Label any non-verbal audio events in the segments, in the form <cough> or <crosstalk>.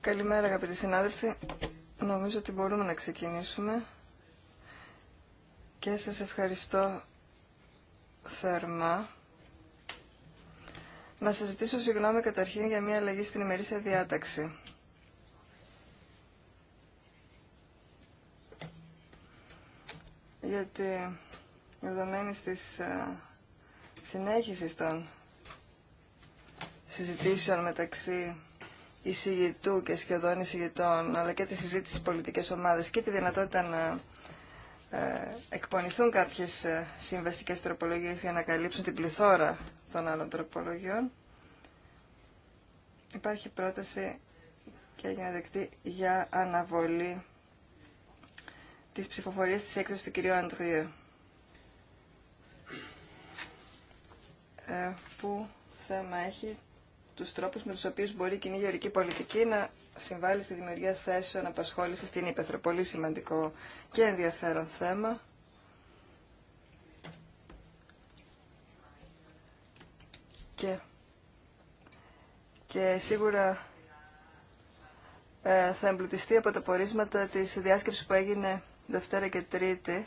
Καλημέρα αγαπητοί συνάδελφοι. Νομίζω ότι μπορούμε να ξεκινήσουμε και σας ευχαριστώ θερμά. Να σας ζητήσω συγγνώμη καταρχήν για μια αλλαγή στην ημερήσια διάταξη. Γιατί δεδομένη τη ε, συνέχισή των συζητήσεων μεταξύ εισηγητού και σχεδόν εισηγητών, αλλά και τη συζήτηση πολιτικέ πολιτικές ομάδες και τη δυνατότητα να ε, εκπονηθούν κάποιε συμβαστικέ τροπολογίε για να καλύψουν την πληθώρα των άλλων τροπολογιών. Υπάρχει πρόταση και έγινε δεκτή για αναβολή της ψηφοφορίας τη έκθεσης του κυρίου Αντριέ ε, που θέμα έχει του τρόπου με του οποίου μπορεί η κοινή γεωρική πολιτική να συμβάλλει στη δημιουργία θέσεων απασχόληση στην Ήπεθρο. Πολύ σημαντικό και ενδιαφέρον θέμα. Και, και σίγουρα ε, θα εμπλουτιστεί από τα πορίσματα της διάσκεψης που έγινε Δευτέρα και Τρίτη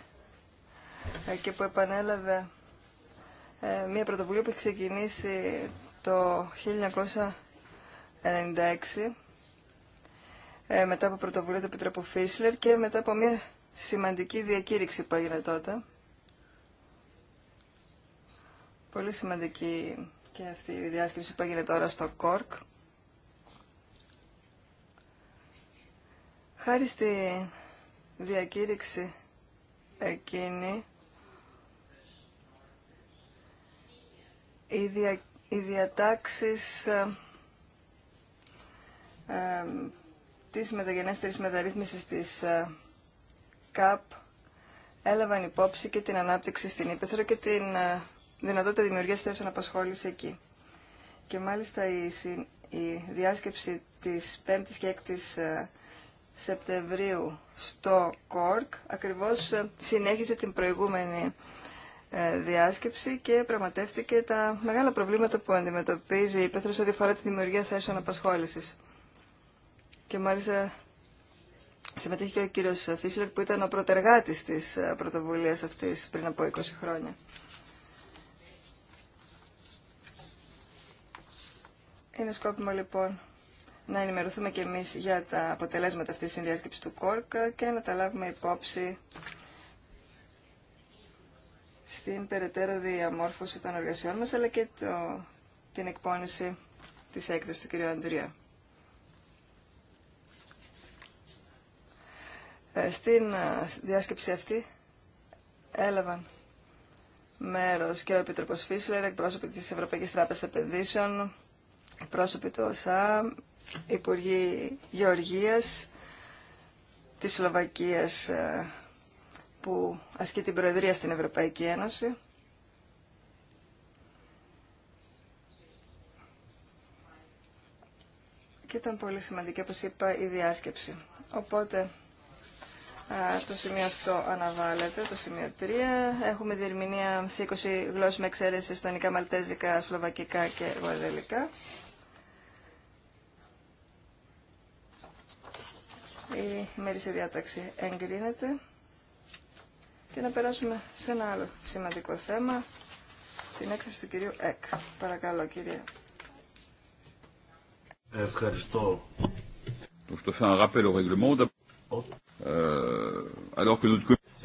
ε, και που επανέλαβε ε, μια πρωτοβουλία που έχει ξεκινήσει το 1996 ε, μετά από πρωτοβουλία του Επιτρόπου Φίσλερ και μετά από μια σημαντική διακήρυξη που έγινε τότε. Πολύ σημαντική και αυτή η διάσκεψη που έγινε τώρα στο ΚΟΡΚ. Χάρη στη διακήρυξη εκείνη, η διακήρυξη οι διατάξεις ε, ε, της μεταγενέστερης μεταρρύθμισης της ε, ΚΑΠ έλαβαν υπόψη και την ανάπτυξη στην Ήπεθρο και την ε, δυνατότητα δημιουργίας θέσεων απασχόλησης εκεί. Και μάλιστα η, διάσκεψη της 5ης και 6ης ε, Σεπτεμβρίου στο ΚΟΡΚ ακριβώς συνέχισε την προηγούμενη ε, διάσκεψη και πραγματεύτηκε τα μεγάλα προβλήματα που αντιμετωπίζει η Πέθρος ό,τι αφορά τη δημιουργία θέσεων απασχόλησης. Και μάλιστα συμμετείχε και ο κύριος Φίσλερ που ήταν ο πρωτεργάτης της πρωτοβουλίας αυτής πριν από 20 χρόνια. Είναι σκόπιμο λοιπόν να ενημερωθούμε και εμείς για τα αποτελέσματα αυτής της συνδιάσκεψης του ΚΟΡΚ και να τα λάβουμε υπόψη στην περαιτέρω διαμόρφωση των εργασιών μας, αλλά και την εκπόνηση της έκδοσης του κ. Αντρία. Ε, στην ε, διάσκεψη αυτή έλαβαν μέρος και ο Επιτροπός Φίσλερ, εκπρόσωποι της Ευρωπαϊκής Τράπεζας Επενδύσεων, εκπρόσωποι του ΩΣΑ, Υπουργοί Γεωργίας, της Σλοβακίας ε, που ασκεί την Προεδρία στην Ευρωπαϊκή Ένωση. Και ήταν πολύ σημαντική, όπως είπα, η διάσκεψη. Οπότε, το σημείο αυτό αναβάλλεται, το σημείο 3. Έχουμε διερμηνία σε 20 γλώσσες με εξαίρεση στονικά, μαλτέζικα, σλοβακικά και γορδελικά. Η μέρη σε διάταξη εγκρίνεται. Και να περάσουμε σε ένα άλλο σημαντικό θέμα, την έκθεση του κυρίου ΕΚ. Παρακαλώ κύριε. Ευχαριστώ.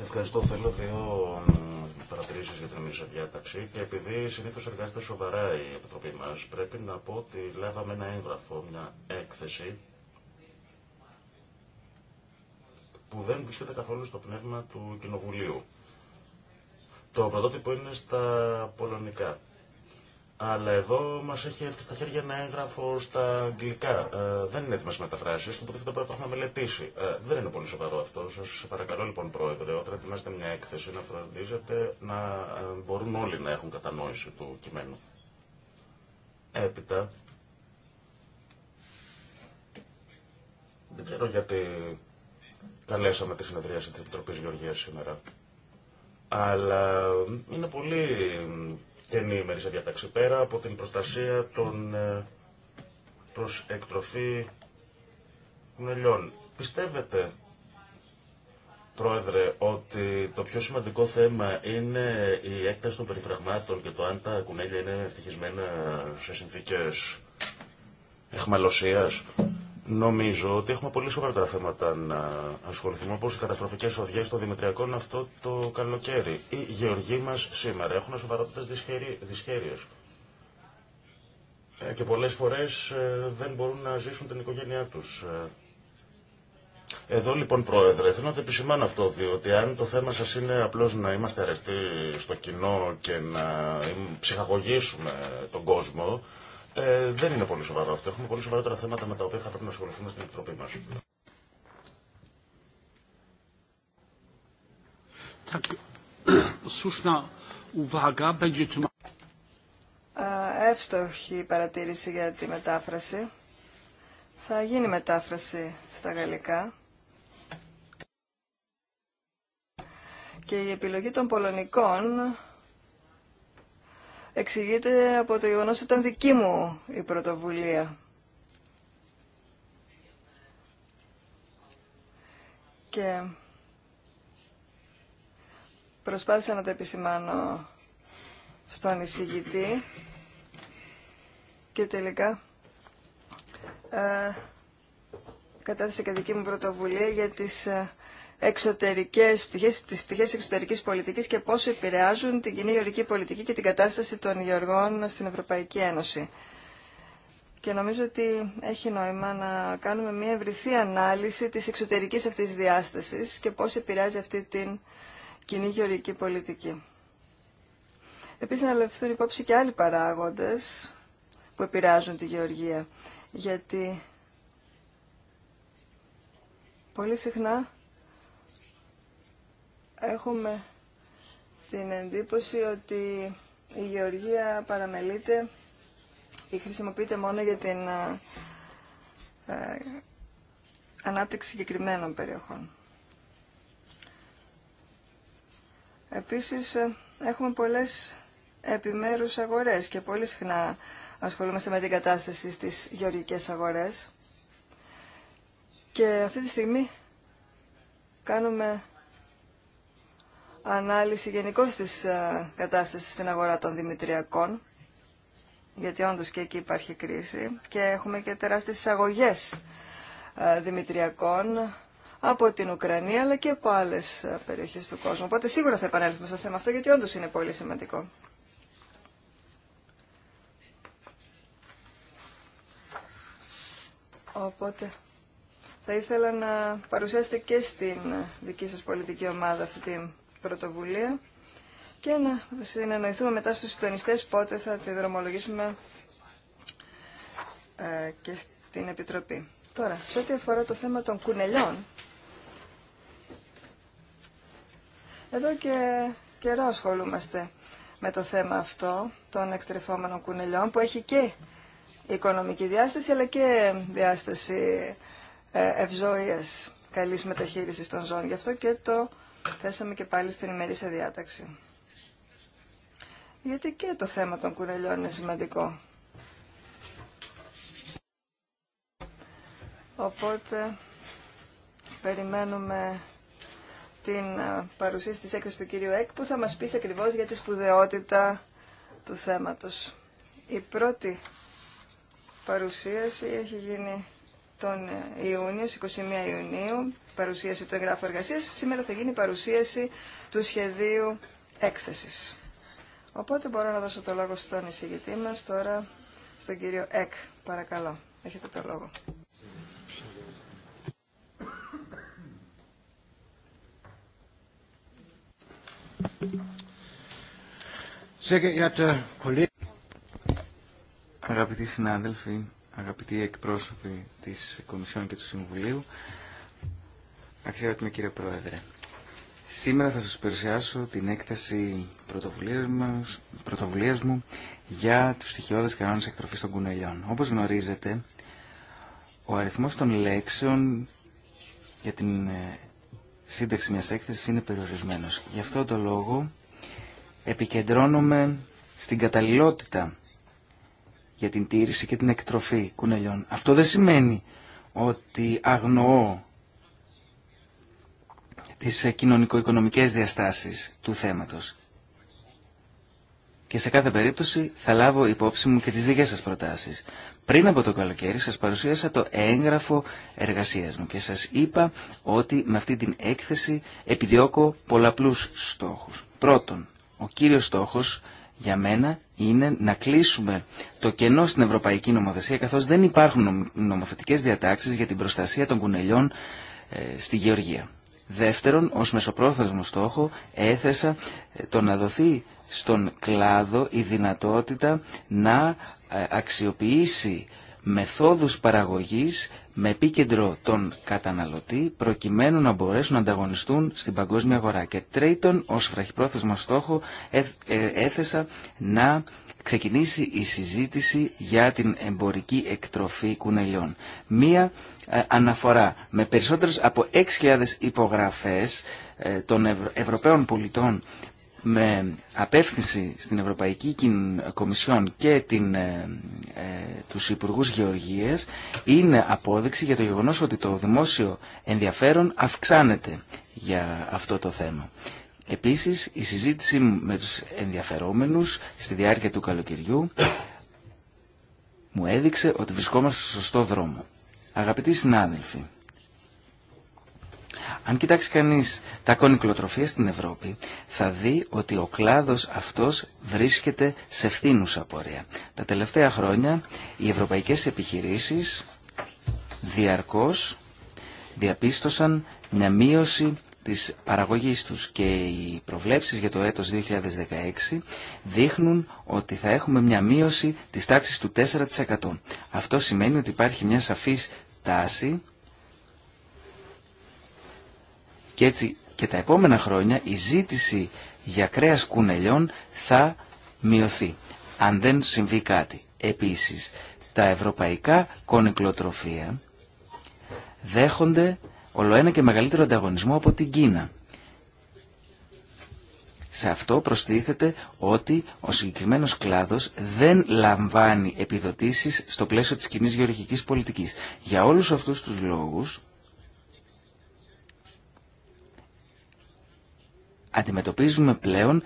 Ευχαριστώ. Θέλω δύο ε, παρατηρήσει για την σε διάταξη και επειδή συνήθω εργάζεται σοβαρά η Επιτροπή μα, πρέπει να πω ότι λάβαμε ένα έγγραφο, μια έκθεση που δεν βρίσκεται καθόλου στο πνεύμα του Κοινοβουλίου. Το πρωτότυπο είναι στα πολωνικά. Αλλά εδώ μα έχει έρθει στα χέρια ένα έγγραφο στα αγγλικά. Ε, δεν είναι έτοιμε μεταφράσει και το πρέπει να το έχουμε μελετήσει. Ε, δεν είναι πολύ σοβαρό αυτό. Σα παρακαλώ λοιπόν, Πρόεδρε, όταν ετοιμάζετε μια έκθεση να φροντίζετε να ε, μπορούν όλοι να έχουν κατανόηση του κειμένου. Έπειτα. Δεν ξέρω γιατί καλέσαμε τη συνεδρία της Επιτροπής Γεωργίας σήμερα. Αλλά είναι πολύ στενή ημερή σε διαταξή πέρα από την προστασία των ε, προς εκτροφή κουνελιών. Πιστεύετε, Πρόεδρε, ότι το πιο σημαντικό θέμα είναι η έκταση των περιφραγμάτων και το αν τα κουνέλια είναι ευτυχισμένα σε συνθήκες εχμαλωσίας. Νομίζω ότι έχουμε πολύ σοβαρά θέματα να ασχοληθούμε, όπω οι καταστροφικέ οδιέ των Δημητριακών αυτό το καλοκαίρι. Οι γεωργοί μα σήμερα έχουν σοβαρότερε δυσχέρειε. Ε, και πολλέ φορέ ε, δεν μπορούν να ζήσουν την οικογένειά του. Ε, εδώ λοιπόν, Πρόεδρε, θέλω να το επισημάνω αυτό, διότι αν το θέμα σα είναι απλώς να είμαστε αρεστοί στο κοινό και να ψυχαγωγήσουμε τον κόσμο, ε, δεν είναι πολύ σοβαρό αυτό. Έχουμε πολύ σοβαρότερα θέματα με τα οποία θα πρέπει να ασχοληθούμε στην Επιτροπή μας. <clears throat> Ε, εύστοχη παρατήρηση για τη μετάφραση. Θα γίνει μετάφραση στα γαλλικά. Και η επιλογή των πολωνικών εξηγείται από το γεγονός ότι ήταν δική μου η πρωτοβουλία. Και προσπάθησα να το επισημάνω στον εισηγητή και τελικά ε, κατάθεσα και δική μου πρωτοβουλία για τις ε, εξωτερικές πτυχές, τις πτυχές εξωτερικής πολιτικής και πόσο επηρεάζουν την κοινή γεωργική πολιτική και την κατάσταση των γεωργών στην Ευρωπαϊκή Ένωση. Και νομίζω ότι έχει νόημα να κάνουμε μια ευρυθή ανάλυση της εξωτερικής αυτής διάστασης και πώς επηρεάζει αυτή την κοινή γεωργική πολιτική. Επίσης να λεφθούν υπόψη και άλλοι παράγοντες που επηρεάζουν τη γεωργία. Γιατί πολύ συχνά έχουμε την εντύπωση ότι η γεωργία παραμελείται ή χρησιμοποιείται μόνο για την ε, ε, ανάπτυξη συγκεκριμένων περιοχών. Επίσης, ε, έχουμε πολλές επιμέρους αγορές και πολύ συχνά ασχολούμαστε με την κατάσταση στις γεωργικές αγορές. Και αυτή τη στιγμή κάνουμε ανάλυση γενικώ της ε, κατάστασης στην αγορά των Δημητριακών, γιατί όντω και εκεί υπάρχει κρίση και έχουμε και τεράστιες εισαγωγέ ε, Δημητριακών από την Ουκρανία αλλά και από άλλε περιοχέ του κόσμου. Οπότε σίγουρα θα επανέλθουμε στο θέμα αυτό γιατί όντω είναι πολύ σημαντικό. Οπότε θα ήθελα να παρουσιάσετε και στην ε, δική σας πολιτική ομάδα αυτή την πρωτοβουλία και να συνεννοηθούμε μετά στους συντονιστές πότε θα τη δρομολογήσουμε ε, και στην Επιτροπή. Τώρα, σε ό,τι αφορά το θέμα των κουνελιών, εδώ και καιρό ασχολούμαστε με το θέμα αυτό των εκτρεφόμενων κουνελιών που έχει και οικονομική διάσταση αλλά και διάσταση ε, ευζωίας καλής μεταχείρισης των ζώων. Γι' αυτό και το θέσαμε και πάλι στην ημερήσια διάταξη. Γιατί και το θέμα των κουρελιών είναι σημαντικό. Οπότε περιμένουμε την ε, παρουσίαση της έκθεσης του κύριου Εκ που θα μας πει ακριβώς για τη σπουδαιότητα του θέματος. Η πρώτη παρουσίαση έχει γίνει τον Ιούνιο, 21 Ιουνίου παρουσίαση του εγγράφου εργασία. Σήμερα θα γίνει παρουσίαση του σχεδίου έκθεση. Οπότε μπορώ να δώσω το λόγο στον εισηγητή μα τώρα, στον κύριο Εκ. Παρακαλώ, έχετε το λόγο. Αγαπητοί συνάδελφοι, αγαπητοί εκπρόσωποι της Κομισιόν και του Συμβουλίου, Αξιότιμο κύριε Πρόεδρε. Σήμερα θα σας παρουσιάσω την έκθεση πρωτοβουλίας, μας, μου για τους στοιχειώδες κανόνες εκτροφής των κουνελιών. Όπως γνωρίζετε, ο αριθμός των λέξεων για την ε, σύνταξη μιας έκθεσης είναι περιορισμένος. Γι' αυτό το λόγο επικεντρώνομαι στην καταλληλότητα για την τήρηση και την εκτροφή κουνελιών. Αυτό δεν σημαίνει ότι αγνοώ τις ε, κοινωνικο-οικονομικές διαστάσεις του θέματος. Και σε κάθε περίπτωση θα λάβω υπόψη μου και τις δικές σας προτάσεις. Πριν από το καλοκαίρι σας παρουσίασα το έγγραφο εργασίας μου και σας είπα ότι με αυτή την έκθεση επιδιώκω πολλαπλούς στόχους. Πρώτον, ο κύριος στόχος για μένα είναι να κλείσουμε το κενό στην ευρωπαϊκή νομοθεσία καθώς δεν υπάρχουν νομοθετικές διατάξεις για την προστασία των κουνελιών ε, στη Γεωργία. Δεύτερον, ως μεσοπρόθεσμο στόχο έθεσα ε, το να δοθεί στον κλάδο η δυνατότητα να ε, αξιοποιήσει μεθόδους παραγωγής με επίκεντρο τον καταναλωτή προκειμένου να μπορέσουν να ανταγωνιστούν στην παγκόσμια αγορά. Και τρίτον, ως φραχυπρόθεσμο στόχο ε, έθεσα να ξεκινήσει η συζήτηση για την εμπορική εκτροφή κουνελιών. Μία ε, αναφορά με περισσότερες από 6.000 υπογραφές ε, των Ευρωπαίων πολιτών με απεύθυνση στην Ευρωπαϊκή Κομισιόν και την, ε, ε τους Υπουργούς Γεωργίες είναι απόδειξη για το γεγονός ότι το δημόσιο ενδιαφέρον αυξάνεται για αυτό το θέμα. Επίσης, η συζήτηση με τους ενδιαφερόμενους στη διάρκεια του καλοκαιριού μου έδειξε ότι βρισκόμαστε στο σωστό δρόμο. Αγαπητοί συνάδελφοι, αν κοιτάξει κανείς τα κονικλοτροφία στην Ευρώπη, θα δει ότι ο κλάδος αυτός βρίσκεται σε φθήνουσα πορεία. Τα τελευταία χρόνια οι ευρωπαϊκές επιχειρήσεις διαρκώς διαπίστωσαν μια μείωση της παραγωγής τους και οι προβλέψεις για το έτος 2016 δείχνουν ότι θα έχουμε μια μείωση της τάξης του 4%. Αυτό σημαίνει ότι υπάρχει μια σαφής τάση και έτσι και τα επόμενα χρόνια η ζήτηση για κρέας κουνελιών θα μειωθεί, αν δεν συμβεί κάτι. Επίσης, τα ευρωπαϊκά κονικλοτροφία δέχονται ολοένα και μεγαλύτερο ανταγωνισμό από την Κίνα. Σε αυτό προστίθεται ότι ο συγκεκριμένος κλάδος δεν λαμβάνει επιδοτήσεις στο πλαίσιο της κοινή γεωργικής πολιτικής. Για όλους αυτούς τους λόγους αντιμετωπίζουμε πλέον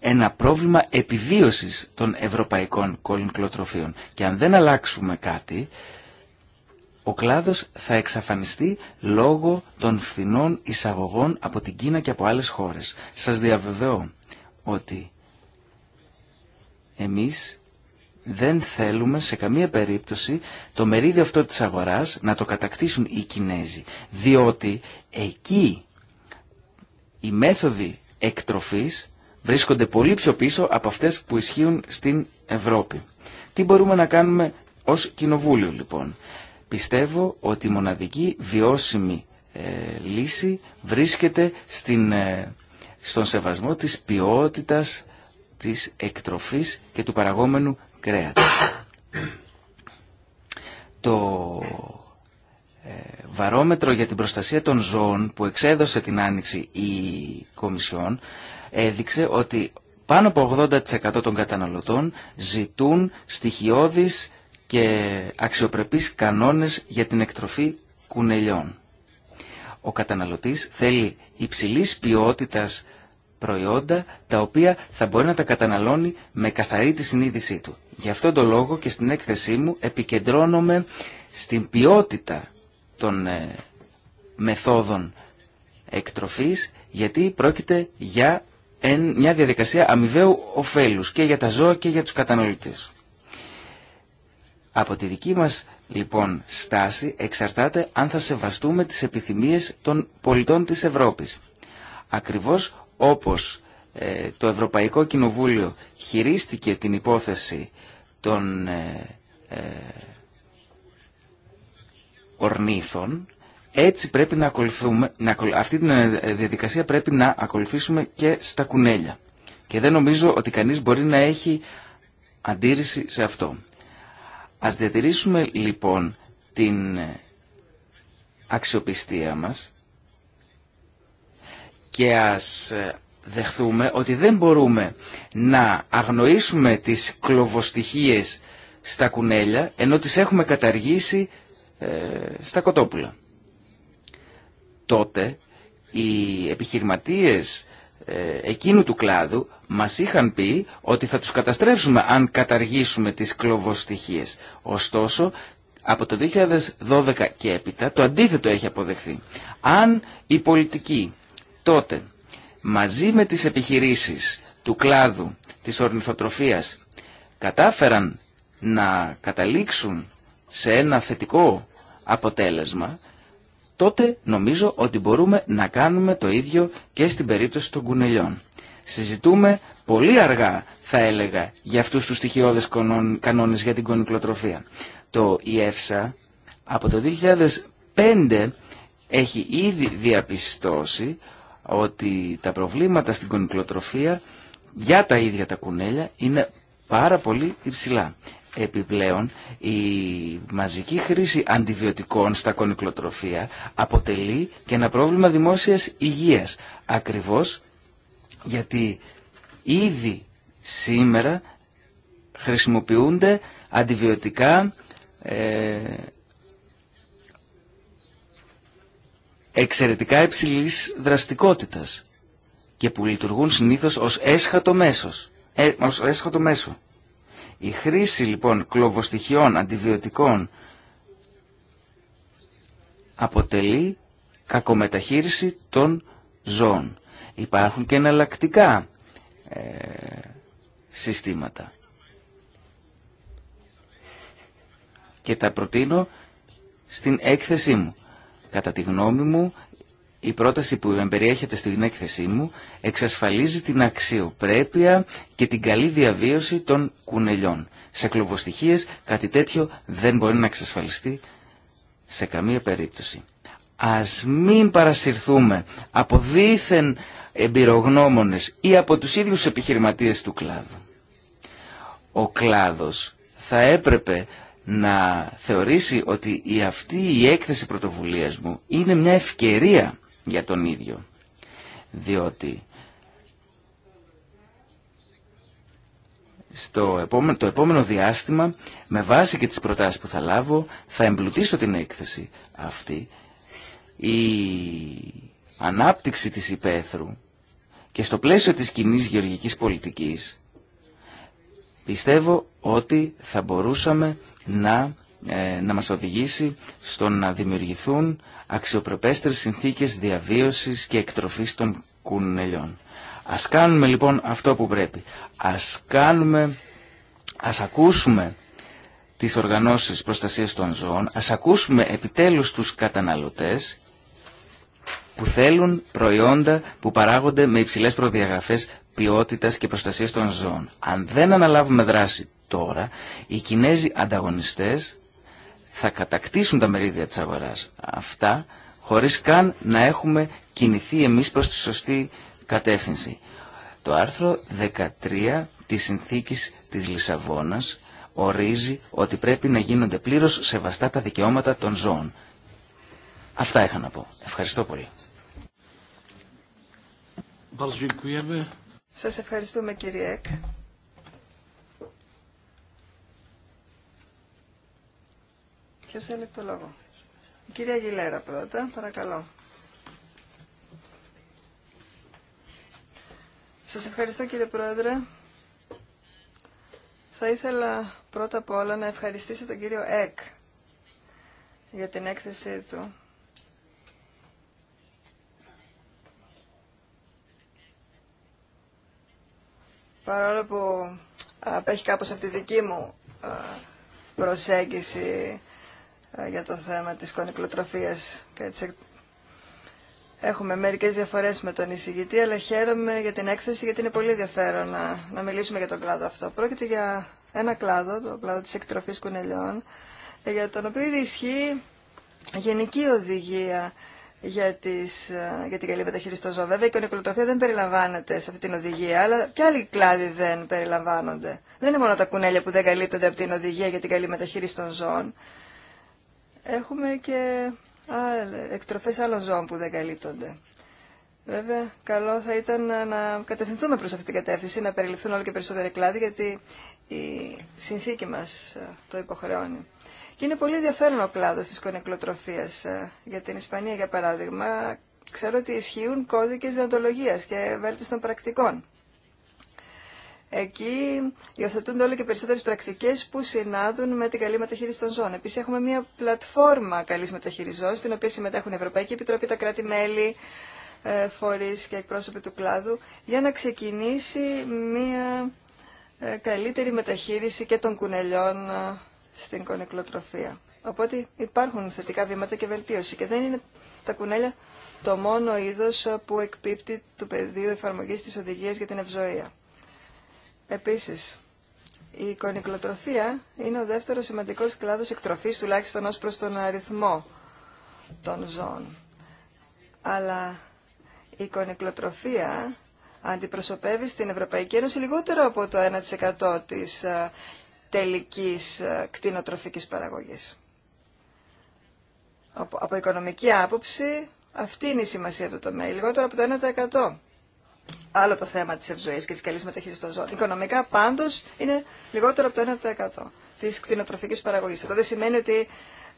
ένα πρόβλημα επιβίωσης των ευρωπαϊκών κολυνκλοτροφίων. Και αν δεν αλλάξουμε κάτι, ο κλάδος θα εξαφανιστεί λόγω των φθηνών εισαγωγών από την Κίνα και από άλλες χώρες. Σας διαβεβαιώ ότι εμείς δεν θέλουμε σε καμία περίπτωση το μερίδιο αυτό της αγοράς να το κατακτήσουν οι Κινέζοι, διότι εκεί οι μέθοδοι εκτροφής βρίσκονται πολύ πιο πίσω από αυτές που ισχύουν στην Ευρώπη. Τι μπορούμε να κάνουμε ως κοινοβούλιο λοιπόν πιστεύω ότι η μοναδική βιώσιμη ε, λύση βρίσκεται στην, ε, στον σεβασμό της ποιότητας της εκτροφής και του παραγόμενου κρέατος. Το ε, βαρόμετρο για την προστασία των ζώων που εξέδωσε την Άνοιξη η Κομισιόν έδειξε ότι πάνω από 80% των καταναλωτών ζητούν στοιχειώδεις και αξιοπρεπείς κανόνες για την εκτροφή κουνελιών. Ο καταναλωτής θέλει υψηλής ποιότητας προϊόντα τα οποία θα μπορεί να τα καταναλώνει με καθαρή τη συνείδησή του. Γι' αυτόν τον λόγο και στην έκθεσή μου επικεντρώνομαι στην ποιότητα των ε, μεθόδων εκτροφής γιατί πρόκειται για μια διαδικασία αμοιβαίου ωφέλους και για τα ζώα και για τους καταναλωτές. Από τη δική μας λοιπόν στάση εξαρτάται αν θα σεβαστούμε τις επιθυμίες των πολιτών της Ευρώπης. Ακριβώς όπως ε, το Ευρωπαϊκό Κοινοβούλιο χειρίστηκε την υπόθεση των ε, ε ορνήθων, έτσι πρέπει να ακολουθούμε, να, αυτή τη ε, διαδικασία πρέπει να ακολουθήσουμε και στα κουνέλια. Και δεν νομίζω ότι κανείς μπορεί να έχει αντίρρηση σε αυτό. Ας διατηρήσουμε λοιπόν την αξιοπιστία μας και ας ε, δεχθούμε ότι δεν μπορούμε να αγνοήσουμε τις κλωβοστοιχίες στα κουνέλια ενώ τις έχουμε καταργήσει ε, στα κοτόπουλα. Τότε οι επιχειρηματίες ε, εκείνου του κλάδου μας είχαν πει ότι θα τους καταστρέψουμε αν καταργήσουμε τις κλωβοστοιχίες. Ωστόσο, από το 2012 και έπειτα το αντίθετο έχει αποδεχθεί. Αν οι πολιτικοί τότε μαζί με τις επιχειρήσεις του κλάδου της ορνηθοτροφίας κατάφεραν να καταλήξουν σε ένα θετικό αποτέλεσμα, τότε νομίζω ότι μπορούμε να κάνουμε το ίδιο και στην περίπτωση των κουνελιών. Συζητούμε πολύ αργά, θα έλεγα, για αυτούς τους στοιχειώδες κανόνες για την κονικλοτροφία. Το ΙΕΦΣΑ από το 2005 έχει ήδη διαπιστώσει ότι τα προβλήματα στην κονικλοτροφία για τα ίδια τα κουνέλια είναι πάρα πολύ υψηλά. Επιπλέον, η μαζική χρήση αντιβιωτικών στα κονικλοτροφία αποτελεί και ένα πρόβλημα δημόσιας υγείας, ακριβώς γιατί ήδη σήμερα χρησιμοποιούνται αντιβιωτικά ε, εξαιρετικά υψηλής δραστικότητας και που λειτουργούν συνήθως ως έσχατο, μέσος, ε, ως έσχατο μέσο. Η χρήση λοιπόν κλωβοστοιχειών αντιβιωτικών αποτελεί κακομεταχείριση των ζώων. Υπάρχουν και εναλλακτικά ε, συστήματα. Και τα προτείνω στην έκθεσή μου. Κατά τη γνώμη μου, η πρόταση που εμπεριέχεται στην έκθεσή μου εξασφαλίζει την αξιοπρέπεια και την καλή διαβίωση των κουνελιών. Σε κλωβοστοιχίες κάτι τέτοιο δεν μπορεί να εξασφαλιστεί σε καμία περίπτωση. Ας μην παρασυρθούμε από δίθεν εμπειρογνώμονες ή από τους ίδιους επιχειρηματίες του κλάδου. Ο κλάδος θα έπρεπε να θεωρήσει ότι η αυτή η έκθεση πρωτοβουλίας μου είναι μια ευκαιρία για τον ίδιο. Διότι στο επόμενο, το επόμενο διάστημα, με βάση και τις προτάσεις που θα λάβω, θα εμπλουτίσω την έκθεση αυτή. Η ανάπτυξη της υπαίθρου και στο πλαίσιο της κοινή γεωργικής πολιτικής πιστεύω ότι θα μπορούσαμε να, ε, να μας οδηγήσει στο να δημιουργηθούν αξιοπρεπέστερες συνθήκες διαβίωσης και εκτροφής των κουνελιών. Ας κάνουμε λοιπόν αυτό που πρέπει. Ας, κάνουμε, ας ακούσουμε τις οργανώσεις προστασίας των ζώων, ας ακούσουμε επιτέλους τους καταναλωτές που θέλουν προϊόντα που παράγονται με υψηλές προδιαγραφές ποιότητας και προστασίας των ζώων. Αν δεν αναλάβουμε δράση τώρα, οι Κινέζοι ανταγωνιστές θα κατακτήσουν τα μερίδια τη αγορά. Αυτά χωρίς καν να έχουμε κινηθεί εμείς προς τη σωστή κατεύθυνση. Το άρθρο 13 της συνθήκης της Λισαβόνας ορίζει ότι πρέπει να γίνονται πλήρως σεβαστά τα δικαιώματα των ζώων. Αυτά είχα να πω. Ευχαριστώ πολύ. Σας ευχαριστούμε κύριε Εκ. Ποιος θέλει το λόγο. Η κυρία Γιλέρα πρώτα, παρακαλώ. Σας ευχαριστώ κύριε Πρόεδρε. Θα ήθελα πρώτα απ' όλα να ευχαριστήσω τον κύριο Εκ για την έκθεσή του παρόλο που απέχει κάπως από τη δική μου προσέγγιση για το θέμα της κονικλοτροφίας Έχουμε μερικέ διαφορέ με τον εισηγητή, αλλά χαίρομαι για την έκθεση γιατί είναι πολύ ενδιαφέρον να, να μιλήσουμε για τον κλάδο αυτό. Πρόκειται για ένα κλάδο, το κλάδο τη εκτροφή κουνελιών, για τον οποίο ισχύει γενική οδηγία για, τις, ε, για την καλή μεταχείριση των ζώων. Βέβαια και η νεκροτροφία δεν περιλαμβάνεται σε αυτή την οδηγία, αλλά και άλλοι κλάδοι δεν περιλαμβάνονται. Δεν είναι μόνο τα κουνέλια που δεν καλύπτονται από την οδηγία για την καλή μεταχείριση των ζώων. Έχουμε και εκτροφές άλλων ζώων που δεν καλύπτονται. Βέβαια, καλό θα ήταν να κατευθυνθούμε προς αυτή την κατεύθυνση, να περιληφθούν όλο και περισσότερα κλάδι, γιατί η συνθήκη μας ε, το υποχρεώνει είναι πολύ ενδιαφέρον ο κλάδος της κονικλοτροφίας ε, για την Ισπανία, για παράδειγμα. Ξέρω ότι ισχύουν κώδικες διοντολογίας και των πρακτικών. Εκεί υιοθετούνται όλο και περισσότερε πρακτικέ που συνάδουν με την καλή μεταχείριση των ζώων. Επίση, έχουμε μια πλατφόρμα καλή μεταχειριζών, στην οποία συμμετέχουν η Ευρωπαϊκή Επιτροπή, τα κράτη-μέλη, ε, φορεί και εκπρόσωποι του κλάδου, για να ξεκινήσει μια ε, καλύτερη μεταχείριση και των κουνελιών στην κονικλοτροφία. Οπότε υπάρχουν θετικά βήματα και βελτίωση και δεν είναι τα κουνέλια το μόνο είδος που εκπίπτει του πεδίου εφαρμογής της οδηγίας για την ευζοία. Επίσης, η κονικλοτροφία είναι ο δεύτερος σημαντικός κλάδος εκτροφής, τουλάχιστον ως προς τον αριθμό των ζώων. Αλλά η κονικλοτροφία αντιπροσωπεύει στην Ευρωπαϊκή Ένωση λιγότερο από το 1% της ε, τελικής ε, κτηνοτροφικής παραγωγής. Από οικονομική άποψη, αυτή είναι η σημασία του τομέα, λιγότερο από το 1%. Άλλο το θέμα της ευζοής και της καλής μεταχείρισης των ζώων. Οικονομικά πάντως είναι λιγότερο από το 1% της κτηνοτροφικής παραγωγής. Αυτό δεν σημαίνει ότι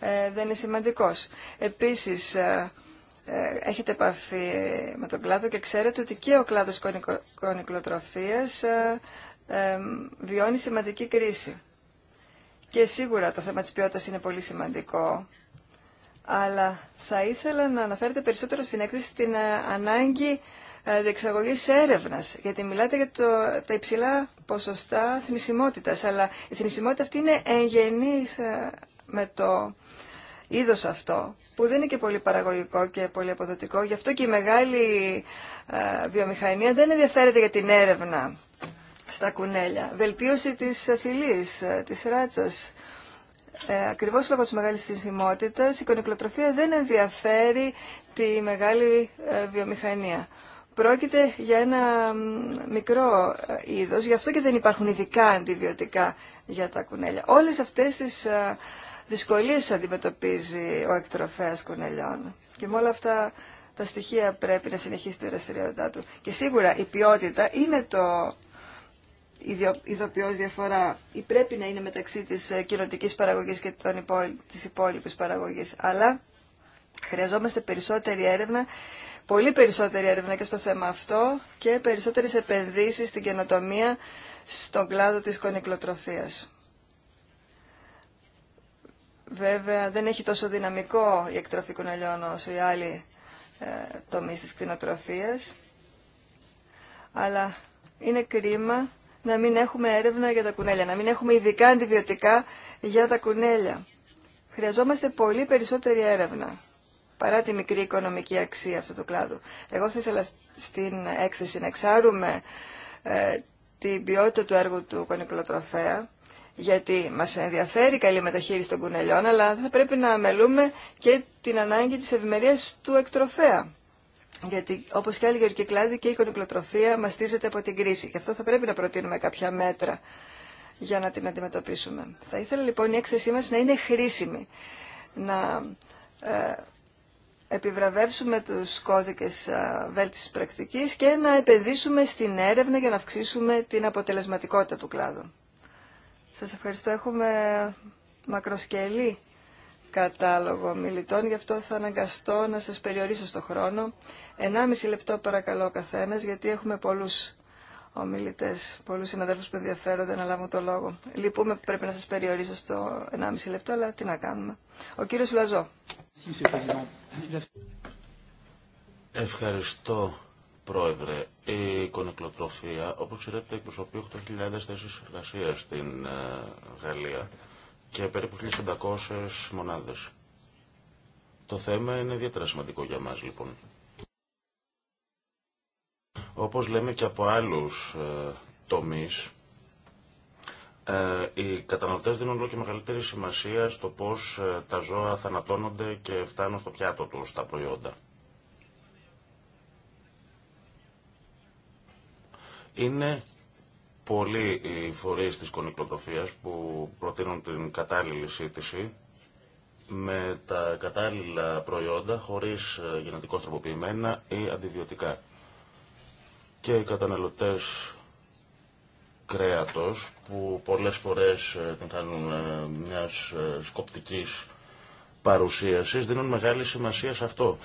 ε, δεν είναι σημαντικός. Επίσης, ε, ε, έχετε επαφή με τον κλάδο και ξέρετε ότι και ο κλάδος βιώνει σημαντική κρίση. Και σίγουρα το θέμα της ποιότητας είναι πολύ σημαντικό, αλλά θα ήθελα να αναφέρετε περισσότερο στην έκθεση την ε, ανάγκη ε, διεξαγωγής έρευνας, γιατί μιλάτε για το, τα υψηλά ποσοστά θνησιμότητας, αλλά η θνησιμότητα αυτή είναι εγγενής ε, με το είδο αυτό, που δεν είναι και πολύ παραγωγικό και πολύ αποδοτικό. Γι' αυτό και η μεγάλη βιομηχανία δεν ενδιαφέρεται για την έρευνα στα κουνέλια. Βελτίωση της φυλής, ε, της ράτσας. Ε, ακριβώς λόγω της μεγάλης θυσιμότητας, η κονικλοτροφία δεν ενδιαφέρει τη μεγάλη ε, βιομηχανία. Πρόκειται για ένα μικρό ε, είδος, γι' αυτό και δεν υπάρχουν ειδικά αντιβιωτικά για τα κουνέλια. Όλες αυτές τις δυσκολίες αντιμετωπίζει ο εκτροφέας κουνελιών. Και με όλα αυτά τα στοιχεία πρέπει να συνεχίσει τη δραστηριότητά του. Και σίγουρα η ποιότητα είναι το Ειδοποιώ διαφορά ή πρέπει να είναι μεταξύ της ε, κοινοτική παραγωγής και των της υπόλοιπης παραγωγής. Αλλά χρειαζόμαστε περισσότερη έρευνα, πολύ περισσότερη έρευνα και στο θέμα αυτό και περισσότερε επενδύσει στην καινοτομία στον κλάδο της κονικλοτροφία. Βέβαια δεν έχει τόσο δυναμικό η εκτροφή κουνελιών όσο οι άλλοι ε, τομείς αλλά είναι κρίμα να μην έχουμε έρευνα για τα κουνέλια, να μην έχουμε ειδικά αντιβιωτικά για τα κουνέλια. Χρειαζόμαστε πολύ περισσότερη έρευνα παρά τη μικρή οικονομική αξία αυτού του κλάδου. Εγώ θα ήθελα στην έκθεση να εξάρουμε ε, την ποιότητα του έργου του κονικλοτροφέα, γιατί μας ενδιαφέρει η καλή μεταχείριση των κουνελιών, αλλά θα πρέπει να αμελούμε και την ανάγκη της ευημερίας του εκτροφέα. Γιατί όπω και άλλοι γεωργικοί κλάδοι και η μας μαστίζεται από την κρίση. Γι' αυτό θα πρέπει να προτείνουμε κάποια μέτρα για να την αντιμετωπίσουμε. Θα ήθελα λοιπόν η έκθεσή μα να είναι χρήσιμη. Να ε, επιβραβεύσουμε τους κώδικες ε, βέλτισης πρακτικής και να επενδύσουμε στην έρευνα για να αυξήσουμε την αποτελεσματικότητα του κλάδου. Σας ευχαριστώ. Έχουμε μακροσκελή κατάλογο μιλητών, γι' αυτό θα αναγκαστώ να σας περιορίσω στο χρόνο. 1,5 λεπτό παρακαλώ καθένας, γιατί έχουμε πολλούς ομιλητές, πολλούς συναδέλφους που ενδιαφέρονται να λάβουν το λόγο. Λυπούμε που πρέπει να σας περιορίσω στο 1,5 λεπτό, αλλά τι να κάνουμε. Ο κύριος Λαζό. Ευχαριστώ, Πρόεδρε. Η εικονοκλωτροφία, όπως ξέρετε, εκπροσωπεί 8.000 θέσεις εργασίας στην ε, Γαλλία και περίπου 1500 μονάδες. Το θέμα είναι ιδιαίτερα σημαντικό για μας λοιπόν. Όπως λέμε και από άλλους ε, τομείς, ε, οι καταναλωτές δίνουν όλο και μεγαλύτερη σημασία στο πώς ε, τα ζώα θανατώνονται και φτάνουν στο πιάτο τους τα προϊόντα. Είναι πολλοί οι φορείς της κονικλοτοφίας που προτείνουν την κατάλληλη σύντηση με τα κατάλληλα προϊόντα χωρίς ε, γενετικώς τροποποιημένα ή αντιβιωτικά. Και οι καταναλωτές κρέατος που πολλές φορές ε, την κάνουν ε, μιας σκοπτικής παρουσίασης δίνουν μεγάλη σημασία σε αυτό.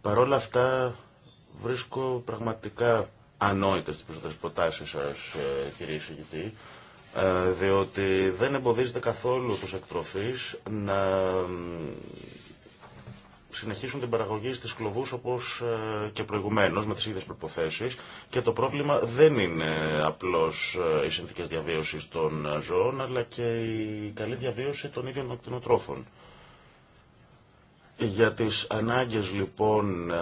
Παρόλα αυτά Βρίσκω πραγματικά ανόητες τις περισσότερες προτάσεις σας, ε, κύριε εισηγητή, ε, διότι δεν εμποδίζεται καθόλου τους εκτροφείς να συνεχίσουν την παραγωγή στις κλοβούς όπως ε, και προηγουμένως με τις ίδιες προποθέσεις και το πρόβλημα δεν είναι απλώς οι συνθήκες διαβίωσης των ζώων αλλά και η καλή διαβίωση των ίδιων ακτινοτρόφων. Για τις ανάγκες λοιπόν ε,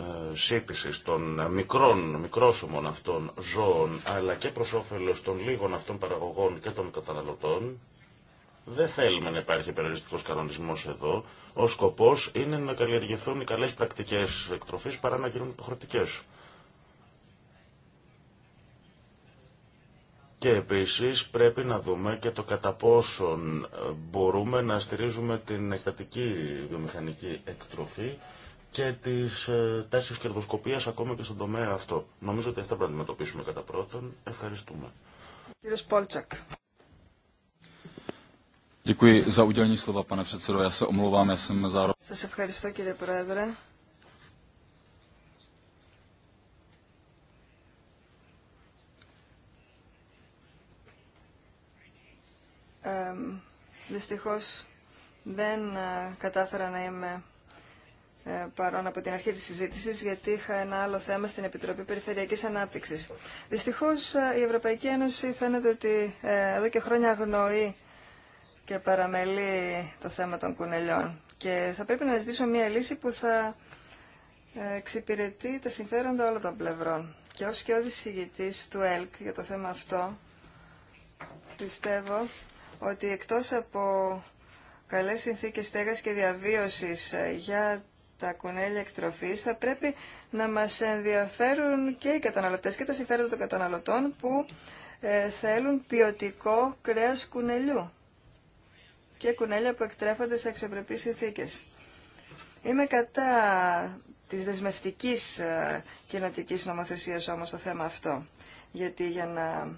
ε, σύντησης των μικρών, μικρόσωμων αυτών ζώων αλλά και προς όφελος των λίγων αυτών παραγωγών και των καταναλωτών δεν θέλουμε να υπάρχει περιοριστικός κανονισμός εδώ. Ο σκοπός είναι να καλλιεργηθούν οι καλές πρακτικές εκτροφής παρά να γίνουν υποχρεωτικές. Και επίσης πρέπει να δούμε και το κατά πόσον ε, μπορούμε να στηρίζουμε την εκτατική βιομηχανική εκτροφή και τις ε, τάσεις κερδοσκοπίας ακόμα και στον τομέα αυτό. Νομίζω ότι αυτά πρέπει να αντιμετωπίσουμε κατά πρώτον. Ευχαριστούμε. Κύριε Σπόλτσακ. Σας ευχαριστώ κύριε Πρόεδρε. δυστυχώς δεν ε, κατάφερα να είμαι ε, παρόν από την αρχή της συζήτησης γιατί είχα ένα άλλο θέμα στην Επιτροπή Περιφερειακής Ανάπτυξης. Δυστυχώς ε, η Ευρωπαϊκή Ένωση φαίνεται ότι εδώ και χρόνια αγνοεί και παραμελεί το θέμα των κουνελιών και θα πρέπει να ζητήσω μια λύση που θα εξυπηρετεί τα συμφέροντα όλων των πλευρών. Και ως και όδης του ΕΛΚ για το θέμα αυτό πιστεύω ότι εκτός από καλές συνθήκες στέγας και διαβίωσης ε, για τα κουνέλια εκτροφής θα πρέπει να μας ενδιαφέρουν και οι καταναλωτές και τα συμφέροντα των καταναλωτών που ε, θέλουν ποιοτικό κρέας κουνελιού και κουνέλια που εκτρέφονται σε αξιοπρεπείς συνθήκες. Είμαι κατά της δεσμευτικής κοινοτική ε, κοινοτικής νομοθεσίας όμως στο θέμα αυτό, γιατί για να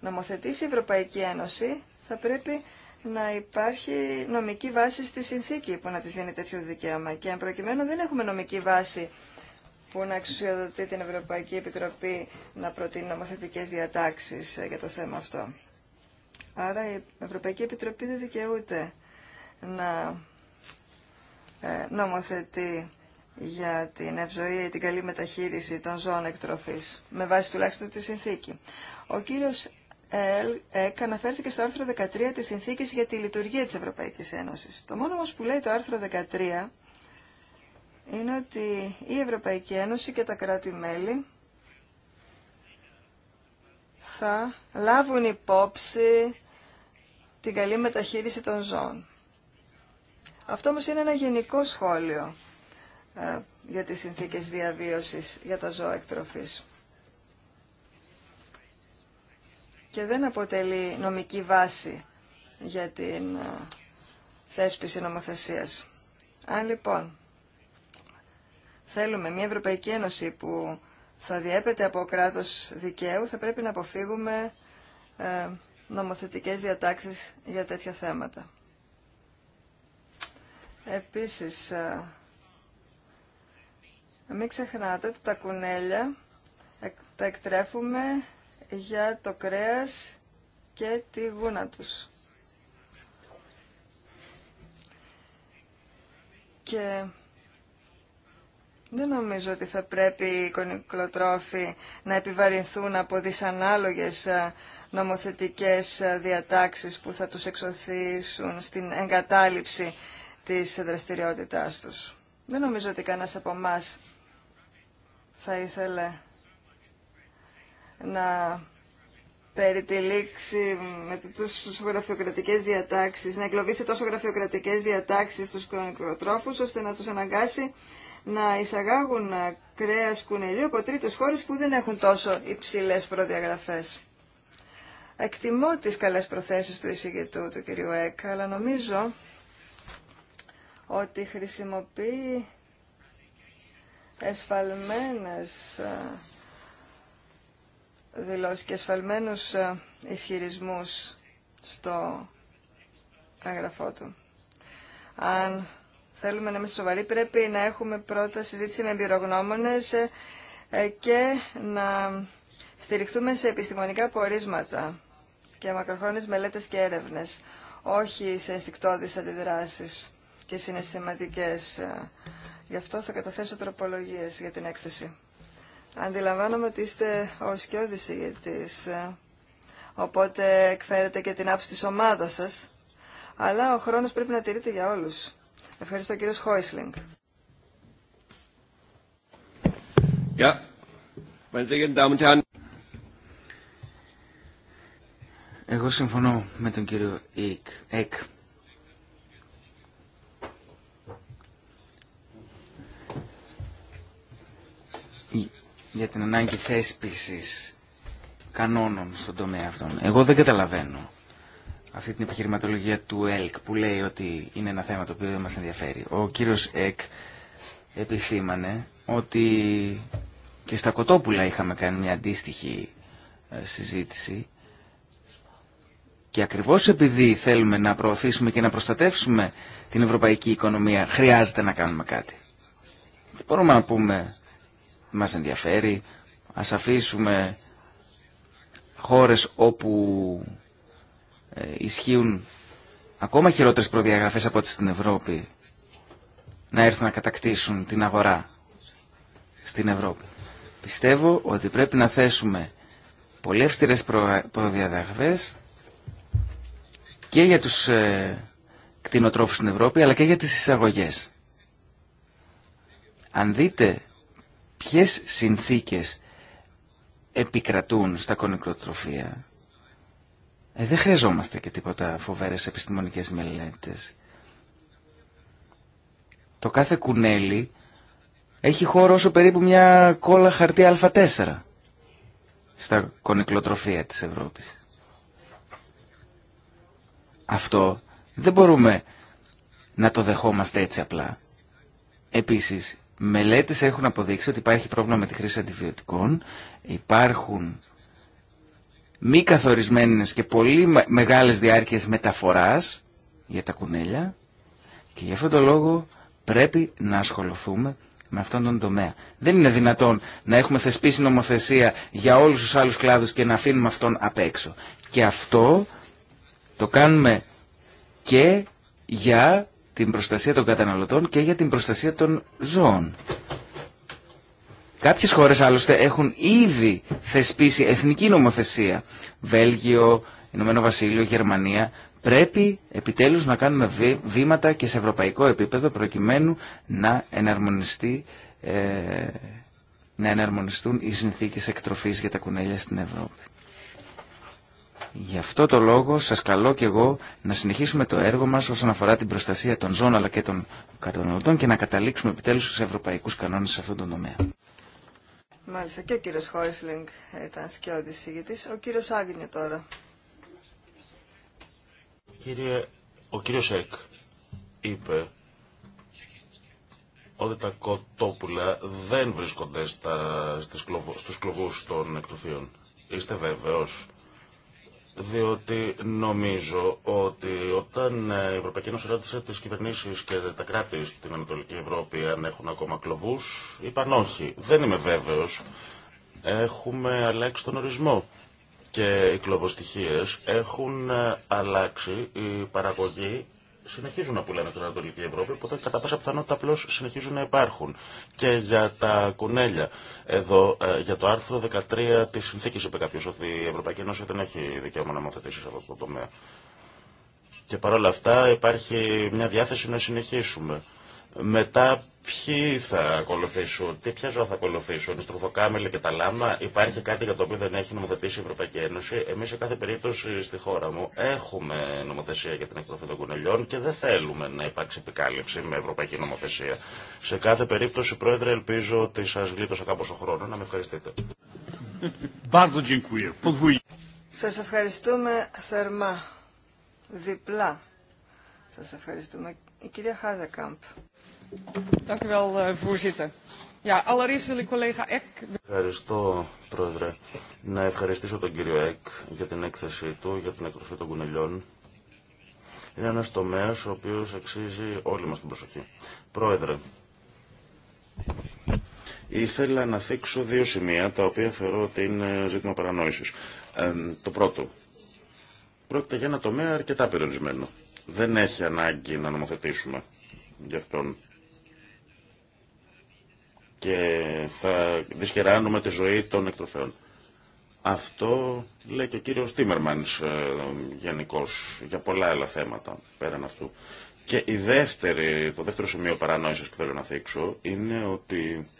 νομοθετήσει η Ευρωπαϊκή Ένωση θα πρέπει να υπάρχει νομική βάση στη συνθήκη που να τη δίνει τέτοιο δικαίωμα. Και αν προκειμένου δεν έχουμε νομική βάση που να εξουσιοδοτεί την Ευρωπαϊκή Επιτροπή να προτείνει νομοθετικέ διατάξεις ε, για το θέμα αυτό. Άρα η Ευρωπαϊκή Επιτροπή δεν δικαιούται να ε, νομοθετεί για την ευζοία ή την καλή μεταχείριση των ζώων εκτροφής, με βάση τουλάχιστον τη συνθήκη. Ο κύριος ΕΚ αναφέρθηκε στο άρθρο 13 της Συνθήκης για τη λειτουργία της Ευρωπαϊκής Ένωσης. Το μόνο όμως που λέει το άρθρο 13 είναι ότι η Ευρωπαϊκή Ένωση και τα κράτη-μέλη θα λάβουν υπόψη την καλή μεταχείριση των ζώων. Αυτό όμως είναι ένα γενικό σχόλιο ε, για τις συνθήκες διαβίωσης για τα ζώα εκτροφής. και δεν αποτελεί νομική βάση για την ε, θέσπιση νομοθεσίας. Αν λοιπόν θέλουμε μια Ευρωπαϊκή Ένωση που θα διέπεται από κράτος δικαίου, θα πρέπει να αποφύγουμε ε, νομοθετικές διατάξεις για τέτοια θέματα. Επίσης, ε, μην ξεχνάτε ότι τα κουνέλια τα εκτρέφουμε για το κρέας και τη γούνα τους. Και δεν νομίζω ότι θα πρέπει οι κονικλοτρόφοι να επιβαρυνθούν από δυσανάλογες ε, νομοθετικές ε, διατάξεις που θα τους εξωθήσουν στην εγκατάλειψη της δραστηριότητάς τους. Δεν νομίζω ότι κανένας από εμά θα ήθελε να περιτυλίξει με τις γραφειοκρατικές διατάξεις, να εκλοβήσει τόσο γραφειοκρατικές διατάξεις στους κρονικροτρόφους, ώστε να τους αναγκάσει να εισαγάγουν κρέας κουνελιού από τρίτες χώρες που δεν έχουν τόσο υψηλές προδιαγραφές. Εκτιμώ τις καλές προθέσεις του εισηγητού του κυρίου Εκ, αλλά νομίζω ότι χρησιμοποιεί εσφαλμένες ε, δηλώσει και ασφαλμένους ε, ισχυρισμούς στο έγγραφό του. Αν θέλουμε να είμαστε σοβαροί, πρέπει να έχουμε πρώτα συζήτηση με εμπειρογνώμονες ε, ε, και να στηριχθούμε σε επιστημονικά πορίσματα και μακροχρόνιες μελέτες και έρευνες, όχι σε αισθηκτόδει αντιδράσεις και συναισθηματικές. Γι' αυτό θα καταθέσω τροπολογίες για την έκθεση. Αντιλαμβάνομαι ότι είστε ο σκιώδης ηγετής, ε, οπότε εκφέρετε και την άψη της ομάδας σας, αλλά ο χρόνος πρέπει να τηρείται για όλους. Ευχαριστώ κύριο Χόισλινγκ. Εγώ συμφωνώ με τον κύριο Εκ. για την ανάγκη θέσπισης κανόνων στον τομέα αυτών. Εγώ δεν καταλαβαίνω αυτή την επιχειρηματολογία του ΕΛΚ που λέει ότι είναι ένα θέμα το οποίο δεν μας ενδιαφέρει. Ο κύριος ΕΚ επισήμανε ότι και στα Κοτόπουλα είχαμε κάνει μια αντίστοιχη ε, συζήτηση και ακριβώς επειδή θέλουμε να προωθήσουμε και να προστατεύσουμε την ευρωπαϊκή οικονομία χρειάζεται να κάνουμε κάτι. Δεν μπορούμε να πούμε μας ενδιαφέρει. Ας αφήσουμε χώρες όπου ε, ισχύουν ακόμα χειρότερες προδιαγραφές από ό,τι στην Ευρώπη να έρθουν να κατακτήσουν την αγορά στην Ευρώπη. Πιστεύω ότι πρέπει να θέσουμε πολύ αυστηρές προδιαγραφές και για τους ε, κτηνοτρόφους στην Ευρώπη αλλά και για τις εισαγωγές. Αν δείτε ποιες συνθήκες επικρατούν στα κονικροτροφία. Ε, δεν χρειαζόμαστε και τίποτα φοβέρες επιστημονικές μελέτες. Το κάθε κουνέλι έχει χώρο όσο περίπου μια κόλλα χαρτί α4 στα κονικλοτροφία της Ευρώπης. Αυτό δεν μπορούμε να το δεχόμαστε έτσι απλά. Επίσης, μελέτες έχουν αποδείξει ότι υπάρχει πρόβλημα με τη χρήση αντιβιωτικών, υπάρχουν μη καθορισμένες και πολύ μεγάλες διάρκειες μεταφοράς για τα κουνέλια και γι' αυτόν τον λόγο πρέπει να ασχοληθούμε με αυτόν τον τομέα. Δεν είναι δυνατόν να έχουμε θεσπίσει νομοθεσία για όλους τους άλλους κλάδους και να αφήνουμε αυτόν απ' έξω. Και αυτό το κάνουμε και για την προστασία των καταναλωτών και για την προστασία των ζώων. Κάποιες χώρες άλλωστε έχουν ήδη θεσπίσει εθνική νομοθεσία. Βέλγιο, Ηνωμένο Βασίλειο, Γερμανία. Πρέπει επιτέλους να κάνουμε βήματα και σε ευρωπαϊκό επίπεδο προκειμένου να εναρμονιστεί ε, να εναρμονιστούν οι συνθήκες εκτροφής για τα κουνέλια στην Ευρώπη. Γι' αυτό το λόγο σας καλώ και εγώ να συνεχίσουμε το έργο μας όσον αφορά την προστασία των ζώων αλλά και των καταναλωτών και να καταλήξουμε επιτέλους στους ευρωπαϊκούς κανόνες σε αυτόν τον τομέα. Μάλιστα και ο κύριος Χόισλινγκ ήταν σκιώδης συγητής. Ο κύριος Άγνιο τώρα. Κύριε, ο κύριος Εκ είπε ότι τα κοτόπουλα δεν βρίσκονται στα, στους των εκτουθείων. Είστε βέβαιος διότι νομίζω ότι όταν ε, η Ευρωπαϊκή Ένωση ρώτησε τι κυβερνήσει και τα κράτη στην Ανατολική Ευρώπη αν έχουν ακόμα κλοβούς, είπαν όχι. Δεν είμαι βέβαιος. Έχουμε αλλάξει τον ορισμό. Και οι κλωβοστοιχίες έχουν ε, αλλάξει η παραγωγή συνεχίζουν να πουλάνε στην Ανατολική Ευρώπη, οπότε κατά πάσα πιθανότητα απλώ συνεχίζουν να υπάρχουν. Και για τα κουνέλια. Εδώ, ε, για το άρθρο 13 τη συνθήκη, είπε κάποιο ότι η Ευρωπαϊκή Ένωση δεν έχει δικαίωμα να μοθετήσει σε αυτό το τομέα. Και παρόλα αυτά υπάρχει μια διάθεση να συνεχίσουμε. Μετά ποιοι θα ακολουθήσουν, τι ποια ζώα θα ακολουθήσουν, στροφοκάμελοι και τα λάμα. Υπάρχει κάτι για το οποίο δεν έχει νομοθετήσει η Ευρωπαϊκή Ένωση. Εμεί σε κάθε περίπτωση στη χώρα μου έχουμε νομοθεσία για την εκτροφή των κουνελιών και δεν θέλουμε να υπάρξει επικάλυψη με ευρωπαϊκή νομοθεσία. Σε κάθε περίπτωση, Πρόεδρε, ελπίζω ότι σα γλίτωσα κάπω ο χρόνο. Να με ευχαριστείτε. Σα ευχαριστούμε θερμά. Διπλά. Σας ευχαριστούμε. Η κυρία Χάζεκάμπ. Ευχαριστώ, Πρόεδρε. Να ευχαριστήσω τον κύριο Εκ για την έκθεσή του, για την εκτροφή των κουνελιών. Είναι ένας τομέας ο οποίος αξίζει όλη μας την προσοχή. Πρόεδρε, ήθελα να θίξω δύο σημεία, τα οποία θεωρώ ότι είναι ζήτημα παρανόησης. Ε, το πρώτο, πρόκειται για ένα τομέα αρκετά περιορισμένο. Δεν έχει ανάγκη να νομοθετήσουμε γι' αυτόν και θα δυσκεράνουμε τη ζωή των εκτροφέων. Αυτό λέει και ο κύριος Τίμερμανς ε, γενικώ για πολλά άλλα θέματα πέραν αυτού. Και η δεύτερη, το δεύτερο σημείο παρανόησης που θέλω να θίξω είναι ότι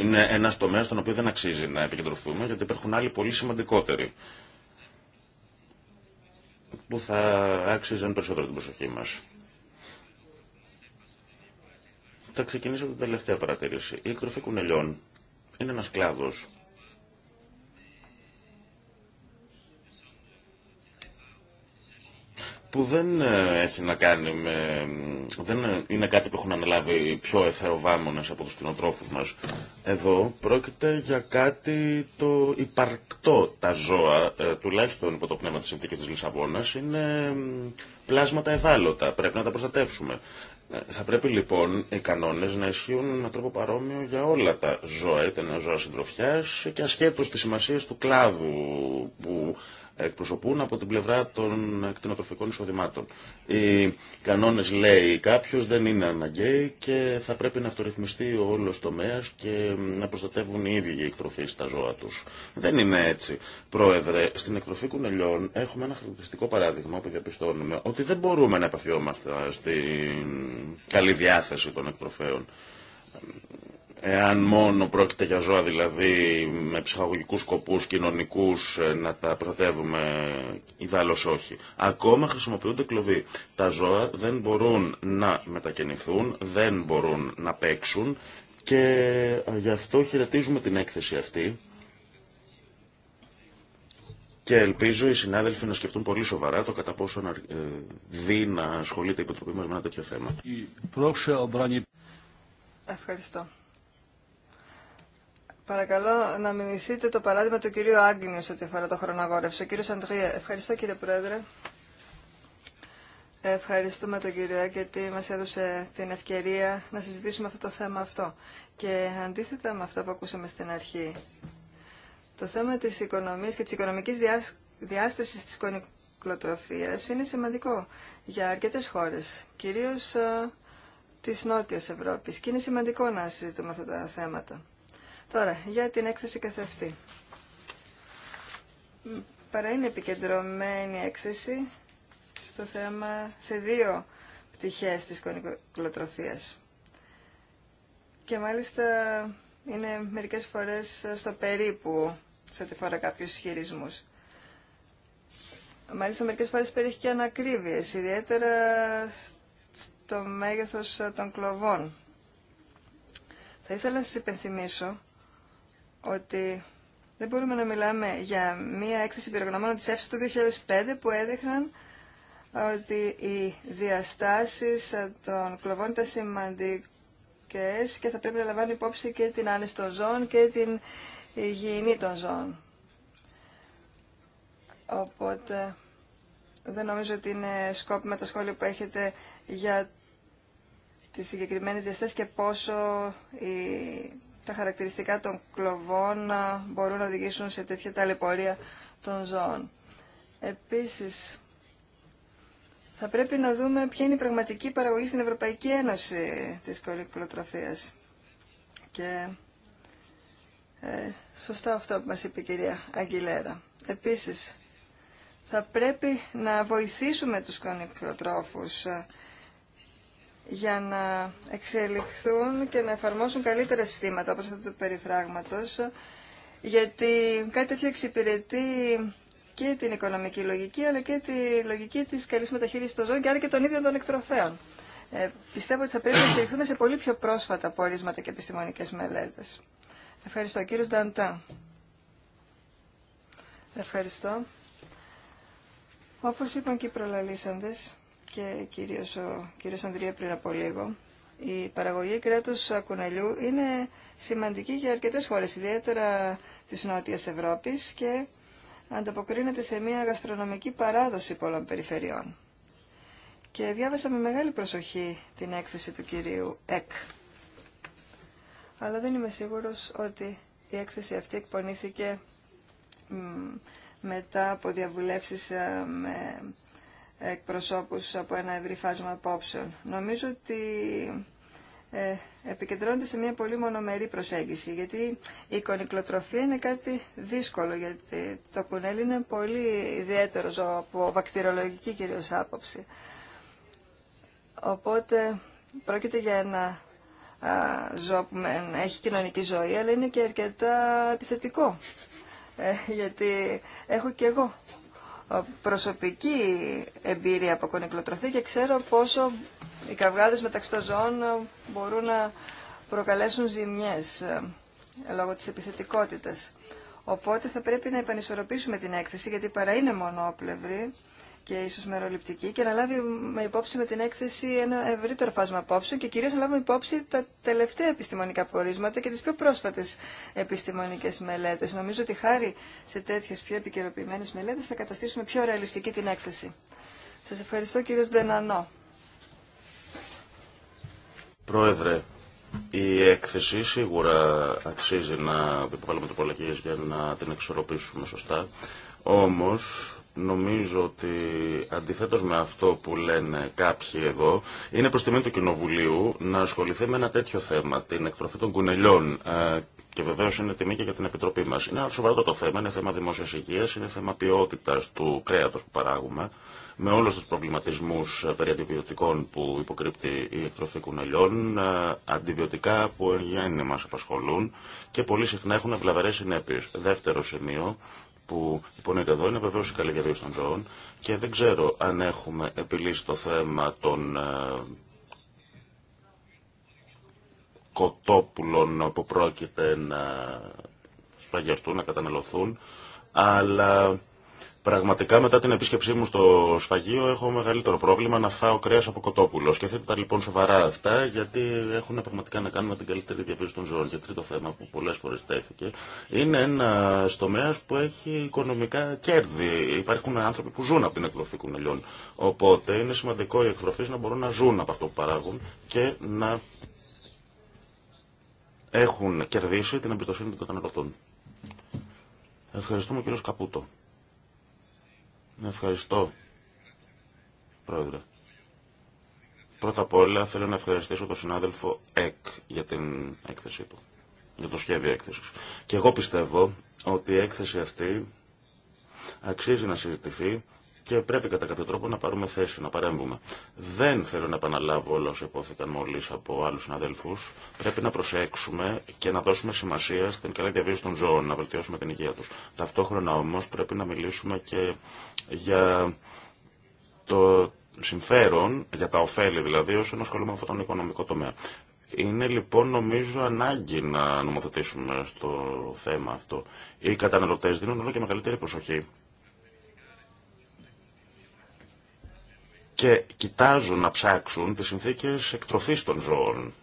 είναι ένα τομέα στον οποίο δεν αξίζει να επικεντρωθούμε γιατί υπάρχουν άλλοι πολύ σημαντικότεροι που θα άξιζαν περισσότερο την προσοχή μας. Θα ξεκινήσω με την τελευταία παρατήρηση. Η εκτροφή κουνελιών είναι ένας κλάδος που δεν ε, έχει να κάνει δεν είναι κάτι που έχουν αναλάβει πιο εθεροβάμονες από τους κοινοτρόφους μας. Εδώ πρόκειται για κάτι το υπαρκτό. Τα ζώα, ε, τουλάχιστον υπό το πνεύμα της συνθήκης της Λισαβόνας, είναι πλάσματα ευάλωτα. Πρέπει να τα προστατεύσουμε. Ε, θα πρέπει λοιπόν οι κανόνες να ισχύουν με τρόπο παρόμοιο για όλα τα ζώα, είτε είναι ζώα συντροφιάς και ασχέτως της σημασίας του κλάδου που εκπροσωπούν από την πλευρά των κτηνοτροφικών εισοδημάτων. Οι κανόνε, λέει κάποιο, δεν είναι αναγκαίοι και θα πρέπει να αυτορυθμιστεί ο όλο τομέα και να προστατεύουν οι ίδιοι οι εκτροφεί στα ζώα του. Δεν είναι έτσι. Πρόεδρε, στην εκτροφή κουνελιών έχουμε ένα χαρακτηριστικό παράδειγμα που διαπιστώνουμε ότι δεν μπορούμε να επαφιόμαστε στην καλή διάθεση των εκτροφέων Εάν μόνο πρόκειται για ζώα, δηλαδή με ψυχαγωγικούς σκοπούς, κοινωνικούς, ε, να τα προστατεύουμε, ιδάλλως όχι. Ακόμα χρησιμοποιούνται κλωβοί. Τα ζώα δεν μπορούν να μετακινηθούν, δεν μπορούν να παίξουν και ε, γι' αυτό χαιρετίζουμε την έκθεση αυτή. Και ελπίζω οι συνάδελφοι να σκεφτούν πολύ σοβαρά το κατά πόσο να ε, δει να ασχολείται η υποτροπή μας με ένα τέτοιο θέμα. Ευχαριστώ. Παρακαλώ να μιμηθείτε το παράδειγμα του κυρίου Άγγινιου ό,τι αφορά το χρονογόρευση. Ο κύριος Ευχαριστώ κύριε Πρόεδρε. Ευχαριστούμε τον κύριο γιατί μας έδωσε την ευκαιρία να συζητήσουμε αυτό το θέμα αυτό. Και αντίθετα με αυτό που ακούσαμε στην αρχή, το θέμα της οικονομίας και της οικονομικής διάστασης της κονικλοτροφίας είναι σημαντικό για αρκετές χώρες, κυρίως ε, της Νότιας Ευρώπης. Και είναι σημαντικό να συζητούμε αυτά τα θέματα. Τώρα, για την έκθεση καθευτή. Παρά είναι επικεντρωμένη έκθεση στο θέμα σε δύο πτυχές της κονικολοτροφίας. Και μάλιστα είναι μερικές φορές στο περίπου σε ό,τι φορά κάποιους ισχυρισμού. Μάλιστα μερικές φορές περιέχει και ανακρίβειες, ιδιαίτερα στο μέγεθος των κλοβών. Θα ήθελα να σας υπενθυμίσω ότι δεν μπορούμε να μιλάμε για μία έκθεση πυρογνωμόνων της ΕΦΣΑ του 2005 που έδειχναν ότι οι διαστάσεις των κλοβών ήταν σημαντικές και θα πρέπει να λαμβάνουν υπόψη και την άνεση των ζώων και την υγιεινή των ζώων. Οπότε δεν νομίζω ότι είναι σκόπιμα τα σχόλια που έχετε για τις συγκεκριμένες διαστάσεις και πόσο η, τα χαρακτηριστικά των κλοβών μπορούν να οδηγήσουν σε τέτοια ταλαιπωρία των ζώων. Επίσης, θα πρέπει να δούμε ποια είναι η πραγματική παραγωγή στην Ευρωπαϊκή Ένωση της κορυκλοτροφίας. Και ε, σωστά αυτό που μας είπε η κυρία Αγγιλέρα. Επίσης, θα πρέπει να βοηθήσουμε τους κορυκλοτρόφους για να εξελιχθούν και να εφαρμόσουν καλύτερα συστήματα όπως αυτό το περιφράγματος γιατί κάτι τέτοιο εξυπηρετεί και την οικονομική λογική αλλά και τη λογική της καλής μεταχείρισης των ζώων και άρα και των ίδιων των εκτροφέων. Ε, πιστεύω ότι θα πρέπει να εξελιχθούμε σε πολύ πιο πρόσφατα πορίσματα και επιστημονικές μελέτες. Ευχαριστώ. Κύριος Νταντά. Ευχαριστώ. Όπως είπαν και οι προλαλήσαντες, και κυρίως ο κύριος Ανδρία πριν από λίγο, η παραγωγή κρέατος κουνελιού είναι σημαντική για αρκετές χώρες, ιδιαίτερα της Νότιας Ευρώπης και ανταποκρίνεται σε μια γαστρονομική παράδοση πολλών περιφερειών. Και διάβασα με μεγάλη προσοχή την έκθεση του κυρίου Εκ. Αλλά δεν είμαι σίγουρος ότι η έκθεση αυτή εκπονήθηκε μετά από διαβουλεύσεις ε, με εκπροσώπους από ένα ευρύ φάσμα απόψεων. Νομίζω ότι ε, επικεντρώνεται σε μια πολύ μονομερή προσέγγιση, γιατί η εικονικλοτροφία είναι κάτι δύσκολο, γιατί το κουνέλι είναι πολύ ιδιαίτερο ζώο από βακτηρολογική κυρίως άποψη. Οπότε πρόκειται για ένα α, ζώο που έχει κοινωνική ζωή, αλλά είναι και αρκετά επιθετικό. Ε, γιατί έχω και εγώ προσωπική εμπειρία από κονικλοτροφή και ξέρω πόσο οι καυγάδες μεταξύ των ζώων ε, μπορούν να προκαλέσουν ζημιές ε, λόγω της επιθετικότητας. Οπότε θα πρέπει να επανισορροπήσουμε την έκθεση γιατί παρά είναι μονόπλευρη και ίσω μεροληπτική και να λάβει με υπόψη με την έκθεση ένα ευρύτερο φάσμα απόψεων και κυρίω να λάβουμε υπόψη τα τελευταία επιστημονικά πορίσματα και τι πιο πρόσφατε επιστημονικέ μελέτε. Νομίζω ότι χάρη σε τέτοιε πιο επικαιροποιημένε μελέτε θα καταστήσουμε πιο ρεαλιστική την έκθεση. Σα ευχαριστώ κύριο Ντενανό. Πρόεδρε, η έκθεση σίγουρα αξίζει να επιβάλλουμε πολλακίες για να την εξορροπήσουμε σωστά. Όμως, Νομίζω ότι αντιθέτως με αυτό που λένε κάποιοι εδώ, είναι προς τιμή του Κοινοβουλίου να ασχοληθεί με ένα τέτοιο θέμα, την εκτροφή των κουνελιών. Ε, και βεβαίω είναι τιμή και για την Επιτροπή μα. Είναι ένα σοβαρό το θέμα, είναι θέμα δημόσια υγεία, είναι θέμα ποιότητα του κρέατο που παράγουμε, με όλου του προβληματισμού ε, περί αντιβιωτικών που υποκρύπτει η εκτροφή κουνελιών, ε, αντιβιωτικά που εν γέννη μα απασχολούν και πολύ συχνά έχουν βλαβερέ συνέπειε. Δεύτερο σημείο, που υπονοείται εδώ είναι βεβαίω η καλή διαβίωση των ζώων και δεν ξέρω αν έχουμε επιλύσει το θέμα των ε, κοτόπουλων που πρόκειται να σπαγιαστούν να καταναλωθούν, αλλά Πραγματικά μετά την επίσκεψή μου στο σφαγείο έχω μεγαλύτερο πρόβλημα να φάω κρέα από κοτόπουλο. Σκεφτείτε τα λοιπόν σοβαρά αυτά, γιατί έχουν πραγματικά να κάνουν με την καλύτερη διαβίωση των ζώων. Και τρίτο θέμα που πολλέ φορέ τέθηκε, είναι ένα τομέα που έχει οικονομικά κέρδη. Υπάρχουν άνθρωποι που ζουν από την εκτροφή κουνελιών. Οπότε είναι σημαντικό οι εκτροφεί να μπορούν να ζουν από αυτό που παράγουν και να έχουν κερδίσει την εμπιστοσύνη των καταναλωτών. Ευχαριστούμε κύριο Καπούτο. Ευχαριστώ, Πρόεδρε. Πρώτα απ' όλα θέλω να ευχαριστήσω τον συνάδελφο ΕΚ για την έκθεσή του, για το σχέδιο έκθεσης. Και εγώ πιστεύω ότι η έκθεση αυτή αξίζει να συζητηθεί και πρέπει κατά κάποιο τρόπο να πάρουμε θέση, να παρέμβουμε. Δεν θέλω να επαναλάβω όλα όσα υπόθηκαν μόλι από άλλου συναδέλφου. Πρέπει να προσέξουμε και να δώσουμε σημασία στην καλή διαβίωση των ζώων, να βελτιώσουμε την υγεία του. Ταυτόχρονα όμω πρέπει να μιλήσουμε και για το συμφέρον, για τα ωφέλη δηλαδή, όσων ασχολούμαι με αυτόν τον οικονομικό τομέα. Είναι λοιπόν νομίζω ανάγκη να νομοθετήσουμε στο θέμα αυτό. Οι καταναλωτέ δίνουν όλο και μεγαλύτερη προσοχή και κοιτάζουν να ψάξουν τις συνθήκες εκτροφής των ζώων.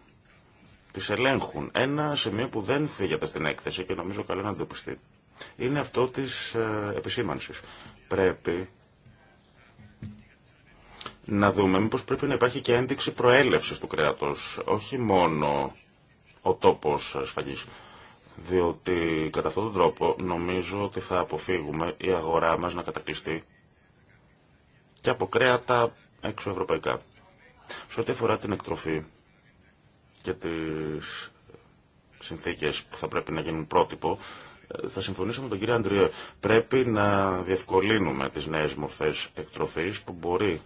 Τις ελέγχουν. Ένα σημείο που δεν φύγεται στην έκθεση και νομίζω καλό να εντοπιστεί είναι αυτό της ε, επισήμανσης. Πρέπει να δούμε μήπως πρέπει να υπάρχει και ένδειξη προέλευσης του κρέατος, όχι μόνο ο τόπος σφαγής. Διότι κατά αυτόν τον τρόπο νομίζω ότι θα αποφύγουμε η αγορά μας να κατακλειστεί και από κρέατα έξω ευρωπαϊκά. Σε ό,τι αφορά την εκτροφή και τις συνθήκες που θα πρέπει να γίνουν πρότυπο, ε, θα συμφωνήσω με τον κύριο Αντριέ. Πρέπει να διευκολύνουμε τις νέες μορφές εκτροφής που μπορεί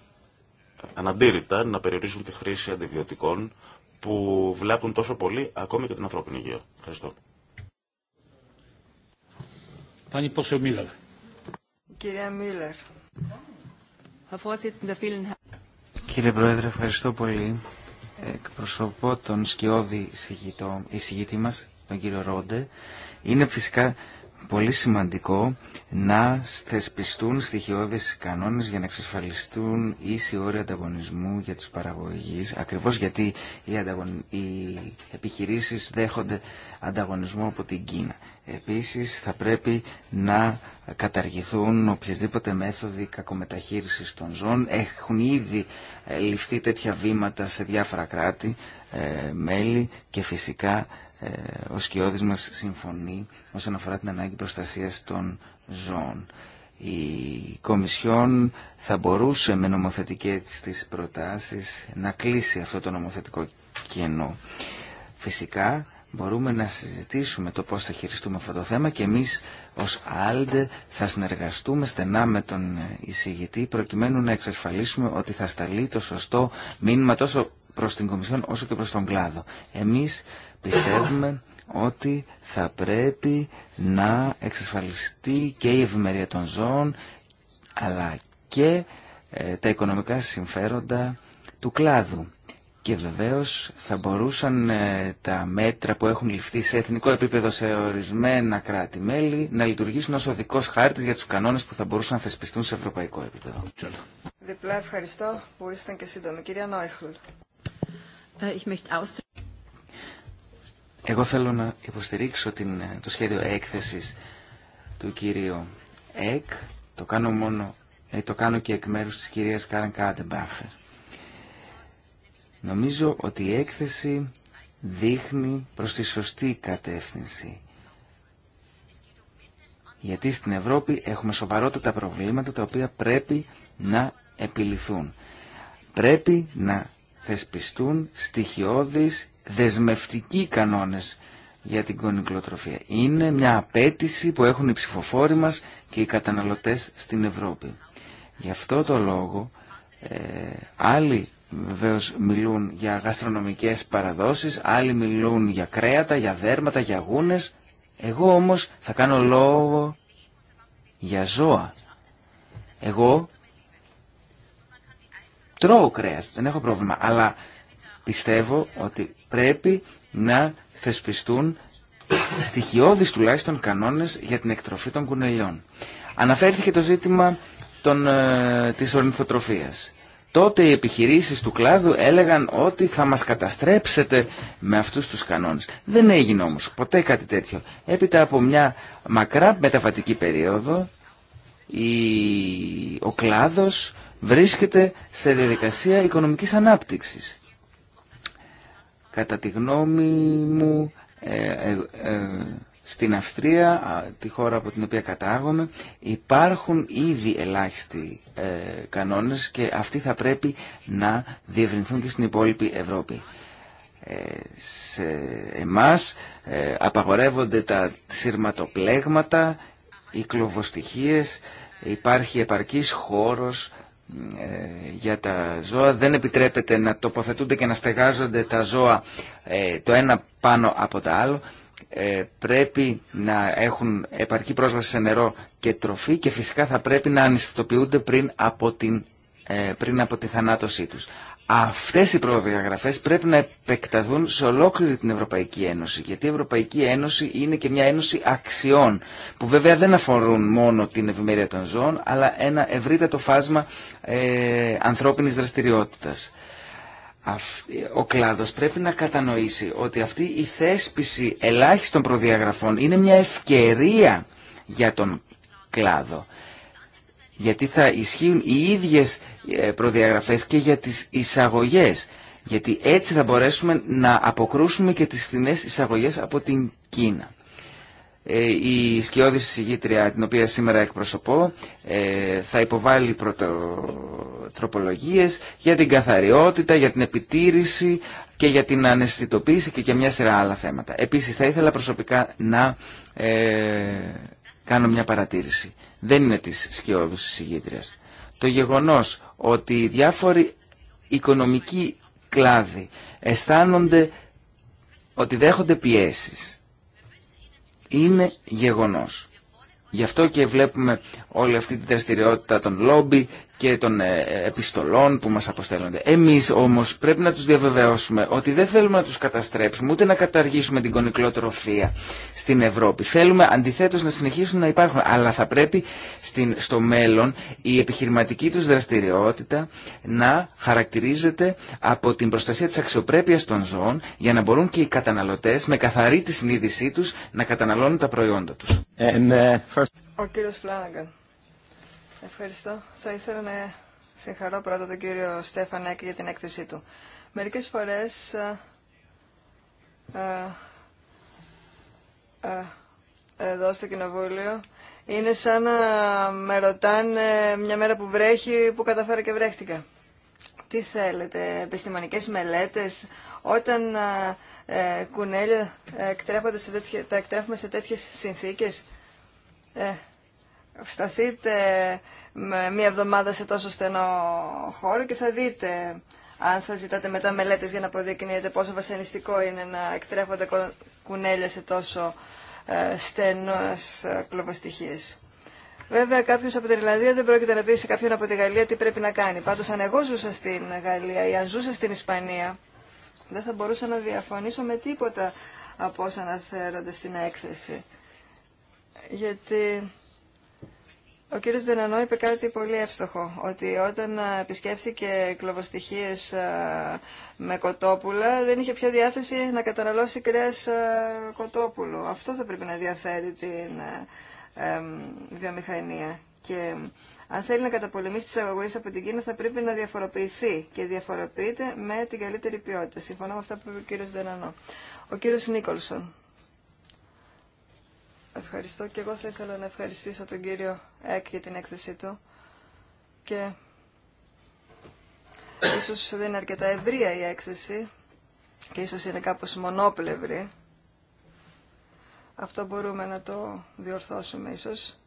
αναντήρητα να περιορίζουν τη χρήση αντιβιωτικών που βλάπτουν τόσο πολύ ακόμη και την ανθρώπινη υγεία. Ευχαριστώ. Κυρία Μίλλερ. Κύριε Πρόεδρε, ευχαριστώ πολύ. Εκπροσωπώ τον σκιώδη εισηγητή μας, τον κύριο Ρόντε. Είναι φυσικά πολύ σημαντικό να θεσπιστούν στοιχειώδες κανόνες για να εξασφαλιστούν ίση όρια ανταγωνισμού για τους παραγωγείς, ακριβώς γιατί οι, ανταγων... οι επιχειρήσεις δέχονται ανταγωνισμό από την Κίνα. Επίσης θα πρέπει να καταργηθούν οποιασδήποτε μέθοδοι κακομεταχείρισης των ζώων. Έχουν ήδη ε, ληφθεί τέτοια βήματα σε διάφορα κράτη, ε, μέλη και φυσικά ε, ο σκιώδης μας συμφωνεί όσον αφορά την ανάγκη προστασίας των ζώων. Η Κομισιόν θα μπορούσε με νομοθετικές της προτάσεις να κλείσει αυτό το νομοθετικό κενό. Φυσικά μπορούμε να συζητήσουμε το πώς θα χειριστούμε αυτό το θέμα και εμείς ως ΑΛΔΕ θα συνεργαστούμε στενά με τον εισηγητή προκειμένου να εξασφαλίσουμε ότι θα σταλεί το σωστό μήνυμα τόσο προς την Κομισιόν όσο και προς τον κλάδο. Εμείς πιστεύουμε ότι θα πρέπει να εξασφαλιστεί και η ευημερία των ζώων αλλά και ε, τα οικονομικά συμφέροντα του κλάδου και βεβαίως θα μπορούσαν ε, τα μέτρα που έχουν ληφθεί σε εθνικό επίπεδο σε ορισμένα κράτη-μέλη να λειτουργήσουν ως οδικός χάρτης για τους κανόνες που θα μπορούσαν να θεσπιστούν σε ευρωπαϊκό επίπεδο. Διπλά ευχαριστώ που και σύντομοι. Κυρία Νόιχλ. Ε, Εγώ θέλω να υποστηρίξω την, ε, το σχέδιο έκθεσης του κυρίου ΕΚ. Το κάνω, μόνο, το κάνω και εκ μέρους της κυρίας Κάραν Κάτεμπαφερ. Νομίζω ότι η έκθεση δείχνει προς τη σωστή κατεύθυνση. Γιατί στην Ευρώπη έχουμε σοβαρότατα προβλήματα τα οποία πρέπει να επιληθούν. Πρέπει να θεσπιστούν στοιχειώδεις δεσμευτικοί κανόνες για την κονικλοτροφία. Είναι μια απέτηση που έχουν οι ψηφοφόροι μας και οι καταναλωτές στην Ευρώπη. Γι' αυτό το λόγο ε, άλλοι βεβαίως μιλούν για γαστρονομικές παραδόσεις, άλλοι μιλούν για κρέατα, για δέρματα, για γούνες. Εγώ όμως θα κάνω λόγο για ζώα. Εγώ τρώω κρέας, δεν έχω πρόβλημα, αλλά πιστεύω ότι πρέπει να θεσπιστούν στοιχειώδεις τουλάχιστον κανόνες για την εκτροφή των κουνελιών. Αναφέρθηκε το ζήτημα των, ε, της ορνηθοτροφίας τότε οι επιχειρήσεις του κλάδου έλεγαν ότι θα μας καταστρέψετε με αυτούς τους κανόνες. Δεν έγινε όμως ποτέ κάτι τέτοιο. Έπειτα από μια μακρά μεταβατική περίοδο ο κλάδος βρίσκεται σε διαδικασία οικονομικής ανάπτυξης. Κατά τη γνώμη μου ε, ε, ε, στην Αυστρία, τη χώρα από την οποία κατάγομαι, υπάρχουν ήδη ελάχιστοι ε, κανόνες και αυτοί θα πρέπει να διευρυνθούν και στην υπόλοιπη Ευρώπη. Ε, σε εμάς ε, απαγορεύονται τα σειρματοπλέγματα, οι κλωβοστοιχίες, υπάρχει επαρκής χώρος για τα ζώα. Δεν επιτρέπεται να τοποθετούνται και να στεγάζονται τα ζώα το ένα πάνω από το άλλο. Ε, πρέπει να έχουν επαρκή πρόσβαση σε νερό και τροφή και φυσικά θα πρέπει να ανισθητοποιούνται πριν από, την, ε, πριν από τη θανάτωσή τους. Αυτές οι προδιαγραφές πρέπει να επεκταθούν σε ολόκληρη την Ευρωπαϊκή Ένωση, γιατί η Ευρωπαϊκή Ένωση είναι και μια ένωση αξιών, που βέβαια δεν αφορούν μόνο την ευημερία των ζώων, αλλά ένα ευρύτατο φάσμα ε, ανθρώπινης ο κλάδος πρέπει να κατανοήσει ότι αυτή η θέσπιση ελάχιστων προδιαγραφών είναι μια ευκαιρία για τον κλάδο. Γιατί θα ισχύουν οι ίδιες ε, προδιαγραφές και για τις εισαγωγές. Γιατί έτσι θα μπορέσουμε να αποκρούσουμε και τις φθηνές εισαγωγές από την Κίνα. Ε, η σκιώδη συγγήτρια την οποία σήμερα εκπροσωπώ ε, θα υποβάλει πρωτοτροπολογίες για την καθαριότητα, για την επιτήρηση και για την αναισθητοποίηση και για μια σειρά άλλα θέματα. Επίσης θα ήθελα προσωπικά να ε, κάνω μια παρατήρηση. Δεν είναι της σκιώδης συγγήτριας. Το γεγονός ότι οι διάφοροι οικονομικοί κλάδοι αισθάνονται ότι δέχονται πιέσεις είναι γεγονός. Γι' αυτό και βλέπουμε όλη αυτή τη δραστηριότητα των λόμπι και των ε, επιστολών που μας αποστέλλονται. Εμείς όμως πρέπει να τους διαβεβαιώσουμε ότι δεν θέλουμε να τους καταστρέψουμε ούτε να καταργήσουμε την κονικλότροφία στην Ευρώπη. Θέλουμε αντιθέτως να συνεχίσουν να υπάρχουν, αλλά θα πρέπει στην, στο μέλλον η επιχειρηματική τους δραστηριότητα να χαρακτηρίζεται από την προστασία της αξιοπρέπειας των ζώων για να μπορούν και οι καταναλωτές με καθαρή τη συνείδησή τους να καταναλώνουν τα προϊόντα τους. And, uh, first... Ο Ευχαριστώ. Θα ήθελα να συγχαρώ πρώτα τον κύριο Στέφανάκη για την έκθεσή του. Μερικές φορές ε, ε, ε, εδώ στο Κοινοβούλιο είναι σαν να με ρωτάνε μια μέρα που βρέχει που καταφέρα και βρέχτηκα. Τι θέλετε, επιστημονικές μελέτες, όταν ε, κουνέλια σε τα εκτρέφουμε σε τέτοιες συνθήκες. Ε, σταθείτε με μία εβδομάδα σε τόσο στενό χώρο και θα δείτε αν θα ζητάτε μετά μελέτες για να αποδεικνύετε πόσο βασανιστικό είναι να εκτρέφονται κουνέλια σε τόσο ε, στενός ε, κλωβοστοιχίες. Βέβαια, κάποιο από την Ιρλανδία δεν πρόκειται να πει σε κάποιον από τη Γαλλία τι πρέπει να κάνει. Πάντω, αν εγώ ζούσα στην Γαλλία ή αν ζούσα στην Ισπανία, δεν θα μπορούσα να διαφωνήσω με τίποτα από όσα αναφέρονται στην έκθεση. Γιατί ο κύριος Δενανό είπε κάτι πολύ εύστοχο, ότι όταν ε, επισκέφθηκε κλωβοστοιχίες ε, με κοτόπουλα δεν είχε πια διάθεση να καταναλώσει κρέας ε, κοτόπουλου. Αυτό θα πρέπει να ενδιαφέρει την βιομηχανία. Και αν θέλει να καταπολεμήσει τις αγωγές από την Κίνα θα πρέπει να διαφοροποιηθεί και διαφοροποιείται με την καλύτερη ποιότητα. Συμφωνώ με αυτά που είπε ο κύριος Δενανό. Ο κύριος Νίκολσον. Ευχαριστώ και εγώ θα ήθελα να ευχαριστήσω τον κύριο Εκ για την έκθεσή του και ίσως δεν είναι αρκετά ευρεία η έκθεση και ίσως είναι κάπως μονόπλευρη. Αυτό μπορούμε να το διορθώσουμε ίσως.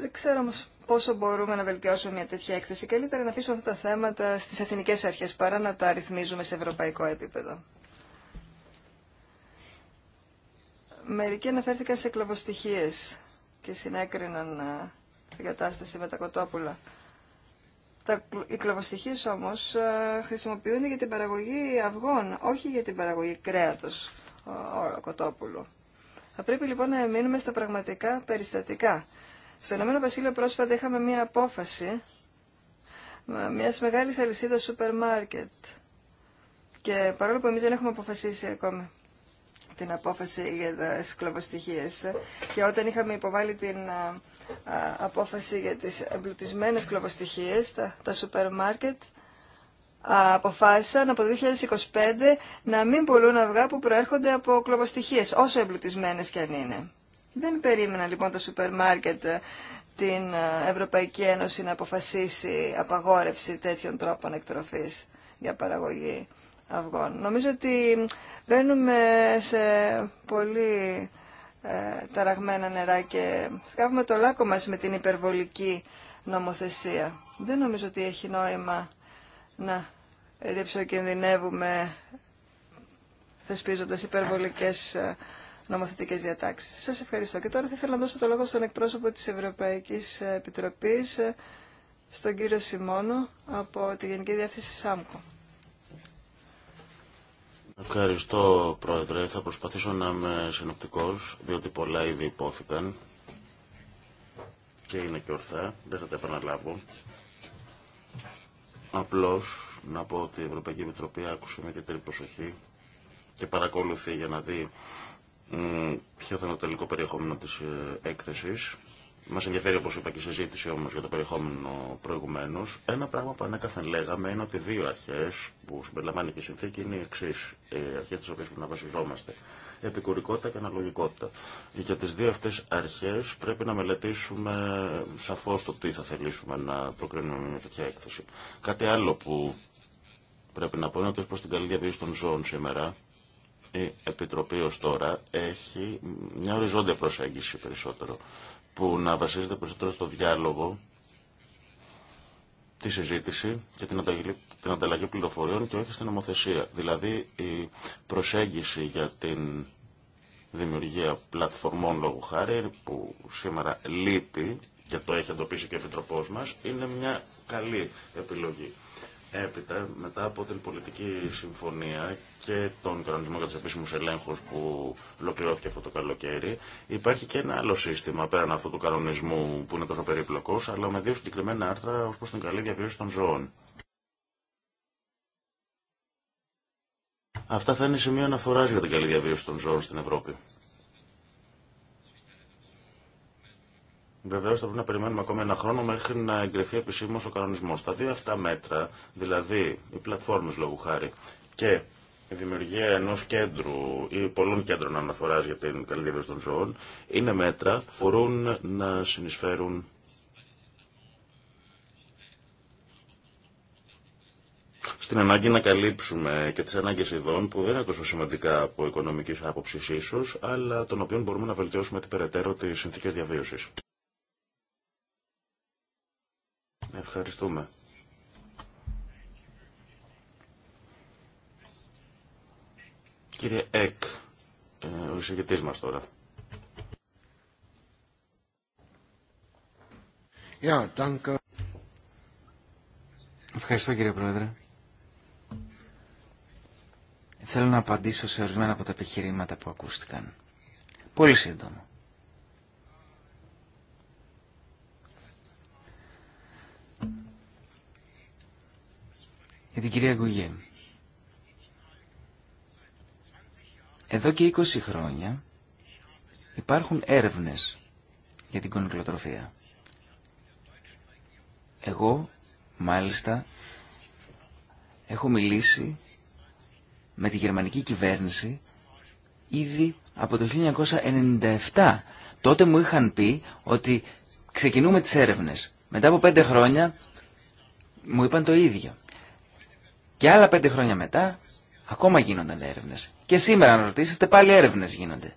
Δεν ξέρω όμως πόσο μπορούμε να βελτιώσουμε μια τέτοια έκθεση. Καλύτερα να αφήσουμε αυτά τα θέματα στις εθνικές αρχές παρά να τα ρυθμίζουμε σε ευρωπαϊκό επίπεδο. Μερικοί αναφέρθηκαν σε κλωβοστοιχίες και συνέκριναν ε, την κατάσταση με τα κοτόπουλα. Τα, οι κλωβοστοιχίες όμως ε, χρησιμοποιούνται για την παραγωγή αυγών, όχι για την παραγωγή κρέατος κοτόπουλου. Θα πρέπει λοιπόν να εμείνουμε στα πραγματικά περιστατικά στο Ηνωμένο Βασίλειο πρόσφατα είχαμε μία απόφαση μια μεγάλη αλυσίδα σούπερ μάρκετ. Και παρόλο που εμεί δεν έχουμε αποφασίσει ακόμη την απόφαση για τα σκλαβοστοιχεία. Και όταν είχαμε υποβάλει την απόφαση για τις εμπλουτισμένες κλωβοστοιχείες, τα, τα σούπερ μάρκετ, αποφάσισαν από το 2025 να μην πουλούν αυγά που προέρχονται από κλωβοστοιχείες, όσο εμπλουτισμένες και αν είναι. Δεν περίμενα λοιπόν το σούπερ μάρκετ ε, την ε, Ευρωπαϊκή Ένωση να αποφασίσει απαγόρευση τέτοιων τρόπων εκτροφής για παραγωγή αυγών. Νομίζω ότι μπαίνουμε σε πολύ ε, ταραγμένα νερά και σκάβουμε το λάκκο μας με την υπερβολική νομοθεσία. Δεν νομίζω ότι έχει νόημα να κινδυνεύουμε θεσπίζοντας υπερβολικές νομοθετικές διατάξεις. Σας ευχαριστώ. Και τώρα θα ήθελα να δώσω το λόγο στον εκπρόσωπο της Ευρωπαϊκής Επιτροπής, ε, στον κύριο Σιμόνο, από τη Γενική Διεύθυνση ΣΑΜΚΟ. Ευχαριστώ, Πρόεδρε. Θα προσπαθήσω να είμαι συνοπτικός, διότι πολλά ήδη υπόθηκαν και είναι και ορθά. Δεν θα τα επαναλάβω. Απλώς να πω ότι η Ευρωπαϊκή Επιτροπή άκουσε με ιδιαίτερη προσοχή και παρακολουθεί για να δει ποιο θα είναι το τελικό περιεχόμενο της ε, έκθεσης. Μα ενδιαφέρει, όπω είπα, και η συζήτηση όμω για το περιεχόμενο προηγουμένω, Ένα πράγμα που ανέκαθεν λέγαμε είναι ότι δύο αρχέ, που συμπεριλαμβάνει και η συνθήκη είναι οι εξή. Οι αρχέ τι οποίε πρέπει να βασιζόμαστε. Επικουρικότητα και αναλογικότητα. Για τι δύο αυτέ αρχέ πρέπει να μελετήσουμε σαφώς το τι θα θελήσουμε να προκρίνουμε με μια τέτοια έκθεση. Κάτι άλλο που πρέπει να πω είναι ότι ως προς την καλή διαβίωση των ζώων σήμερα, η Επιτροπή ως τώρα έχει μια οριζόντια προσέγγιση περισσότερο που να βασίζεται περισσότερο στο διάλογο, τη συζήτηση και την ανταλλαγή, την πληροφοριών και όχι στην νομοθεσία. Δηλαδή η προσέγγιση για την δημιουργία πλατφορμών λόγου χάρη που σήμερα λείπει και το έχει εντοπίσει και ο Επιτροπός μας είναι μια καλή επιλογή. Έπειτα, μετά από την πολιτική συμφωνία και τον κανονισμό για του επίσημου ελέγχου που ολοκληρώθηκε αυτό το καλοκαίρι, υπάρχει και ένα άλλο σύστημα πέραν αυτού του κανονισμού που είναι τόσο περίπλοκο, αλλά με δύο συγκεκριμένα άρθρα ω προ την καλή διαβίωση των ζώων. Αυτά θα είναι σημείο αναφορά για την καλή διαβίωση των ζώων στην Ευρώπη. Βεβαίω θα πρέπει να περιμένουμε ακόμα ένα χρόνο μέχρι να εγκριθεί επισήμω ο κανονισμό. Τα δύο αυτά μέτρα, δηλαδή οι πλατφόρμε λόγου χάρη και η δημιουργία ενό κέντρου ή πολλών κέντρων αναφορά για την καλή διαβίωση των ζώων, είναι μέτρα που μπορούν να συνεισφέρουν στην ανάγκη να καλύψουμε και τις ανάγκες ειδών που δεν είναι τόσο σημαντικά από οικονομικής άποψης ίσως, αλλά των οποίων μπορούμε να βελτιώσουμε την περαιτέρω τις συνθήκες διαβίωσης. Ευχαριστούμε. Κύριε Εκ, ε, ο εισηγητής μας τώρα. Ευχαριστώ κύριε Πρόεδρε. Θέλω να απαντήσω σε ορισμένα από τα επιχειρήματα που ακούστηκαν. Πολύ σύντομο. για την κυρία Γκουγέ. Εδώ και 20 χρόνια υπάρχουν έρευνες για την κονικλοτροφία. Εγώ, μάλιστα, έχω μιλήσει με τη γερμανική κυβέρνηση ήδη από το 1997. Τότε μου είχαν πει ότι ξεκινούμε τις έρευνες. Μετά από πέντε χρόνια μου είπαν το ίδιο. Και άλλα πέντε χρόνια μετά ακόμα γίνονταν έρευνε. Και σήμερα αν ρωτήσετε πάλι έρευνε γίνονται.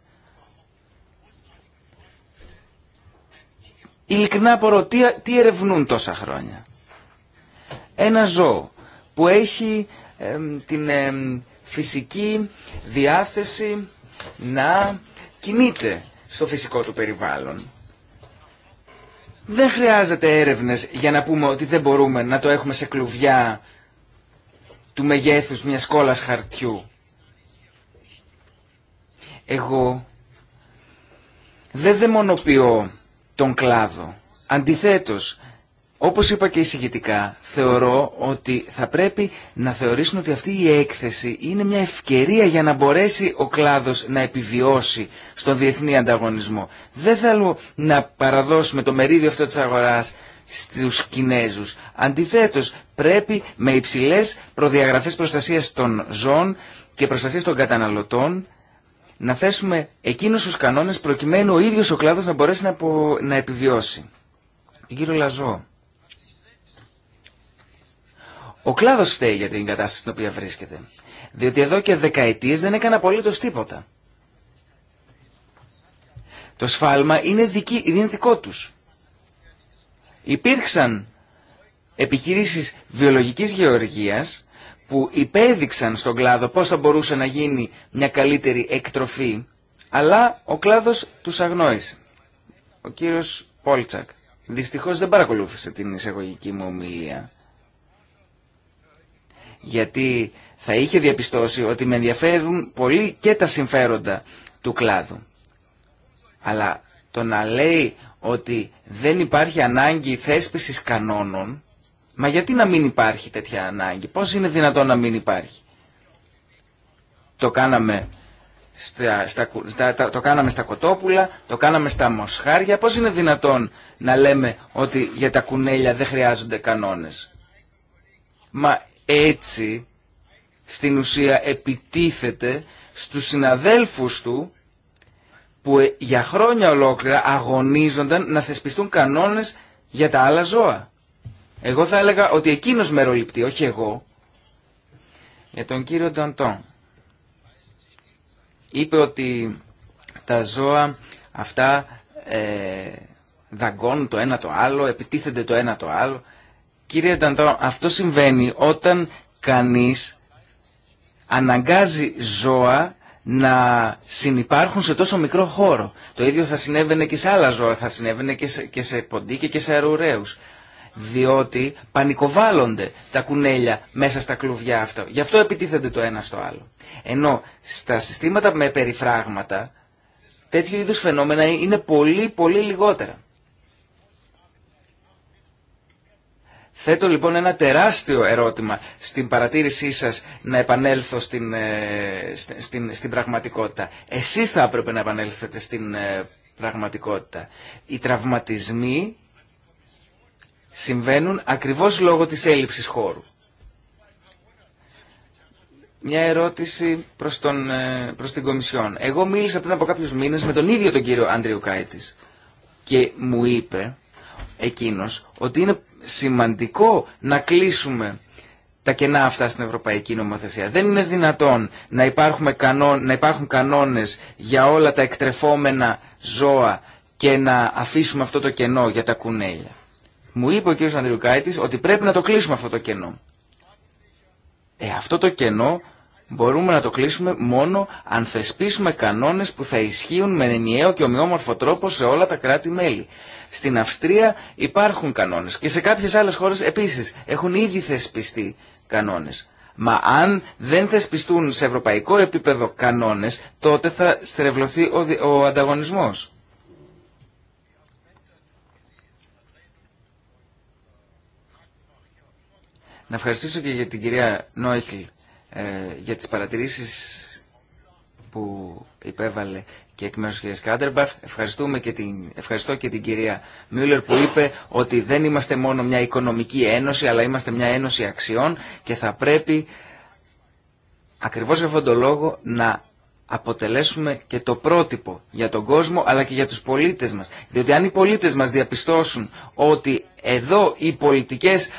Ειλικρινά απορώ, τι, τι ερευνούν τόσα χρόνια. Ένα ζώο που έχει την φυσική διάθεση να κινείται στο φυσικό του περιβάλλον. Δεν χρειάζεται έρευνες για να πούμε ότι δεν μπορούμε να το έχουμε σε κλουβιά του μεγέθους μιας κόλλας χαρτιού. Εγώ δεν δαιμονοποιώ τον κλάδο. Αντιθέτως, όπως είπα και εισηγητικά, θεωρώ ότι θα πρέπει να θεωρήσουν ότι αυτή η έκθεση είναι μια ευκαιρία για να μπορέσει ο κλάδος να επιβιώσει στον διεθνή ανταγωνισμό. Δεν θέλω να παραδώσουμε το μερίδιο αυτό της αγοράς στους Κινέζους. Αντιθέτως, πρέπει με υψηλές προδιαγραφές προστασίας των ζώων και προστασίας των καταναλωτών να θέσουμε εκείνους τους κανόνες προκειμένου ο ίδιος ο κλάδος να μπορέσει να, επιβιώσει. Λαζό, ο κλάδος φταίει για την κατάσταση στην οποία βρίσκεται. Διότι εδώ και δεκαετίες δεν έκανε απολύτως τίποτα. Το σφάλμα είναι, δική, είναι δικό τους. Υπήρξαν επιχειρήσεις βιολογικής γεωργίας που υπέδειξαν στον κλάδο πώς θα μπορούσε να γίνει μια καλύτερη εκτροφή, αλλά ο κλάδος τους αγνόησε. Ο κύριος Πόλτσακ δυστυχώς δεν παρακολούθησε την εισαγωγική μου ομιλία, γιατί θα είχε διαπιστώσει ότι με ενδιαφέρουν πολύ και τα συμφέροντα του κλάδου. Αλλά το να λέει ότι δεν υπάρχει ανάγκη θέσπισης κανόνων, μα γιατί να μην υπάρχει τέτοια ανάγκη, πώς είναι δυνατόν να μην υπάρχει. Το κάναμε στα, στα, το κάναμε στα κοτόπουλα, το κάναμε στα μοσχάρια. Πώς είναι δυνατόν να λέμε ότι για τα κουνέλια δεν χρειάζονται κανόνες. Μα έτσι στην ουσία επιτίθεται στους συναδέλφους του που ε, για χρόνια ολόκληρα αγωνίζονταν να θεσπιστούν κανόνες για τα άλλα ζώα. Εγώ θα έλεγα ότι εκείνος μεροληπτεί, όχι εγώ. Για τον κύριο Νταντών. Είπε ότι τα ζώα αυτά ε, δαγκώνουν το ένα το άλλο, επιτίθενται το ένα το άλλο. Κύριε Νταντών, αυτό συμβαίνει όταν κανείς αναγκάζει ζώα να συνεπάρχουν σε τόσο μικρό χώρο. Το ίδιο θα συνέβαινε και σε άλλα ζώα, θα συνέβαινε και σε, και ποντίκια και σε αρουραίους. Διότι πανικοβάλλονται τα κουνέλια μέσα στα κλουβιά αυτά. Γι' αυτό επιτίθενται το ένα στο άλλο. Ενώ στα συστήματα με περιφράγματα τέτοιου είδους φαινόμενα είναι πολύ πολύ λιγότερα. Θέτω λοιπόν ένα τεράστιο ερώτημα στην παρατήρησή σας να επανέλθω στην, ε, στην, στην πραγματικότητα. Εσείς θα έπρεπε να επανέλθετε στην ε, πραγματικότητα. Οι τραυματισμοί συμβαίνουν ακριβώς λόγω της έλλειψης χώρου. Μια ερώτηση προς, τον, ε, προς την Κομισιόν. Εγώ μίλησα πριν από κάποιους μήνες με τον ίδιο τον κύριο Άντριου και μου είπε εκείνος ότι είναι σημαντικό να κλείσουμε τα κενά αυτά στην ευρωπαϊκή νομοθεσία. Δεν είναι δυνατόν να, να υπάρχουν κανόνες για όλα τα εκτρεφόμενα ζώα και να αφήσουμε αυτό το κενό για τα κουνέλια. Μου είπε ο κ. Ανδριουκάητης ότι πρέπει να το κλείσουμε αυτό το κενό. Ε, αυτό το κενό μπορούμε να το κλείσουμε μόνο αν θεσπίσουμε κανόνες που θα ισχύουν με ενιαίο και ομοιόμορφο τρόπο σε όλα τα κράτη-μέλη. Στην Αυστρία υπάρχουν κανόνες και σε κάποιες άλλες χώρες επίσης έχουν ήδη θεσπιστεί κανόνες. Μα αν δεν θεσπιστούν σε ευρωπαϊκό επίπεδο κανόνες, τότε θα στρεβλωθεί ο ανταγωνισμός. Να ευχαριστήσω και για την κυρία Νόιχλ ε, για τις παρατηρήσεις που υπέβαλε και εκ μέρους της Κάντερμπαχ. και την, ευχαριστώ και την κυρία Μιούλερ που είπε ότι δεν είμαστε μόνο μια οικονομική ένωση αλλά είμαστε μια ένωση αξιών και θα πρέπει ακριβώς για αυτόν τον λόγο να αποτελέσουμε και το πρότυπο για τον κόσμο αλλά και για τους πολίτες μας. Διότι αν οι πολίτες μας διαπιστώσουν ότι εδώ οι πολιτικές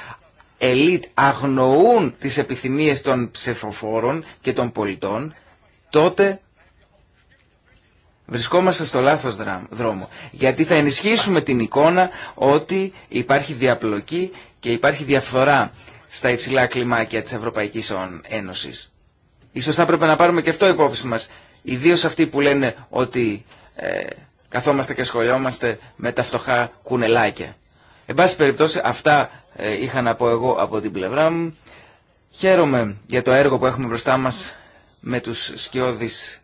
ελίτ αγνοούν τις επιθυμίες των ψηφοφόρων και των πολιτών, τότε Βρισκόμαστε στο λάθος δρόμο, γιατί θα ενισχύσουμε την εικόνα ότι υπάρχει διαπλοκή και υπάρχει διαφθορά στα υψηλά κλιμάκια της Ευρωπαϊκής Ένωσης. Ίσως θα πρέπει να πάρουμε και αυτό υπόψη μας, ιδίως αυτοί που λένε ότι ε, καθόμαστε και σχολιόμαστε με τα φτωχά κουνελάκια. Εν πάση περιπτώσει αυτά ε, είχα να πω εγώ από την πλευρά μου. Χαίρομαι για το έργο που έχουμε μπροστά μας με τους σκιώδεις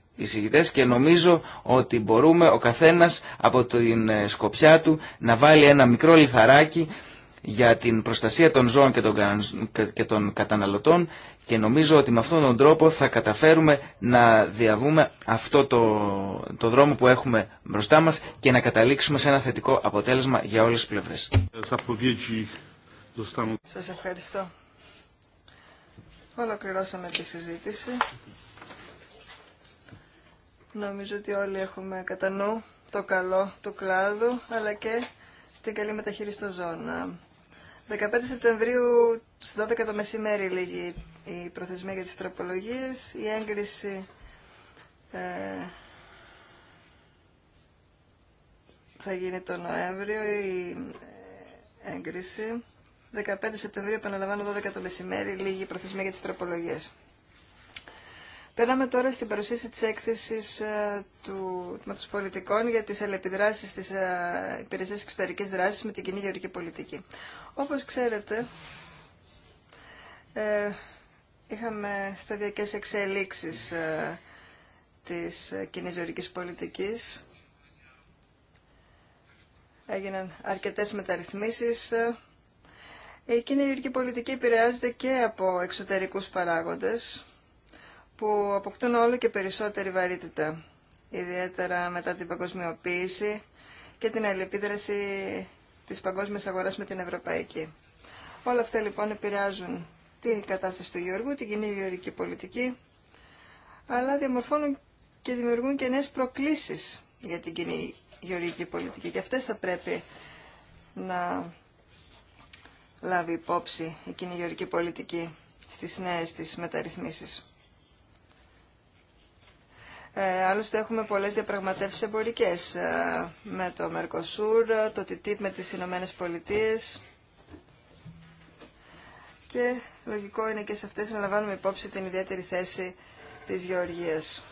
και νομίζω ότι μπορούμε ο καθένας από την ε, σκοπιά του να βάλει ένα μικρό λιθαράκι για την προστασία των ζώων και των καταναλωτών και νομίζω ότι με αυτόν τον τρόπο θα καταφέρουμε να διαβούμε αυτό το, το δρόμο που έχουμε μπροστά μας και να καταλήξουμε σε ένα θετικό αποτέλεσμα για όλες τις πλευρές. Σας ευχαριστώ. Ολοκληρώσαμε τη συζήτηση. Νομίζω ότι όλοι έχουμε κατά νου το καλό του κλάδου, αλλά και την καλή μεταχείριση των ζώων. 15 Σεπτεμβρίου στις 12 το μεσημέρι λίγη η προθεσμία για τις τροπολογίες, η έγκριση ε, θα γίνει το Νοέμβριο, η ε, έγκριση. 15 Σεπτεμβρίου, επαναλαμβάνω, 12 το μεσημέρι, λίγη προθεσμία για τις τροπολογίες. Περνάμε τώρα στην παρουσίαση της έκθεσης ε, του Τμήματος Πολιτικών για τις αλληλεπιδράσεις της ε, Υπηρεσίας Εξωτερικής Δράσης με την κοινή γεωρική πολιτική. Όπως ξέρετε, ε, είχαμε σταδιακές εξελίξεις της κοινή γεωρικής πολιτικής. Έγιναν αρκετές μεταρρυθμίσεις. Η κοινή γεωρική πολιτική επηρεάζεται και από εξωτερικούς παράγοντες που αποκτούν όλο και περισσότερη βαρύτητα, ιδιαίτερα μετά την παγκοσμιοποίηση και την αλληλεπίδραση της παγκόσμιας αγοράς με την ευρωπαϊκή. Όλα αυτά λοιπόν επηρεάζουν την κατάσταση του Γεωργού, την κοινή γεωργική πολιτική, αλλά διαμορφώνουν και δημιουργούν και νέες προκλήσεις για την κοινή γεωργική πολιτική και αυτές θα πρέπει να λάβει υπόψη η κοινή γεωργική πολιτική στις νέες της μεταρρυθμίσεις. Ε, άλλωστε έχουμε πολλές διαπραγματεύσεις εμπορικές ε, με το Μερκοσούρ, το TTIP με τις Ηνωμένε Πολιτείε. και λογικό είναι και σε αυτές να λαμβάνουμε υπόψη την ιδιαίτερη θέση της Γεωργίας.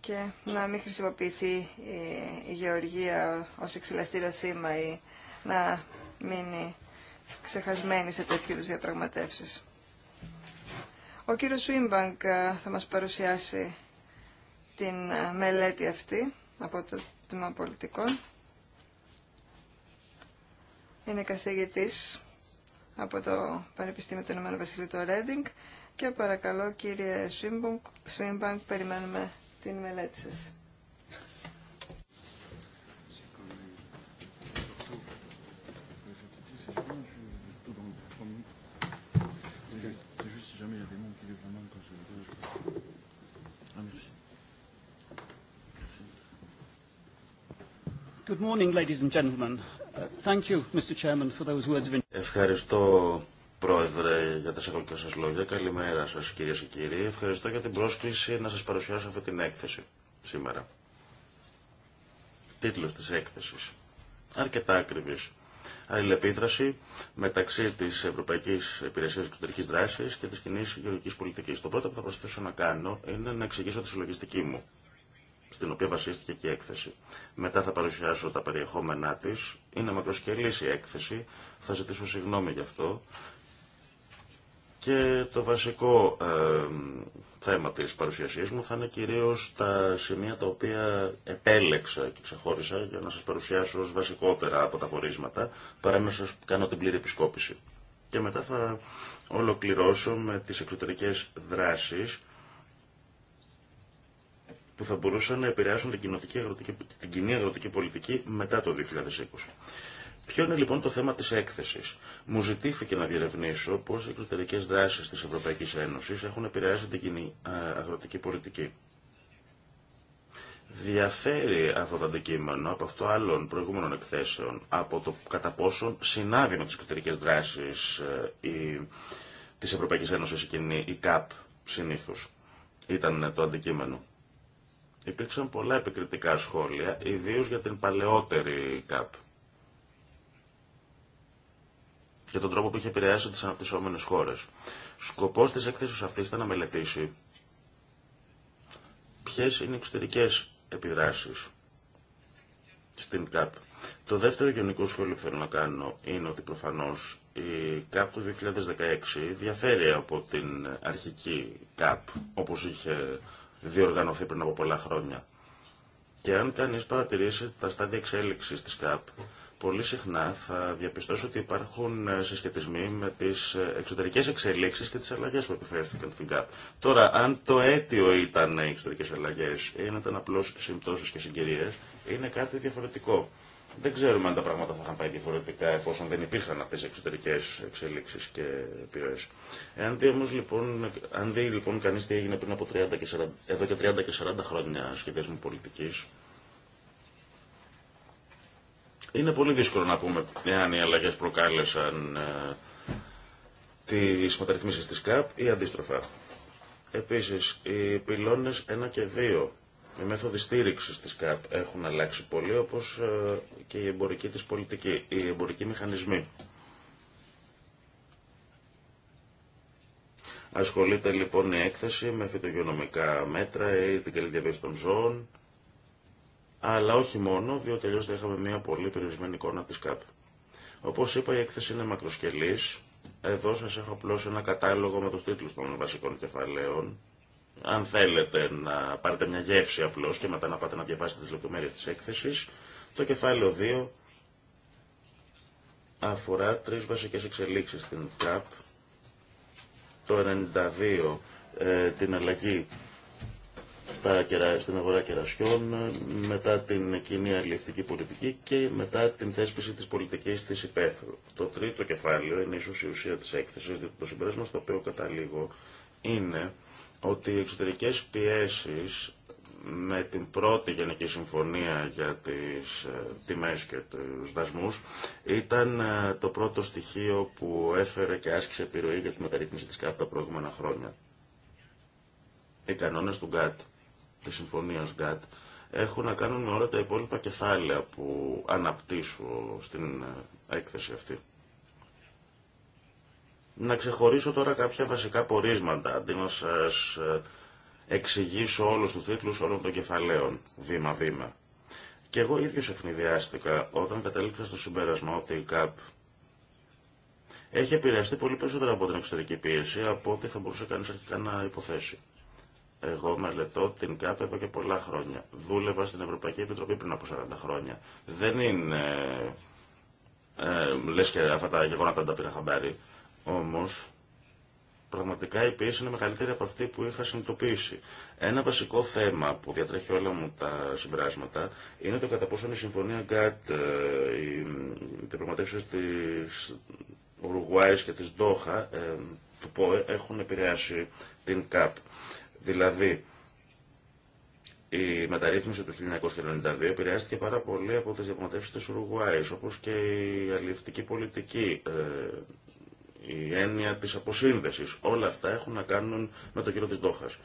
και να μην χρησιμοποιηθεί η, Γεωργία ως εξυλαστήριο θύμα ή να μείνει ξεχασμένη σε τέτοιου είδου διαπραγματεύσει. Ο κύριος Σουίμπανκ ε, θα μας παρουσιάσει την ε, μελέτη αυτή από το Τμήμα Πολιτικών. Είναι καθηγητής από το Πανεπιστήμιο του Ηνωμένου Βασιλείου του Ρέντινγκ και παρακαλώ κύριε Σουίμπανκ, περιμένουμε την μελέτη σας. Thank you. Good morning, ladies and gentlemen. Uh, thank you, Mr. Chairman, for those words of... Ευχαριστώ, Πρόεδρε, για τα εισαγωγικά σας λόγια. Καλημέρα σας, κυρίες και κύριοι. Ευχαριστώ για την πρόσκληση να σας παρουσιάσω αυτή την έκθεση σήμερα. Τίτλος της έκθεσης. Αρκετά ακριβής. Αλληλεπίδραση μεταξύ τη Ευρωπαϊκή Υπηρεσία Εξωτερική Δράση και τη κοινή γεωργική Πολιτική. Το πρώτο που θα προσθέσω να κάνω είναι να εξηγήσω τη συλλογιστική μου στην οποία βασίστηκε και η έκθεση. Μετά θα παρουσιάσω τα περιεχόμενά της. Είναι μακροσκελής η έκθεση, θα ζητήσω συγγνώμη γι' αυτό. Και το βασικό ε, θέμα της παρουσιασής μου θα είναι κυρίως τα σημεία τα οποία επέλεξα και ξεχώρισα για να σας παρουσιάσω ως βασικότερα από τα πορίσματα, παρά να σας κάνω την πλήρη επισκόπηση. Και μετά θα ολοκληρώσω με τις εξωτερικές δράσεις που θα μπορούσαν να επηρεάσουν την, αγροτική, την κοινή αγροτική πολιτική μετά το 2020. Ποιο είναι λοιπόν το θέμα της έκθεσης. Μου ζητήθηκε να διερευνήσω πώς οι εξωτερικές δράσεις της Ευρωπαϊκής Ένωσης έχουν επηρεάσει την κοινή αγροτική πολιτική. Διαφέρει αυτό το αντικείμενο από αυτό άλλων προηγούμενων εκθέσεων, από το κατά πόσον συνάδει με τις εξωτερικές δράσεις ε, η, της Ευρωπαϊκής Ένωσης η, η ΚΑΠ συνήθως. Ήταν το αντικείμενο. Υπήρξαν πολλά επικριτικά σχόλια, ιδίως για την παλαιότερη ΚΑΠ και τον τρόπο που είχε επηρεάσει τις αναπτυσσόμενες χώρες. Σκοπός της έκθεσης αυτής ήταν να μελετήσει ποιες είναι οι εξωτερικές επιδράσεις στην ΚΑΠ. Το δεύτερο γενικό σχόλιο που θέλω να κάνω είναι ότι προφανώς η ΚΑΠ του 2016 διαφέρει από την αρχική ΚΑΠ όπως είχε διοργανωθεί πριν από πολλά χρόνια. Και αν κανεί παρατηρήσει τα στάδια εξέλιξη της ΚΑΠ, πολύ συχνά θα διαπιστώσει ότι υπάρχουν ε, συσχετισμοί με τις ε, εξωτερικές εξέλιξει και τι αλλαγές που επιφέρθηκαν στην ΚΑΠ. Τώρα, αν το αίτιο ήταν οι εξωτερικέ αλλαγέ, ή ήταν απλώς συμπτώσει και συγκυρίε, είναι κάτι διαφορετικό. Δεν ξέρουμε αν τα πράγματα θα είχαν πάει διαφορετικά εφόσον δεν υπήρχαν αυτέ οι εξωτερικέ εξέλιξει και επιρροέ. Εάν δει λοιπόν, αν δει λοιπόν κανεί τι έγινε πριν από 30 και 40, εδώ και 30 και 40 χρόνια σχεδιασμού πολιτική, είναι πολύ δύσκολο να πούμε εάν οι αλλαγέ προκάλεσαν ε, τι μεταρρυθμίσει τη ΚΑΠ ή αντίστροφα. Επίση, οι πυλώνε 1 και 2 οι μέθοδοι στήριξη τη ΚΑΠ έχουν αλλάξει πολύ, όπω ε, και η εμπορική της πολιτική, οι εμπορικοί μηχανισμοί. Ασχολείται λοιπόν η έκθεση με φυτογειονομικά μέτρα ή την καλή των ζώων, αλλά όχι μόνο, διότι αλλιώ θα είχαμε μια πολύ περιορισμένη εικόνα τη ΚΑΠ. Όπω είπα, η έκθεση είναι μακροσκελής. Εδώ σα έχω απλώ ένα κατάλογο με του τίτλου των βασικών κεφαλαίων αν θέλετε να πάρετε μια γεύση απλώς και μετά να πάτε να διαβάσετε τις λεπτομέρειες της έκθεσης, το κεφάλαιο 2 αφορά τρεις βασικές εξελίξεις στην ΚΑΠ. Το 92 ε, την αλλαγή στα, στην αγορά κερασιών, μετά την κοινή αλληλευτική πολιτική και μετά την θέσπιση της πολιτικής της υπαίθρου. Το τρίτο κεφάλαιο είναι η ουσία της έκθεσης, διότι το συμπέρασμα στο οποίο καταλήγω είναι ότι οι εξωτερικές πιέσεις με την πρώτη Γενική Συμφωνία για τις ε, τιμές και τους δασμούς ήταν ε, το πρώτο στοιχείο που έφερε και άσκησε επιρροή για τη μεταρρύθμιση της ΚΑΤ τα προηγούμενα χρόνια. Οι κανόνες του ΓΚΑΤ, της Συμφωνίας ΓΚΑΤ, έχουν να κάνουν με όλα τα υπόλοιπα κεφάλαια που αναπτύσσω στην ε, έκθεση αυτή. Να ξεχωρίσω τώρα κάποια βασικά πορίσματα, αντί να σας ε, εξηγήσω όλους τους τίτλους όλων των κεφαλαίων, βήμα-βήμα. Και εγώ ίδιος ευνηδιάστηκα όταν κατέληξα στο συμπέρασμα ότι η ΚΑΠ έχει επηρεαστεί πολύ περισσότερο από την εξωτερική πίεση από ό,τι θα μπορούσε κανείς αρχικά να υποθέσει. Εγώ μελετώ την ΚΑΠ εδώ και πολλά χρόνια. Δούλευα στην Ευρωπαϊκή Επιτροπή πριν από 40 χρόνια. Δεν είναι... Ε, λες και αυτά τα γεγονότα τα πήρα χαμπάρι. Όμως, πραγματικά η πίεση είναι μεγαλύτερη από αυτή που είχα συνειδητοποιήσει. Ένα βασικό θέμα που διατρέχει όλα μου τα συμπεράσματα είναι το κατά πόσο η συμφωνία ΓΚΑΤ, ε, οι διαπραγματεύσει τη Ουρουγουάης και τη Ντόχα, ε, του ΠΟΕ, έχουν επηρεάσει την ΚΑΠ. Δηλαδή, η μεταρρύθμιση του 1992 επηρεάστηκε πάρα πολύ από τις διαπραγματεύσεις της Ουρουγουάης, όπως και η αλληλευτική πολιτική ε, η έννοια της αποσύνδεσης. Όλα αυτά έχουν να κάνουν με το κύριο της Δόχας.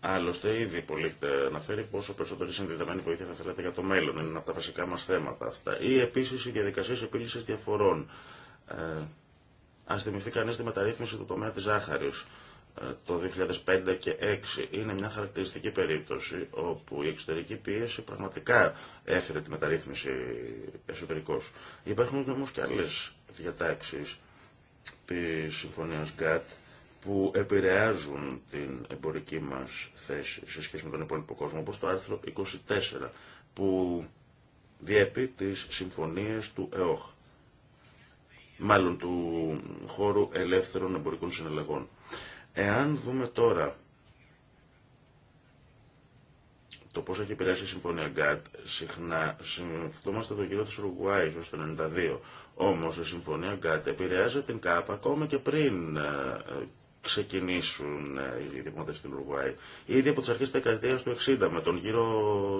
Άλλωστε, ήδη πολύ έχετε αναφέρει πόσο περισσότερη συνδεδεμένη βοήθεια θα θέλατε για το μέλλον. Είναι ένα από τα βασικά μα θέματα αυτά. Ή επίση οι διαδικασίε επίλυση διαφορών. Ε, Α θυμηθεί κανεί τη μεταρρύθμιση του τομέα τη ζάχαρη το 2005 και 2006 είναι μια χαρακτηριστική περίπτωση όπου η εξωτερική πίεση πραγματικά έφερε τη μεταρρύθμιση εσωτερικώς. Υπάρχουν όμως και άλλες διατάξεις της συμφωνίας GATT που επηρεάζουν την εμπορική μας θέση σε σχέση με τον υπόλοιπο κόσμο, όπως το άρθρο 24 που διέπει τις συμφωνίες του ΕΟΧ, μάλλον του χώρου ελεύθερων εμπορικών συναλλαγών. Εάν δούμε τώρα το πώς έχει επηρεάσει η Συμφωνία ΓΚΑΤ, συχνά συμφωνούμαστε το γύρο της Ουρουγουάης ως το 92. Όμως η Συμφωνία ΓΚΑΤ επηρεάζει την ΚΑΠ ακόμα και πριν ε, ξεκινήσουν ε, οι δημότες στην Ρουγουάη. Ήδη από τις αρχές τη δεκαετία του 60 με τον γύρο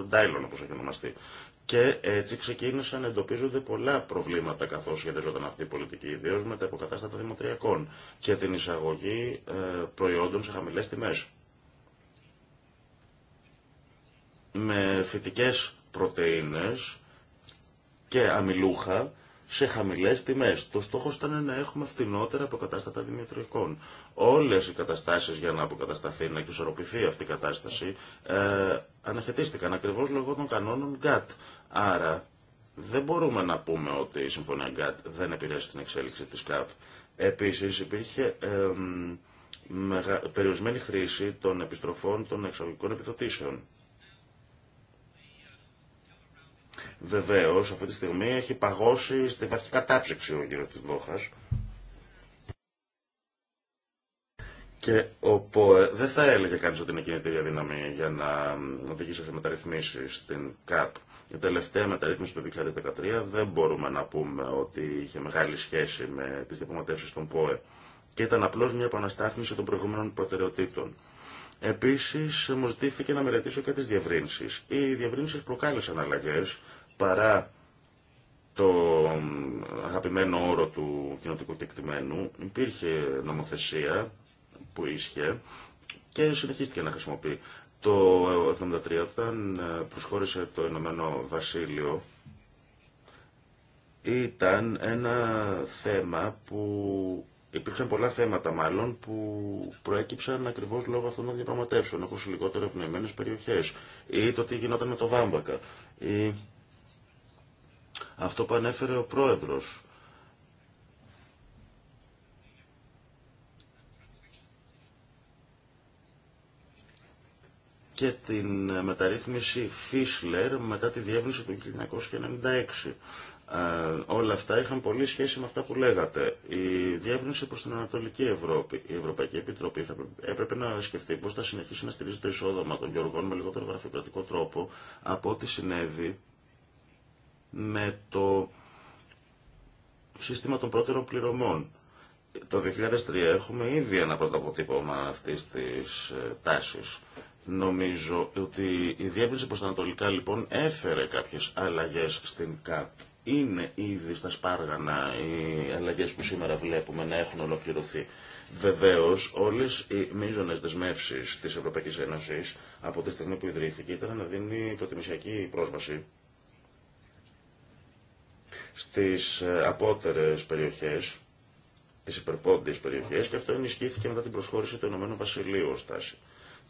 Ντάιλον, όπω έχει ονομαστεί. Και έτσι ξεκίνησαν να εντοπίζονται πολλά προβλήματα καθώ σχεδιαζόταν αυτή η πολιτική, ιδίω με τα υποκατάστατα δημοτριακών και την εισαγωγή ε, προϊόντων σε χαμηλέ τιμέ. Με φυτικέ πρωτενε και αμυλούχα σε χαμηλές τιμές. Το στόχο ήταν να έχουμε φθηνότερα αποκατάστατα δημιουργικών. Όλες οι καταστάσεις για να αποκατασταθεί, να εξορροπηθεί αυτή η κατάσταση, ε, αναχαιτίστηκαν ακριβώς λόγω των κανόνων GATT. Άρα δεν μπορούμε να πούμε ότι η Συμφωνία GATT δεν επηρέασε την εξέλιξη της ΚΑΠ. Επίσης υπήρχε... Ε, περιορισμένη χρήση των επιστροφών των εξαγωγικών επιδοτήσεων. Βεβαίω, αυτή τη στιγμή έχει παγώσει στην βαθική κατάψυξη ο γύρο τη Δόχα. Και ο ΠΟΕ δεν θα έλεγε κανεί ότι είναι κινητήρια δύναμη για να οδηγήσει σε μεταρρυθμίσει στην ΚΑΠ. Η τελευταία μεταρρύθμιση του 2013 δεν μπορούμε να πούμε ότι είχε μεγάλη σχέση με τι διαπραγματεύσει των ΠΟΕ. Και ήταν απλώ μια επαναστάθμιση των προηγούμενων προτεραιοτήτων. Επίση, μου ζητήθηκε να μελετήσω και τι διευρύνσει. Οι διευρύνσει προκάλεσαν αλλαγέ παρά το αγαπημένο όρο του κοινοτικού κεκτημένου υπήρχε νομοθεσία που ίσχυε και συνεχίστηκε να χρησιμοποιεί. Το 1973 όταν ε, προσχώρησε το Ηνωμένο Βασίλειο ήταν ένα θέμα που υπήρχαν πολλά θέματα μάλλον που προέκυψαν ακριβώ λόγω αυτών των διαπραγματεύσεων, όπως οι λιγότερο ευνοημένες περιοχέ ή το τι γινόταν με το Βάμβακα αυτό που ανέφερε ο πρόεδρος. και την μεταρρύθμιση Φίσλερ μετά τη διεύρυνση του 1996. Ε, όλα αυτά είχαν πολύ σχέση με αυτά που λέγατε. Η διεύρυνση προς την Ανατολική Ευρώπη, η Ευρωπαϊκή Επιτροπή θα έπρεπε να σκεφτεί πώς θα συνεχίσει να στηρίζει το εισόδομα των γεωργών με λιγότερο γραφειοκρατικό τρόπο από ό,τι συνέβη με το σύστημα των πρώτερων πληρωμών. Το 2003 έχουμε ήδη ένα πρώτο αποτύπωμα αυτής της ε, τάσης. Νομίζω ότι η διεύρυνση προς τα Ανατολικά λοιπόν έφερε κάποιες αλλαγές στην ΚΑΤ. Είναι ήδη στα σπάργανα οι αλλαγές που σήμερα βλέπουμε να έχουν ολοκληρωθεί. Βεβαίω, όλε οι μείζονε δεσμεύσει τη Ευρωπαϊκή Ένωση από τη στιγμή που ιδρύθηκε ήταν να δίνει προτιμησιακή πρόσβαση στις ε, απότερες περιοχές, τις υπερπόντιες περιοχές και αυτό ενισχύθηκε μετά την προσχώρηση του Ηνωμένου Βασιλείου ως τάση.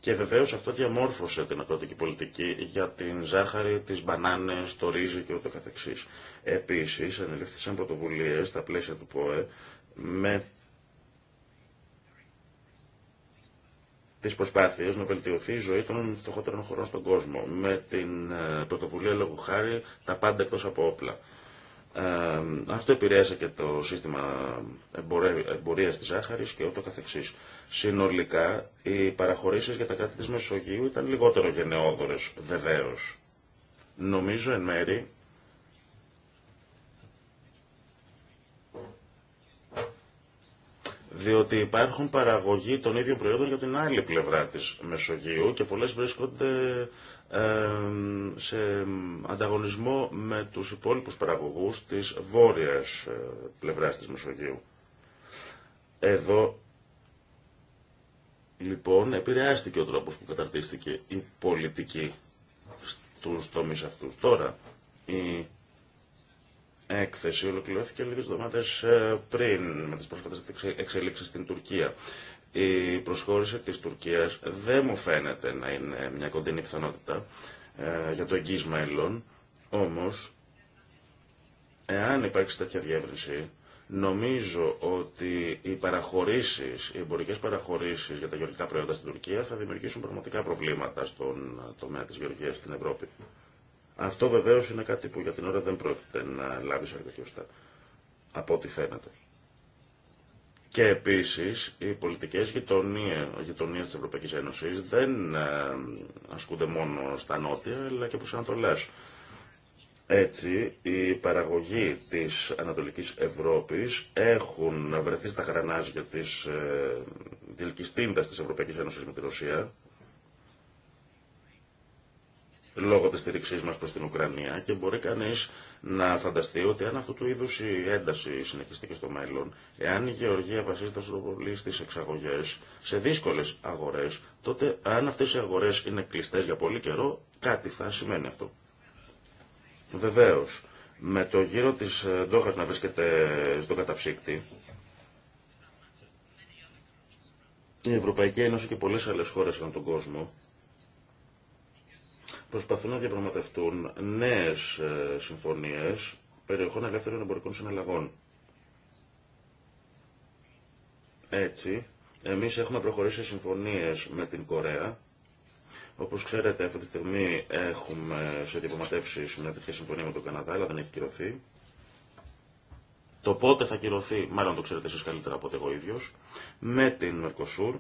Και βεβαίω αυτό διαμόρφωσε την ακροτική πολιτική για την ζάχαρη, τι μπανάνε, το ρύζι και ούτω καθεξή. Επίση, ανελήφθησαν πρωτοβουλίε στα πλαίσια του ΠΟΕ με τι προσπάθειε να βελτιωθεί η ζωή των φτωχότερων χωρών στον κόσμο. Με την ε, πρωτοβουλία λόγου χάρη τα πάντα εκτό από όπλα. Ε, αυτό επηρέασε και το σύστημα εμπορία της Ζάχαρη και ούτω καθεξής. Συνολικά, οι παραχωρήσεις για τα κράτη τη Μεσογείου ήταν λιγότερο γενναιόδορε, βεβαίω. Νομίζω εν μέρη διότι υπάρχουν παραγωγή των ίδιων προϊόντων για την άλλη πλευρά της Μεσογείου και πολλές βρίσκονται σε ανταγωνισμό με τους υπόλοιπους παραγωγούς της βόρειας ε, πλευράς της Μεσογείου. Εδώ λοιπόν επηρεάστηκε ο τρόπος που καταρτίστηκε η πολιτική στους τομείς αυτούς. Τώρα η έκθεση ολοκληρώθηκε λίγες εβδομάδες ε, πριν με τις πρόσφατες εξελίξεις στην Τουρκία. Η προσχώρηση της Τουρκίας δεν μου φαίνεται να είναι μια κοντινή πιθανότητα ε, για το εγγύς μέλλον, όμως εάν υπάρξει τέτοια διεύρυνση, νομίζω ότι οι παραχωρήσεις, οι εμπορικές παραχωρήσεις για τα γεωργικά προϊόντα στην Τουρκία θα δημιουργήσουν πραγματικά προβλήματα στον τομέα της γεωργίας στην Ευρώπη. Αυτό βεβαίω είναι κάτι που για την ώρα δεν πρόκειται να λάβει σε αρκετή από ό,τι φαίνεται. Και επίσης οι πολιτικές γειτονίε τη Ευρωπαϊκή Ένωση Ένωσης δεν ε, ασκούνται μόνο στα νότια αλλά και προς Ανατολέ. Έτσι, οι παραγωγή της Ανατολικής Ευρώπης έχουν βρεθεί στα χαρανάζια της ε, της Ευρωπαϊκής Ένωσης με τη Ρωσία λόγω της στήριξή μας προς την Ουκρανία και μπορεί κανείς να φανταστεί ότι αν αυτού του είδους η ένταση συνεχιστεί και στο μέλλον, εάν η Γεωργία βασίζεται τόσο πολύ στις εξαγωγές, σε δύσκολες αγορές, τότε αν αυτές οι αγορές είναι κλειστές για πολύ καιρό, κάτι θα σημαίνει αυτό. Βεβαίως, με το γύρο της ε, Ντόχας να βρίσκεται στον καταψύκτη, η Ευρωπαϊκή Ένωση και πολλές άλλες χώρες ανά τον κόσμο προσπαθούν να διαπραγματευτούν νέε ε, συμφωνίες περιοχών ελεύθερων εμπορικών συναλλαγών. Έτσι, εμεί έχουμε προχωρήσει σε συμφωνίες με την Κορέα. Όπως ξέρετε, αυτή τη στιγμή έχουμε σε διαπραγματεύσει μια τέτοια συμφωνία με τον Καναδά, αλλά δεν έχει κυρωθεί. Το πότε θα κυρωθεί, μάλλον το ξέρετε εσεί καλύτερα από ό,τι εγώ ίδιο, με την Μερκοσούρ,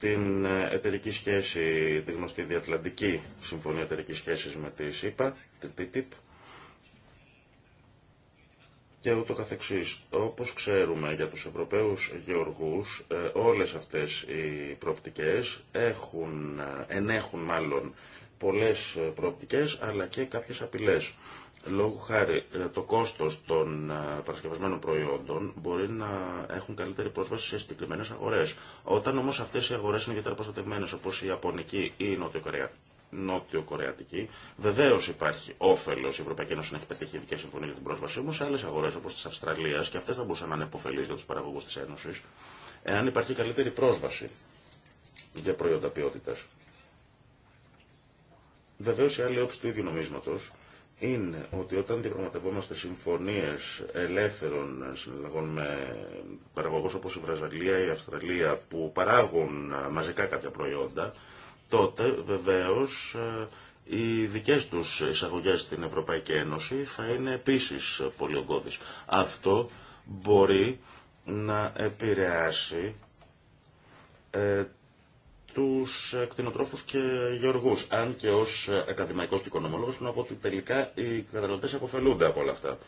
την ε, εταιρική σχέση, τη γνωστή διατλαντική συμφωνία εταιρικής σχέσης με τη ΣΥΠΑ, την TTIP, και ούτω καθεξής. Όπως ξέρουμε για τους Ευρωπαίους γεωργούς, ε, όλες αυτές οι προοπτικές έχουν, ε, ενέχουν μάλλον πολλές προοπτικές, αλλά και κάποιες απειλές λόγω χάρη ε, το κόστος των ε, παρασκευασμένων προϊόντων μπορεί να έχουν καλύτερη πρόσβαση σε συγκεκριμένε αγορές. Όταν όμως αυτές οι αγορές είναι ιδιαίτερα προστατευμένες όπως η Ιαπωνική ή η Νότιο-Κορεα, νότιο-κορεατική. Βεβαίω υπάρχει όφελο. Η Ευρωπαϊκή Ένωση έχει πετύχει να ειδικέ ειδικε συμφωνία για την πρόσβαση. Όμω άλλε αγορέ όπω τη Αυστραλία και αυτέ θα μπορούσαν να είναι υποφελεί για του παραγωγού τη Ένωση, εάν υπάρχει καλύτερη πρόσβαση για προϊόντα ποιότητα. Βεβαίω η άλλη όψη του ίδιου είναι ότι όταν διαπραγματευόμαστε συμφωνίες ελεύθερων συναλλαγών με παραγωγούς όπως η Βραζαλία ή η Αυστραλία που παράγουν ε, μαζικά κάποια προϊόντα, τότε βεβαίως ε, οι δικές τους εισαγωγές στην Ευρωπαϊκή Ένωση θα είναι επίσης πολύ Αυτό μπορεί να επηρεάσει ε, τους κτηνοτρόφους και γεωργούς. Αν και ως ακαδημαϊκός και οικονομολόγος πρέπει να πω ότι τελικά οι καταναλωτές αποφελούνται από όλα αυτά.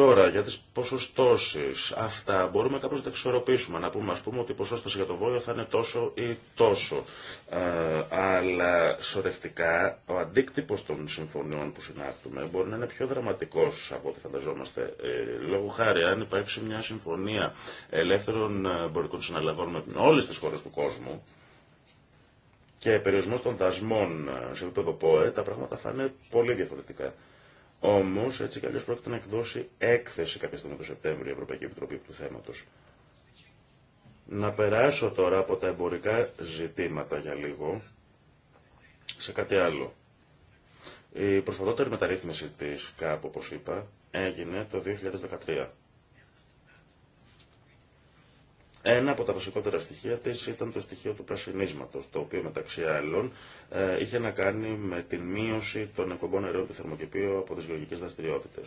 Τώρα, για τις ποσοστώσεις, αυτά μπορούμε κάπως να τα εξορροπήσουμε, να πούμε, ας πούμε ότι η ποσόστοση για το βόλιο θα είναι τόσο ή τόσο. Ε, αλλά σωρευτικά, ο αντίκτυπος των συμφωνιών που συνάπτουμε μπορεί να είναι πιο δραματικός από ό,τι φανταζόμαστε. Ε, λόγω χάρη, αν υπάρξει μια συμφωνία ελεύθερων ε, εμπορικών συναλλαγών με όλες τις χώρες του κόσμου, και περιορισμό των δασμών ε, σε επίπεδο ΠΟΕ, τα πράγματα θα είναι πολύ διαφορετικά. Όμω, έτσι αλλιώ πρόκειται να εκδώσει έκθεση κάποια στιγμή το Σεπτέμβριο η Ευρωπαϊκή Επιτροπή του θέματος. Να περάσω τώρα από τα εμπορικά ζητήματα για λίγο σε κάτι άλλο. Η προσφατότερη μεταρρύθμιση της ΚΑΠ, όπως είπα, έγινε το 2013. Ένα από τα βασικότερα στοιχεία τη ήταν το στοιχείο του πρασινίσματο, το οποίο μεταξύ άλλων ε, είχε να κάνει με την μείωση των εκπομπών αερίων του θερμοκηπίου από τι γεωργικές δραστηριότητε.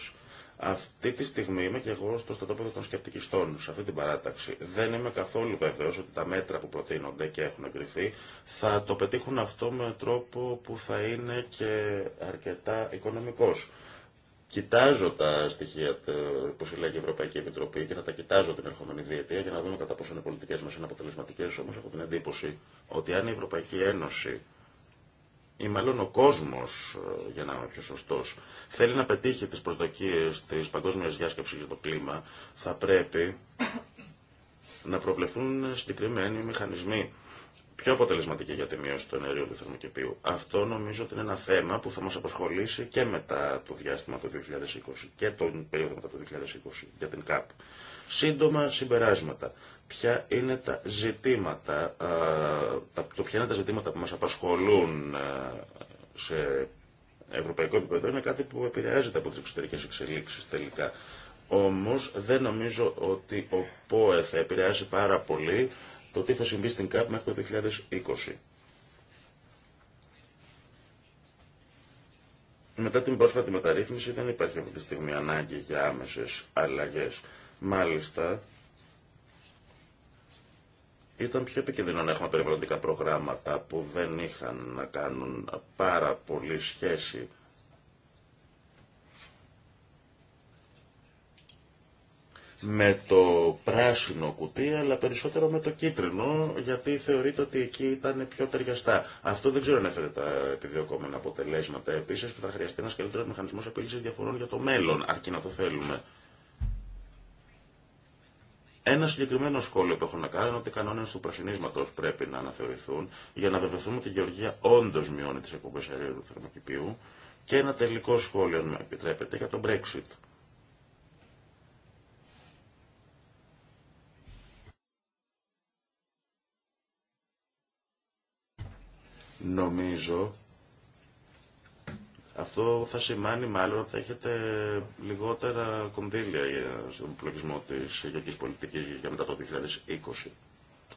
Αυτή τη στιγμή είμαι και εγώ στο στρατόπεδο των σκεπτικιστών σε αυτή την παράταξη. Δεν είμαι καθόλου βέβαιο ότι τα μέτρα που προτείνονται και έχουν εγκριθεί θα το πετύχουν αυτό με τρόπο που θα είναι και αρκετά οικονομικό. Κοιτάζω τα στοιχεία που συλλέγει η Ευρωπαϊκή Επιτροπή και θα τα κοιτάζω την ερχόμενη διετία για να δούμε κατά πόσο είναι πολιτικέ μα είναι αποτελεσματικέ. Όμω έχω την εντύπωση ότι αν η Ευρωπαϊκή Ένωση ή μάλλον ο κόσμο, για να είμαι πιο σωστό, θέλει να πετύχει τι προσδοκίε τη παγκόσμια διάσκεψη για το κλίμα, θα πρέπει να προβλεφθούν συγκεκριμένοι μηχανισμοί πιο αποτελεσματική για τη μείωση του ενέργειου του θερμοκηπίου. Αυτό νομίζω ότι είναι ένα θέμα που θα μας απασχολήσει και μετά το διάστημα του 2020 και τον περίοδο μετά το 2020 για την ΚΑΠ. Σύντομα συμπεράσματα. Ποια είναι τα ζητήματα, ε, τα, ποια είναι τα ζητήματα που μας απασχολούν ε, σε ευρωπαϊκό επίπεδο είναι κάτι που επηρεάζεται από τις εξωτερικές εξελίξεις τελικά. Όμως δεν νομίζω ότι ο ΠΟΕ θα επηρεάσει πάρα πολύ το τι θα συμβεί στην ΚΑΠ μέχρι το 2020. Μετά την πρόσφατη μεταρρύθμιση δεν υπάρχει αυτή τη στιγμή ανάγκη για άμεσες αλλαγές. Μάλιστα, ήταν πιο επικίνδυνο να έχουμε περιβαλλοντικά προγράμματα που δεν είχαν να κάνουν πάρα πολύ σχέση με το πράσινο κουτί, αλλά περισσότερο με το κίτρινο, γιατί θεωρείται ότι εκεί ήταν πιο ταιριαστά. Αυτό δεν ξέρω αν έφερε τα επιδιωκόμενα αποτελέσματα. Επίση, θα χρειαστεί ένα καλύτερο μηχανισμό επίλυση διαφορών για το μέλλον, αρκεί να το θέλουμε. Ένα συγκεκριμένο σχόλιο που έχω να κάνω είναι ότι οι κανόνε του πρασινίσματο πρέπει να αναθεωρηθούν για να βεβαιωθούμε ότι η Γεωργία όντω μειώνει τι εκπομπέ αερίου του θερμοκηπίου. Και ένα τελικό σχόλιο, αν με επιτρέπετε, για το Brexit. Νομίζω αυτό θα σημάνει μάλλον ότι θα έχετε λιγότερα κονδύλια για τον πλογισμό τη γεωργική πολιτική για μετά το 2020,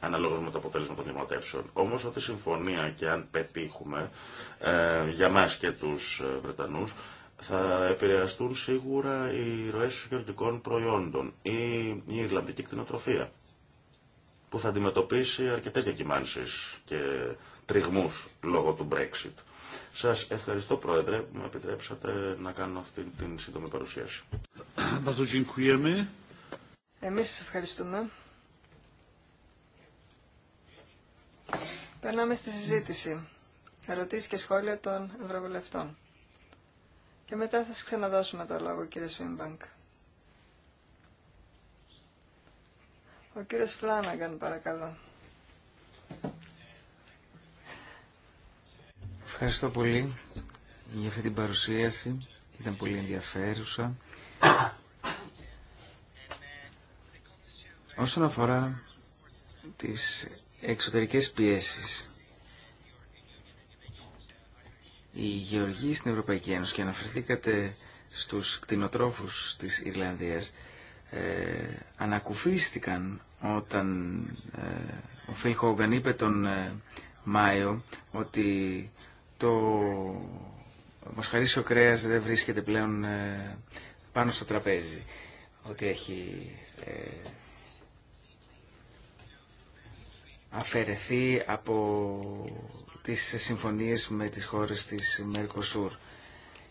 αναλόγω με το αποτέλεσμα των διαμαρτύρων. Όμω, ό,τι συμφωνία και αν πετύχουμε ε, για μα και του ε, Βρετανού, θα επηρεαστούν σίγουρα οι ροέ γεωργικών προϊόντων ή η Ιρλανδική κτηνοτροφία, που θα αντιμετωπίσει αρκετέ διακυμάνσει και τριγμούς λόγω του Brexit. Σας ευχαριστώ Πρόεδρε που με επιτρέψατε να κάνω αυτή την σύντομη παρουσίαση. Εμείς σας ευχαριστούμε. Περνάμε στη συζήτηση. Ερωτήσεις και σχόλια των Ευρωβουλευτών. Και μετά θα σας ξαναδώσουμε το λόγο, κύριε Σουίμπανκ. Ο κύριος Φλάνναγκαν παρακαλώ. Ευχαριστώ πολύ για αυτή την παρουσίαση. Ήταν πολύ ενδιαφέρουσα. Όσον αφορά τις εξωτερικές πιέσεις, οι γεωργοί στην Ευρωπαϊκή Ένωση και αναφερθήκατε στους κτηνοτρόφους της Ιρλανδίας ε, ανακουφίστηκαν όταν ε, ο Φιλ Χόγκαν είπε τον ε, Μάιο ότι το μοσχαρίσιο κρέας δεν βρίσκεται πλέον ε, πάνω στο τραπέζι. Ότι έχει ε, αφαιρεθεί από τις συμφωνίες με τις χώρες της Mercosur.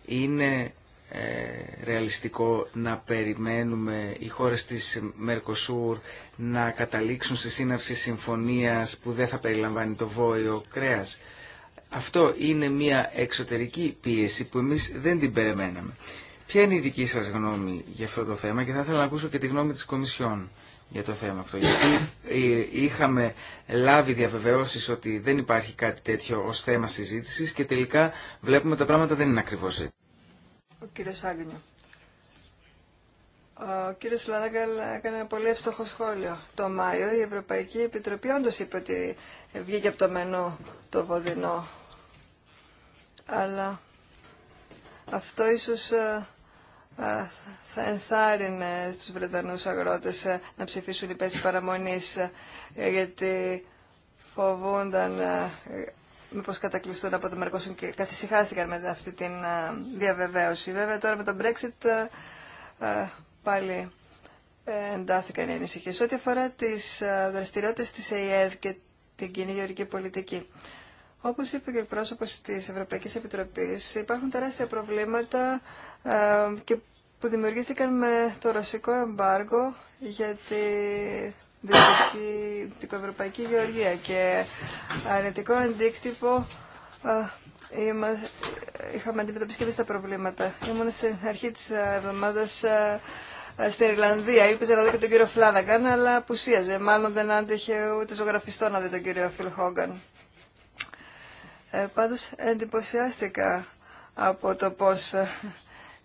Είναι ε, ρεαλιστικό να περιμένουμε οι χώρες της Μερκοσούρ να καταλήξουν σε σύναυση συμφωνίας που δεν θα περιλαμβάνει το βόηο κρέας. Αυτό είναι μια εξωτερική πίεση που εμείς δεν την περιμέναμε. Ποια είναι η δική σας γνώμη για αυτό το θέμα και θα ήθελα να ακούσω και τη γνώμη της Κομισιόν για το θέμα αυτό. Γιατί ε, είχαμε λάβει διαβεβαιώσεις ότι δεν υπάρχει κάτι τέτοιο ως θέμα συζήτησης και τελικά βλέπουμε τα πράγματα δεν είναι ακριβώς έτσι. Ο κύριος Άγνιο. Ο κύριος Φλανάγκαλ έκανε ένα πολύ εύστοχο σχόλιο. Το Μάιο η Ευρωπαϊκή Επιτροπή όντω είπε ότι βγήκε από το μενού το βοδινό αλλά αυτό ίσως ε, ε, θα ενθάρρυνε στους Βρετανούς αγρότες ε, να ψηφίσουν υπέρ παραμονής, γιατί φοβούνταν μήπω κατακλειστούν από το Μερκόσουν και καθυσυχάστηκαν με αυτή τη διαβεβαίωση. Βέβαια τώρα με τον Brexit πάλι εντάθηκαν οι ανησυχίες. Ό,τι αφορά τις δραστηριότητες της ΕΙΕΔ και την κοινή γεωρική πολιτική. Όπω είπε και ο πρόσωπο τη Ευρωπαϊκή Επιτροπή, υπάρχουν τεράστια προβλήματα ε, και που δημιουργήθηκαν με το ρωσικό εμπάργο για τη ευρωπαϊκή γεωργία και αρνητικό αντίκτυπο ε, είχαμε αντιμετωπίσει και εμείς τα προβλήματα. Ήμουν στην αρχή της εβδομάδας ε, στην Ιρλανδία. Ήλπιζα να δω και τον κύριο Φλάναγκαν, αλλά απουσίαζε. Μάλλον δεν άντεχε ούτε ζωγραφιστό να δει τον κύριο Φιλ Χόγκαν. Ε, πάντως εντυπωσιάστηκα από το πώς ε,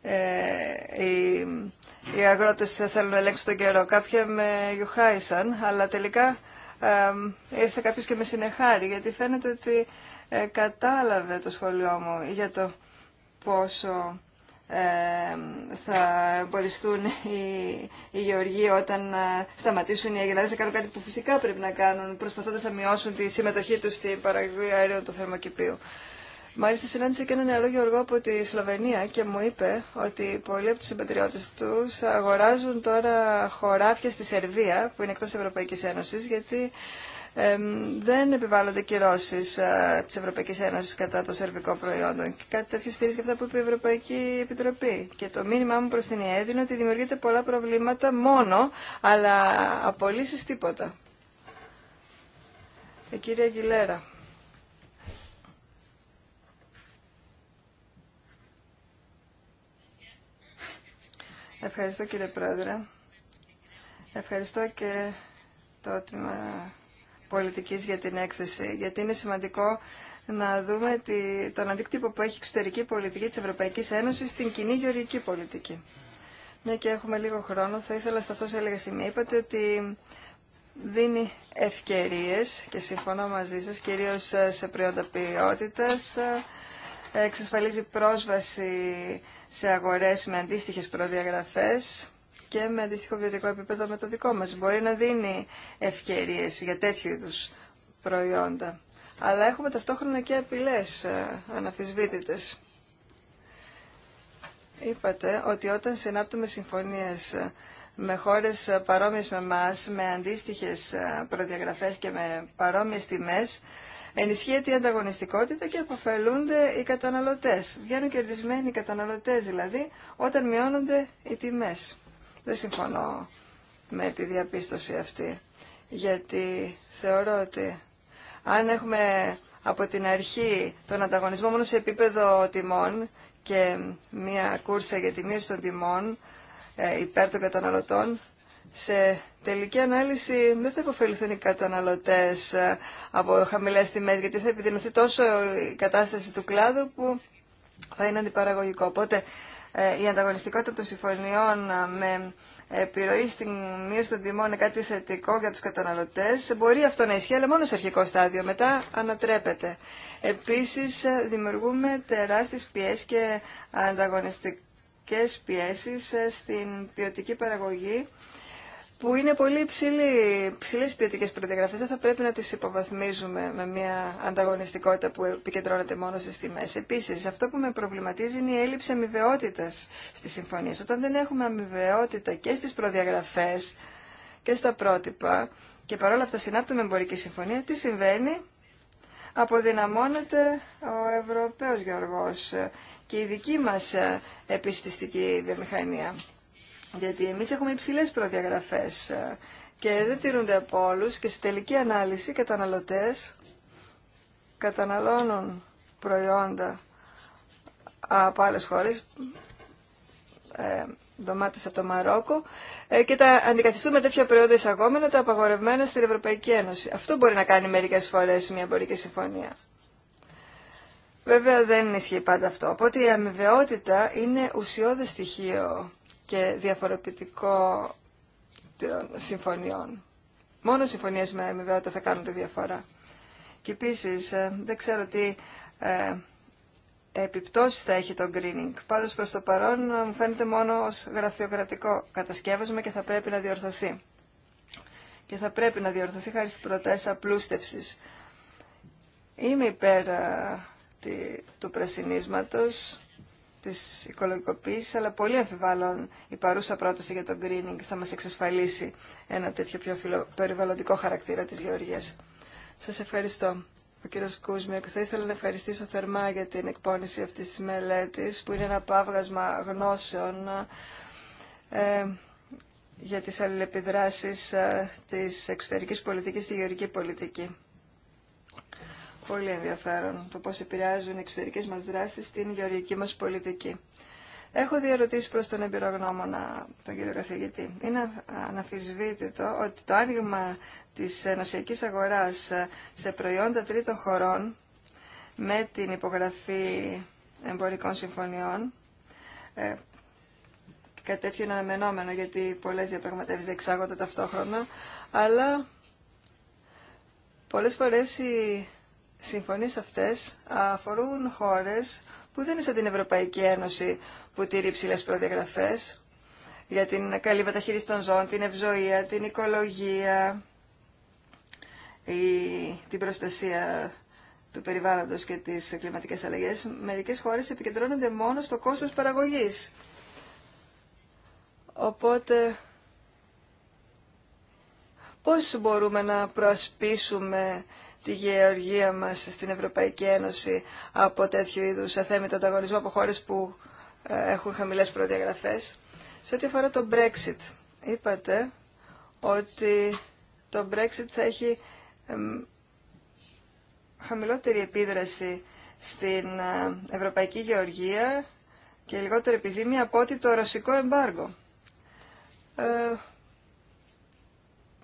ε, οι, οι αγρότες θέλουν να ελέγξουν τον καιρό. Κάποια με γιουχάησαν, αλλά τελικά ε, ήρθε κάποιος και με συνεχάρη, γιατί φαίνεται ότι ε, κατάλαβε το σχολείο μου για το πόσο ε, θα εμποδιστούν οι, οι γεωργοί όταν ε, σταματήσουν οι αγελάδες να κάνουν κάτι που φυσικά πρέπει να κάνουν προσπαθώντας να μειώσουν τη συμμετοχή τους στην παραγωγή αερίων του θερμοκηπίου. Μάλιστα συνάντησε και ένα νεαρό γεωργό από τη Σλοβενία και μου είπε ότι πολλοί από τους συμπατριώτες τους αγοράζουν τώρα χωράφια στη Σερβία που είναι εκτός Ευρωπαϊκής Ένωσης γιατί δεν επιβάλλονται κυρώσει ε, τη Ευρωπαϊκή Ένωση κατά των σερβικών προϊόντων. Και κάτι τέτοιο στηρίζει και αυτά που είπε η Ευρωπαϊκή Επιτροπή. Και το μήνυμά μου προ την ΙΕΔ είναι ότι δημιουργείται πολλά προβλήματα μόνο, αλλά απολύσει τίποτα. Η ε, κυρία Αγγιλέρα. Ευχαριστώ κύριε Πρόεδρε. Ευχαριστώ και το τμήμα πολιτικής για την έκθεση, γιατί είναι σημαντικό να δούμε τη, τον αντίκτυπο που έχει η εξωτερική πολιτική της Ευρωπαϊκής Ένωσης στην κοινή γεωργική πολιτική. Μια και έχουμε λίγο χρόνο, θα ήθελα σταθώ σε έλεγα σημεία. Είπατε ότι δίνει ευκαιρίες και συμφωνώ μαζί σας, κυρίως σε προϊόντα ποιότητας, εξασφαλίζει πρόσβαση σε αγορές με αντίστοιχες προδιαγραφές και με αντίστοιχο βιωτικό επίπεδο με το δικό μας. Μπορεί να δίνει ευκαιρίες για τέτοιου είδους προϊόντα. Αλλά έχουμε ταυτόχρονα και απειλές ε, αναφυσβήτητες. Είπατε ότι όταν συνάπτουμε συμφωνίες ε, με χώρες ε, παρόμοιες με μας, με αντίστοιχες προδιαγραφές και με παρόμοιες τιμές, ενισχύεται η ανταγωνιστικότητα και αποφελούνται οι καταναλωτές. Βγαίνουν κερδισμένοι οι καταναλωτές δηλαδή όταν μειώνονται οι τιμές. Δεν συμφωνώ με τη διαπίστωση αυτή, γιατί θεωρώ ότι αν έχουμε από την αρχή τον ανταγωνισμό μόνο σε επίπεδο τιμών και μία κούρσα για τη μείωση των τιμών ε, υπέρ των καταναλωτών, σε τελική ανάλυση δεν θα υποφεληθούν οι καταναλωτές ε, από χαμηλές τιμές, γιατί θα επιδεινωθεί τόσο η κατάσταση του κλάδου που θα είναι αντιπαραγωγικό. Οπότε ε, η ανταγωνιστικότητα των συμφωνιών ε, με επιρροή στην μείωση των τιμών είναι κάτι θετικό για τους καταναλωτές. Μπορεί αυτό να ισχύει, αλλά μόνο σε αρχικό στάδιο. Μετά ανατρέπεται. Επίσης, ε, δημιουργούμε τεράστιες πιέσεις και ανταγωνιστικές πιέσεις στην ποιοτική παραγωγή που είναι πολύ υψηλή, υψηλές ποιοτικές προδιαγραφές, δεν θα πρέπει να τις υποβαθμίζουμε με μια ανταγωνιστικότητα που επικεντρώνεται μόνο στις τιμές. Επίσης, αυτό που με προβληματίζει είναι η έλλειψη αμοιβαιότητας στις συμφωνίες. Όταν δεν έχουμε αμοιβαιότητα και στις προδιαγραφές και στα πρότυπα και παρόλα αυτά συνάπτουμε εμπορική συμφωνία, τι συμβαίνει, αποδυναμώνεται ο Ευρωπαίος Γεωργός και η δική μας επιστηστική βιομηχανία. Γιατί εμείς έχουμε υψηλές προδιαγραφές ε, και δεν τηρούνται από όλους και στη τελική ανάλυση καταναλωτές καταναλώνουν προϊόντα από άλλες χώρες, ε, ντομάτες από το Μαρόκο ε, και τα αντικαθιστούν με τέτοια προϊόντα εισαγόμενα τα απαγορευμένα στην Ευρωπαϊκή Ένωση. Αυτό μπορεί να κάνει μερικές φορές μια εμπορική συμφωνία. Βέβαια δεν ισχύει πάντα αυτό. Οπότε η αμοιβαιότητα είναι ουσιώδες στοιχείο και διαφοροποιητικό των συμφωνιών. Μόνο συμφωνίε με αμοιβαιότητα θα κάνουν τη διαφορά. Και επίση, ε, δεν ξέρω τι ε, επιπτώσεις θα έχει το greening. Πάντως προ το παρόν ε, μου φαίνεται μόνο ω γραφειοκρατικό κατασκεύασμα και θα πρέπει να διορθωθεί. Και θα πρέπει να διορθωθεί χάρη στι προτάσεις απλούστευσης. Είμαι υπέρ ε, του πρασινίσματος Τη οικολογικοποίηση, αλλά πολύ αμφιβάλλον η παρούσα πρόταση για το greening θα μας εξασφαλίσει ένα τέτοιο πιο περιβαλλοντικό χαρακτήρα της γεωργίας. Σας ευχαριστώ. Ο κύριος Κούσμιακ, θα ήθελα να ευχαριστήσω θερμά για την εκπόνηση αυτής της μελέτης, που είναι ένα παύγασμα γνώσεων ε, για τις αλληλεπιδράσεις ε, της εξωτερικής πολιτικής στη γεωργική πολιτική πολύ ενδιαφέρον το πώς επηρεάζουν οι εξωτερικές μας δράσεις στην γεωργική μας πολιτική. Έχω δύο ερωτήσει προς τον εμπειρογνώμονα, τον κύριο καθηγητή. Είναι αναφυσβήτητο ότι το άνοιγμα της ενωσιακής αγοράς σε προϊόντα τρίτων χωρών με την υπογραφή εμπορικών συμφωνιών ε, κάτι τέτοιο είναι αναμενόμενο γιατί πολλές διαπραγματεύσεις διεξάγονται ταυτόχρονα αλλά πολλές φορές οι συμφωνίες αυτές αφορούν χώρες που δεν είναι σαν την Ευρωπαϊκή Ένωση που τηρεί ψηλέ προδιαγραφές για την καλή μεταχείριση των ζώων, την ευζοία, την οικολογία, την προστασία του περιβάλλοντος και τις κλιματικές αλλαγές. Μερικές χώρες επικεντρώνονται μόνο στο κόστος παραγωγής. Οπότε, πώς μπορούμε να προασπίσουμε τη γεωργία μας στην Ευρωπαϊκή Ένωση από τέτοιου είδους αθέμητο ανταγωνισμό από χώρες που ε, έχουν χαμηλές προδιαγραφές. Σε ό,τι αφορά το Brexit, είπατε ότι το Brexit θα έχει χαμηλότερη επίδραση στην ε, Ευρωπαϊκή Γεωργία και λιγότερη επιζήμια από ότι το ρωσικό εμπάργο. Ε,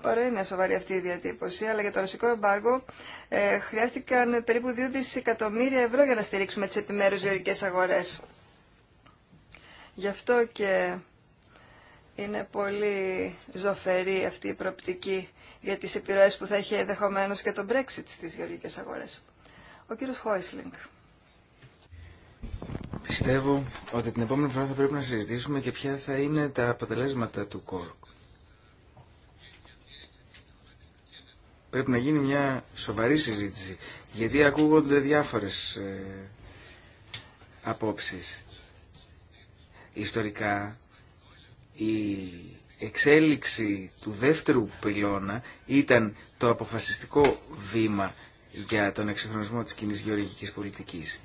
παρά είναι σοβαρή αυτή η διατύπωση, αλλά για το ρωσικό εμπάργο ε, χρειάστηκαν περίπου 2 δισεκατομμύρια ευρώ για να στηρίξουμε τις επιμέρους γεωρικές αγορές. Γι' αυτό και είναι πολύ ζωφερή αυτή η προπτική για τις επιρροές που θα έχει ενδεχομένω και το Brexit στις γεωργικές αγορές. Ο κύριος Χόισλινγκ. Πιστεύω ότι την επόμενη φορά θα πρέπει να συζητήσουμε και ποια θα είναι τα αποτελέσματα του ΚΟΡΚ. πρέπει να γίνει μια σοβαρή συζήτηση, γιατί ακούγονται διάφορες ε, απόψεις. Ιστορικά, η εξέλιξη του δεύτερου πυλώνα ήταν το αποφασιστικό βήμα για τον εξυγχρονισμό της κοινή γεωργικής πολιτικής.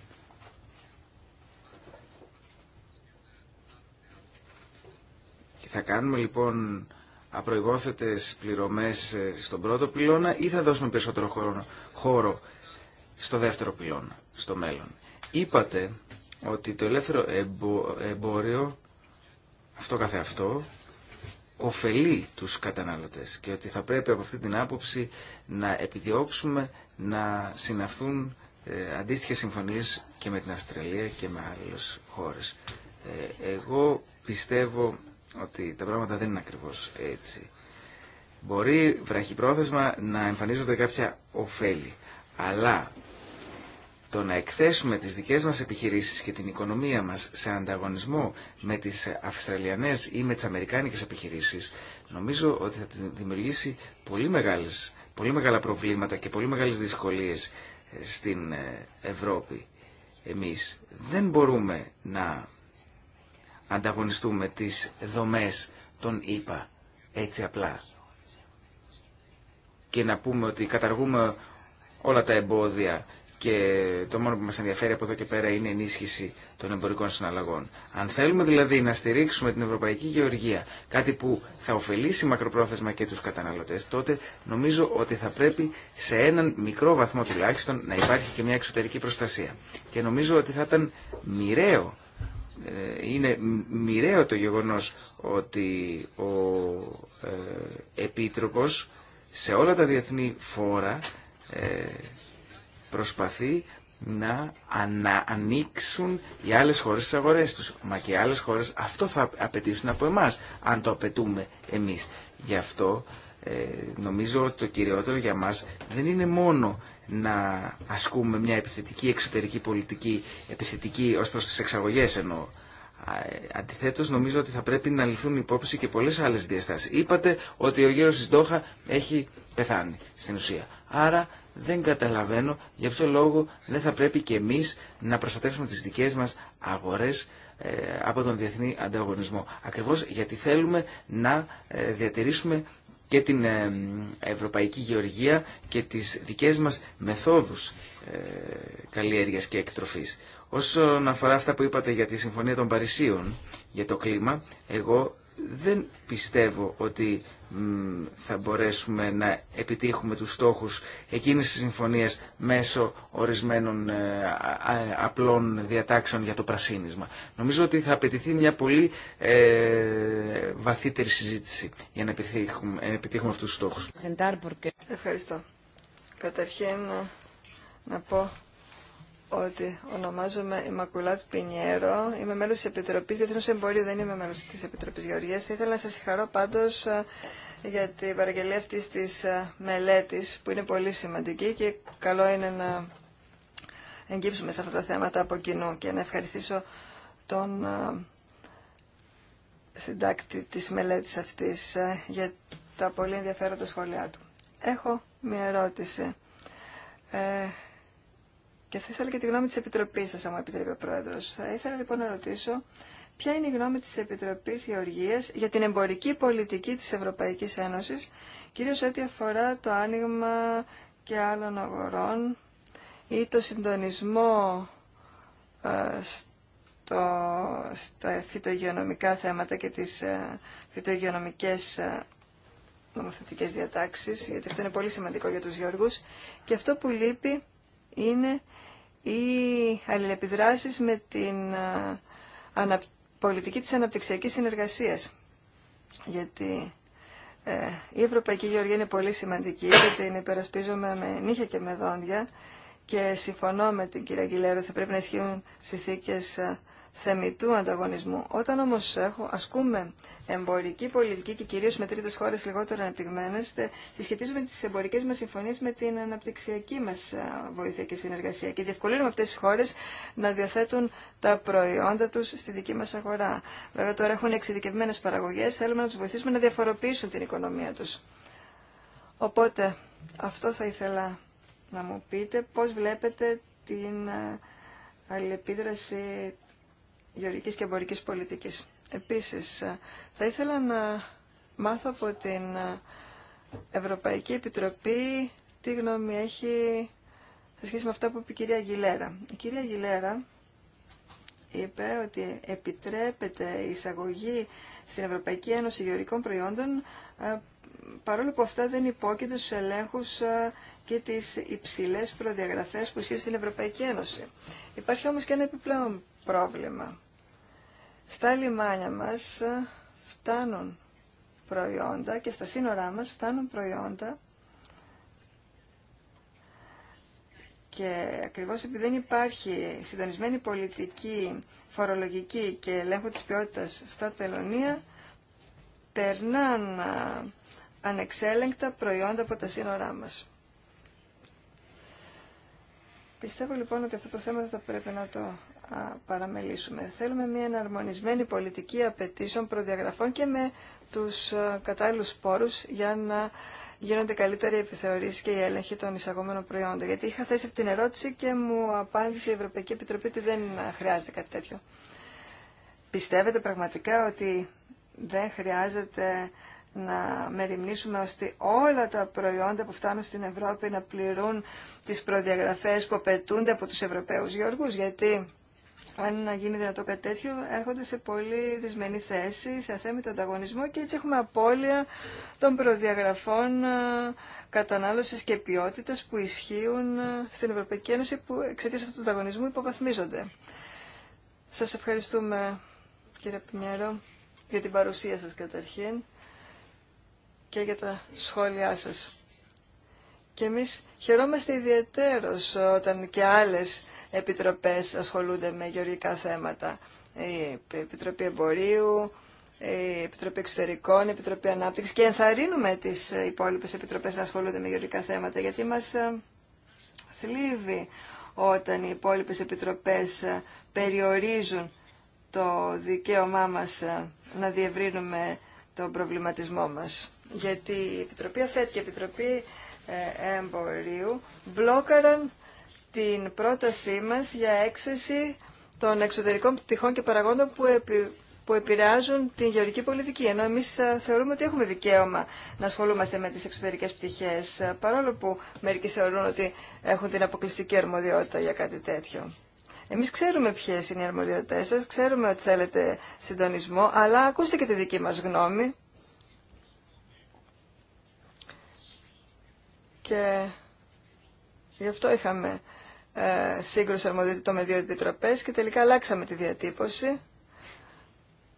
θα κάνουμε λοιπόν απροηγόθετες πληρωμές ε, στον πρώτο πυλώνα ή θα δώσουμε περισσότερο χώρο, χώρο στο δεύτερο πυλώνα, στο μέλλον. Είπατε ότι το ελεύθερο εμπόριο, αυτό αυτό ωφελεί τους καταναλωτές και ότι θα πρέπει από αυτή την άποψη να επιδιώξουμε να συναφθούν ε, αντίστοιχες συμφωνίες και με την Αυστραλία και με άλλες χώρες. Ε, εγώ πιστεύω ότι τα πράγματα δεν είναι ακριβώ έτσι. Μπορεί βραχυπρόθεσμα να εμφανίζονται κάποια ωφέλη, αλλά το να εκθέσουμε τις δικές μας επιχειρήσεις και την οικονομία μας σε ανταγωνισμό με τις Αυστραλιανές ή με τις Αμερικάνικες επιχειρήσεις, νομίζω ότι θα δημιουργήσει πολύ, μεγάλες, πολύ μεγάλα προβλήματα και πολύ μεγάλες δυσκολίες ε, στην ε, Ευρώπη. Εμείς δεν μπορούμε να ανταγωνιστούμε τις δομές των ΙΠΑ έτσι απλά και να πούμε ότι καταργούμε όλα τα εμπόδια και το μόνο που μας ενδιαφέρει από εδώ και πέρα είναι η ενίσχυση των εμπορικών συναλλαγών. Αν θέλουμε δηλαδή να στηρίξουμε την Ευρωπαϊκή Γεωργία, κάτι που θα ωφελήσει μακροπρόθεσμα και τους καταναλωτές, τότε νομίζω ότι θα πρέπει σε έναν μικρό βαθμό τουλάχιστον να υπάρχει και μια εξωτερική προστασία. Και νομίζω ότι θα ήταν μοιραίο είναι μοιραίο το γεγονός ότι ο ε, Επίτροπος σε όλα τα διεθνή φόρα ε, προσπαθεί να ανα, ανοίξουν οι άλλες χώρες τις αγορές τους. Μα και οι άλλες χώρες αυτό θα απαιτήσουν από εμάς, αν το απαιτούμε εμείς. Γι' αυτό ε, νομίζω ότι το κυριότερο για μας δεν είναι μόνο να ασκούμε μια επιθετική εξωτερική πολιτική, επιθετική ως προς τις εξαγωγές ενώ ε, Αντιθέτως νομίζω ότι θα πρέπει να ληφθούν υπόψη και πολλές άλλες διαστάσεις. Είπατε ότι ο γύρος της Ντόχα έχει πεθάνει στην ουσία. Άρα δεν καταλαβαίνω για ποιο λόγο δεν θα πρέπει και εμείς να προστατεύσουμε τις δικές μας αγορές ε, από τον διεθνή ανταγωνισμό. Ακριβώς γιατί θέλουμε να ε, διατηρήσουμε και την ε, ευρωπαϊκή γεωργία και τις δικές μας μεθόδους ε, καλλιέργειας και εκτροφής. Όσον αφορά αυτά που είπατε για τη Συμφωνία των Παρισίων, για το κλίμα, εγώ δεν πιστεύω ότι θα μπορέσουμε να επιτύχουμε τους στόχους εκείνης της συμφωνίας μέσω ορισμένων ε, απλών διατάξεων για το πρασίνισμα. Νομίζω ότι θα απαιτηθεί μια πολύ ε, βαθύτερη συζήτηση για να επιτύχουμε, επιτύχουμε αυτούς τους στόχους. Ευχαριστώ. Καταρχήν ε, να πω ότι ονομάζομαι η Μακουλάτ Πινιέρο, είμαι μέλος της Επιτροπής Διεθνούς Εμπορίου, δεν είμαι μέλος της Επιτροπής Γεωργίας. Θα ήθελα να σας συγχαρώ πάντως για την παραγγελία αυτή τη ε, μελέτη που είναι πολύ σημαντική και καλό είναι να εγγύψουμε σε αυτά τα θέματα από κοινού και να ευχαριστήσω τον ε, συντάκτη της μελέτης αυτής ε, για τα πολύ ενδιαφέροντα σχόλιά του. Έχω μια ερώτηση ε, και θα ήθελα και τη γνώμη της Επιτροπής σας, αν επιτρέπει ο Πρόεδρος. Θα ήθελα λοιπόν να ρωτήσω ποια είναι η γνώμη της Επιτροπής Γεωργίας για την εμπορική πολιτική της Ευρωπαϊκής Ένωσης, κυρίως ό,τι αφορά το άνοιγμα και άλλων αγορών ή το συντονισμό ε, στο, στα φυτογειονομικά θέματα και τις ε, φυτογειονομικές ε, νομοθετικές διατάξεις, γιατί αυτό είναι πολύ σημαντικό για τους Γιώργους. Και αυτό που λείπει είναι οι αλληλεπιδράσεις με την πολιτική της αναπτυξιακής συνεργασίας. Γιατί ε, η Ευρωπαϊκή Γεωργία είναι πολύ σημαντική γιατί την υπερασπίζομαι με νύχια και με δόντια και συμφωνώ με την κυρία Γκυλέρο, θα πρέπει να ισχύουν συνθήκες ε, θεμητού ανταγωνισμού. Όταν όμω έχω, ασκούμε εμπορική πολιτική και κυρίω με τρίτε χώρε λιγότερο αναπτυγμένες, συσχετίζουμε τι εμπορικέ μα συμφωνίε με την αναπτυξιακή μα βοήθεια και συνεργασία και διευκολύνουμε αυτέ τι χώρε να διαθέτουν τα προϊόντα του στη δική μα αγορά. Βέβαια τώρα έχουν εξειδικευμένε παραγωγέ, θέλουμε να του βοηθήσουμε να διαφοροποιήσουν την οικονομία του. Οπότε αυτό θα ήθελα να μου πείτε πώς βλέπετε την αλληλεπίδραση γεωργικής και εμπορικής πολιτικής. Επίσης, ε, θα ήθελα να μάθω από την ε, Ευρωπαϊκή Επιτροπή τι γνώμη έχει σε σχέση με αυτά που είπε η κυρία Γιλέρα. Η κυρία Γιλέρα είπε ότι επιτρέπεται η εισαγωγή στην Ευρωπαϊκή Ένωση Γεωρικών Προϊόντων ε, παρόλο που αυτά δεν υπόκειται στους ελέγχους και τις υψηλές προδιαγραφές που ισχύουν στην Ευρωπαϊκή Ένωση. Υπάρχει όμως και ένα επιπλέον πρόβλημα. Στα λιμάνια μας ε, φτάνουν προϊόντα και στα σύνορά μας φτάνουν προϊόντα και ακριβώς επειδή δεν υπάρχει συντονισμένη πολιτική, φορολογική και ελέγχου της ποιότητας στα τελωνία, περνάνε ανεξέλεγκτα προϊόντα από τα σύνορά μας. Πιστεύω λοιπόν ότι αυτό το θέμα θα πρέπει να το παραμελήσουμε. Θέλουμε μια εναρμονισμένη πολιτική απαιτήσεων, προδιαγραφών και με τους κατάλληλους πόρους για να γίνονται καλύτερη επιθεωρήσεις και η έλεγχη των εισαγόμενων προϊόντων. Γιατί είχα θέσει αυτή την ερώτηση και μου απάντησε η Ευρωπαϊκή Επιτροπή ότι δεν χρειάζεται κάτι τέτοιο. Πιστεύετε πραγματικά ότι δεν χρειάζεται να μεριμνήσουμε ώστε όλα τα προϊόντα που φτάνουν στην Ευρώπη να πληρούν τις προδιαγραφές που απαιτούνται από τους Ευρωπαίους Γεωργούς, γιατί αν γίνει δυνατό κάτι τέτοιο, έρχονται σε πολύ δυσμενή θέση, σε αθέμητο ανταγωνισμό και έτσι έχουμε απώλεια των προδιαγραφών ε, κατανάλωσης και ποιότητα που ισχύουν ε, στην Ευρωπαϊκή Ένωση που εξαιτία αυτού του ανταγωνισμού υποβαθμίζονται. Σας ευχαριστούμε κύριε Πινιέρο για την παρουσία σας καταρχήν και για τα σχόλιά σας. Και εμείς χαιρόμαστε ιδιαίτερος ε, όταν και άλλες επιτροπές ασχολούνται με γεωργικά θέματα. Η Επιτροπή Εμπορίου, η Επιτροπή Εξωτερικών, η Επιτροπή Ανάπτυξης και ενθαρρύνουμε τις υπόλοιπες επιτροπές να ασχολούνται με γεωργικά θέματα γιατί μας ε, θλίβει όταν οι υπόλοιπες επιτροπές ε, περιορίζουν το δικαίωμά μας ε, να διευρύνουμε τον προβληματισμό μας. Γιατί η Επιτροπή ΑΦΕΤ και η Επιτροπή Εμπορίου μπλόκαραν την πρότασή μας για έκθεση των εξωτερικών πτυχών και παραγόντων που, επηρεάζουν την γεωρική πολιτική. Ενώ εμείς θεωρούμε ότι έχουμε δικαίωμα να ασχολούμαστε με τις εξωτερικές πτυχές, παρόλο που μερικοί θεωρούν ότι έχουν την αποκλειστική αρμοδιότητα για κάτι τέτοιο. Εμείς ξέρουμε ποιες είναι οι αρμοδιότητές σας, ξέρουμε ότι θέλετε συντονισμό, αλλά ακούστε και τη δική μας γνώμη. Και γι' αυτό είχαμε ε, σύγκρουση αρμοδιότητων με δύο επιτροπές και τελικά αλλάξαμε τη διατύπωση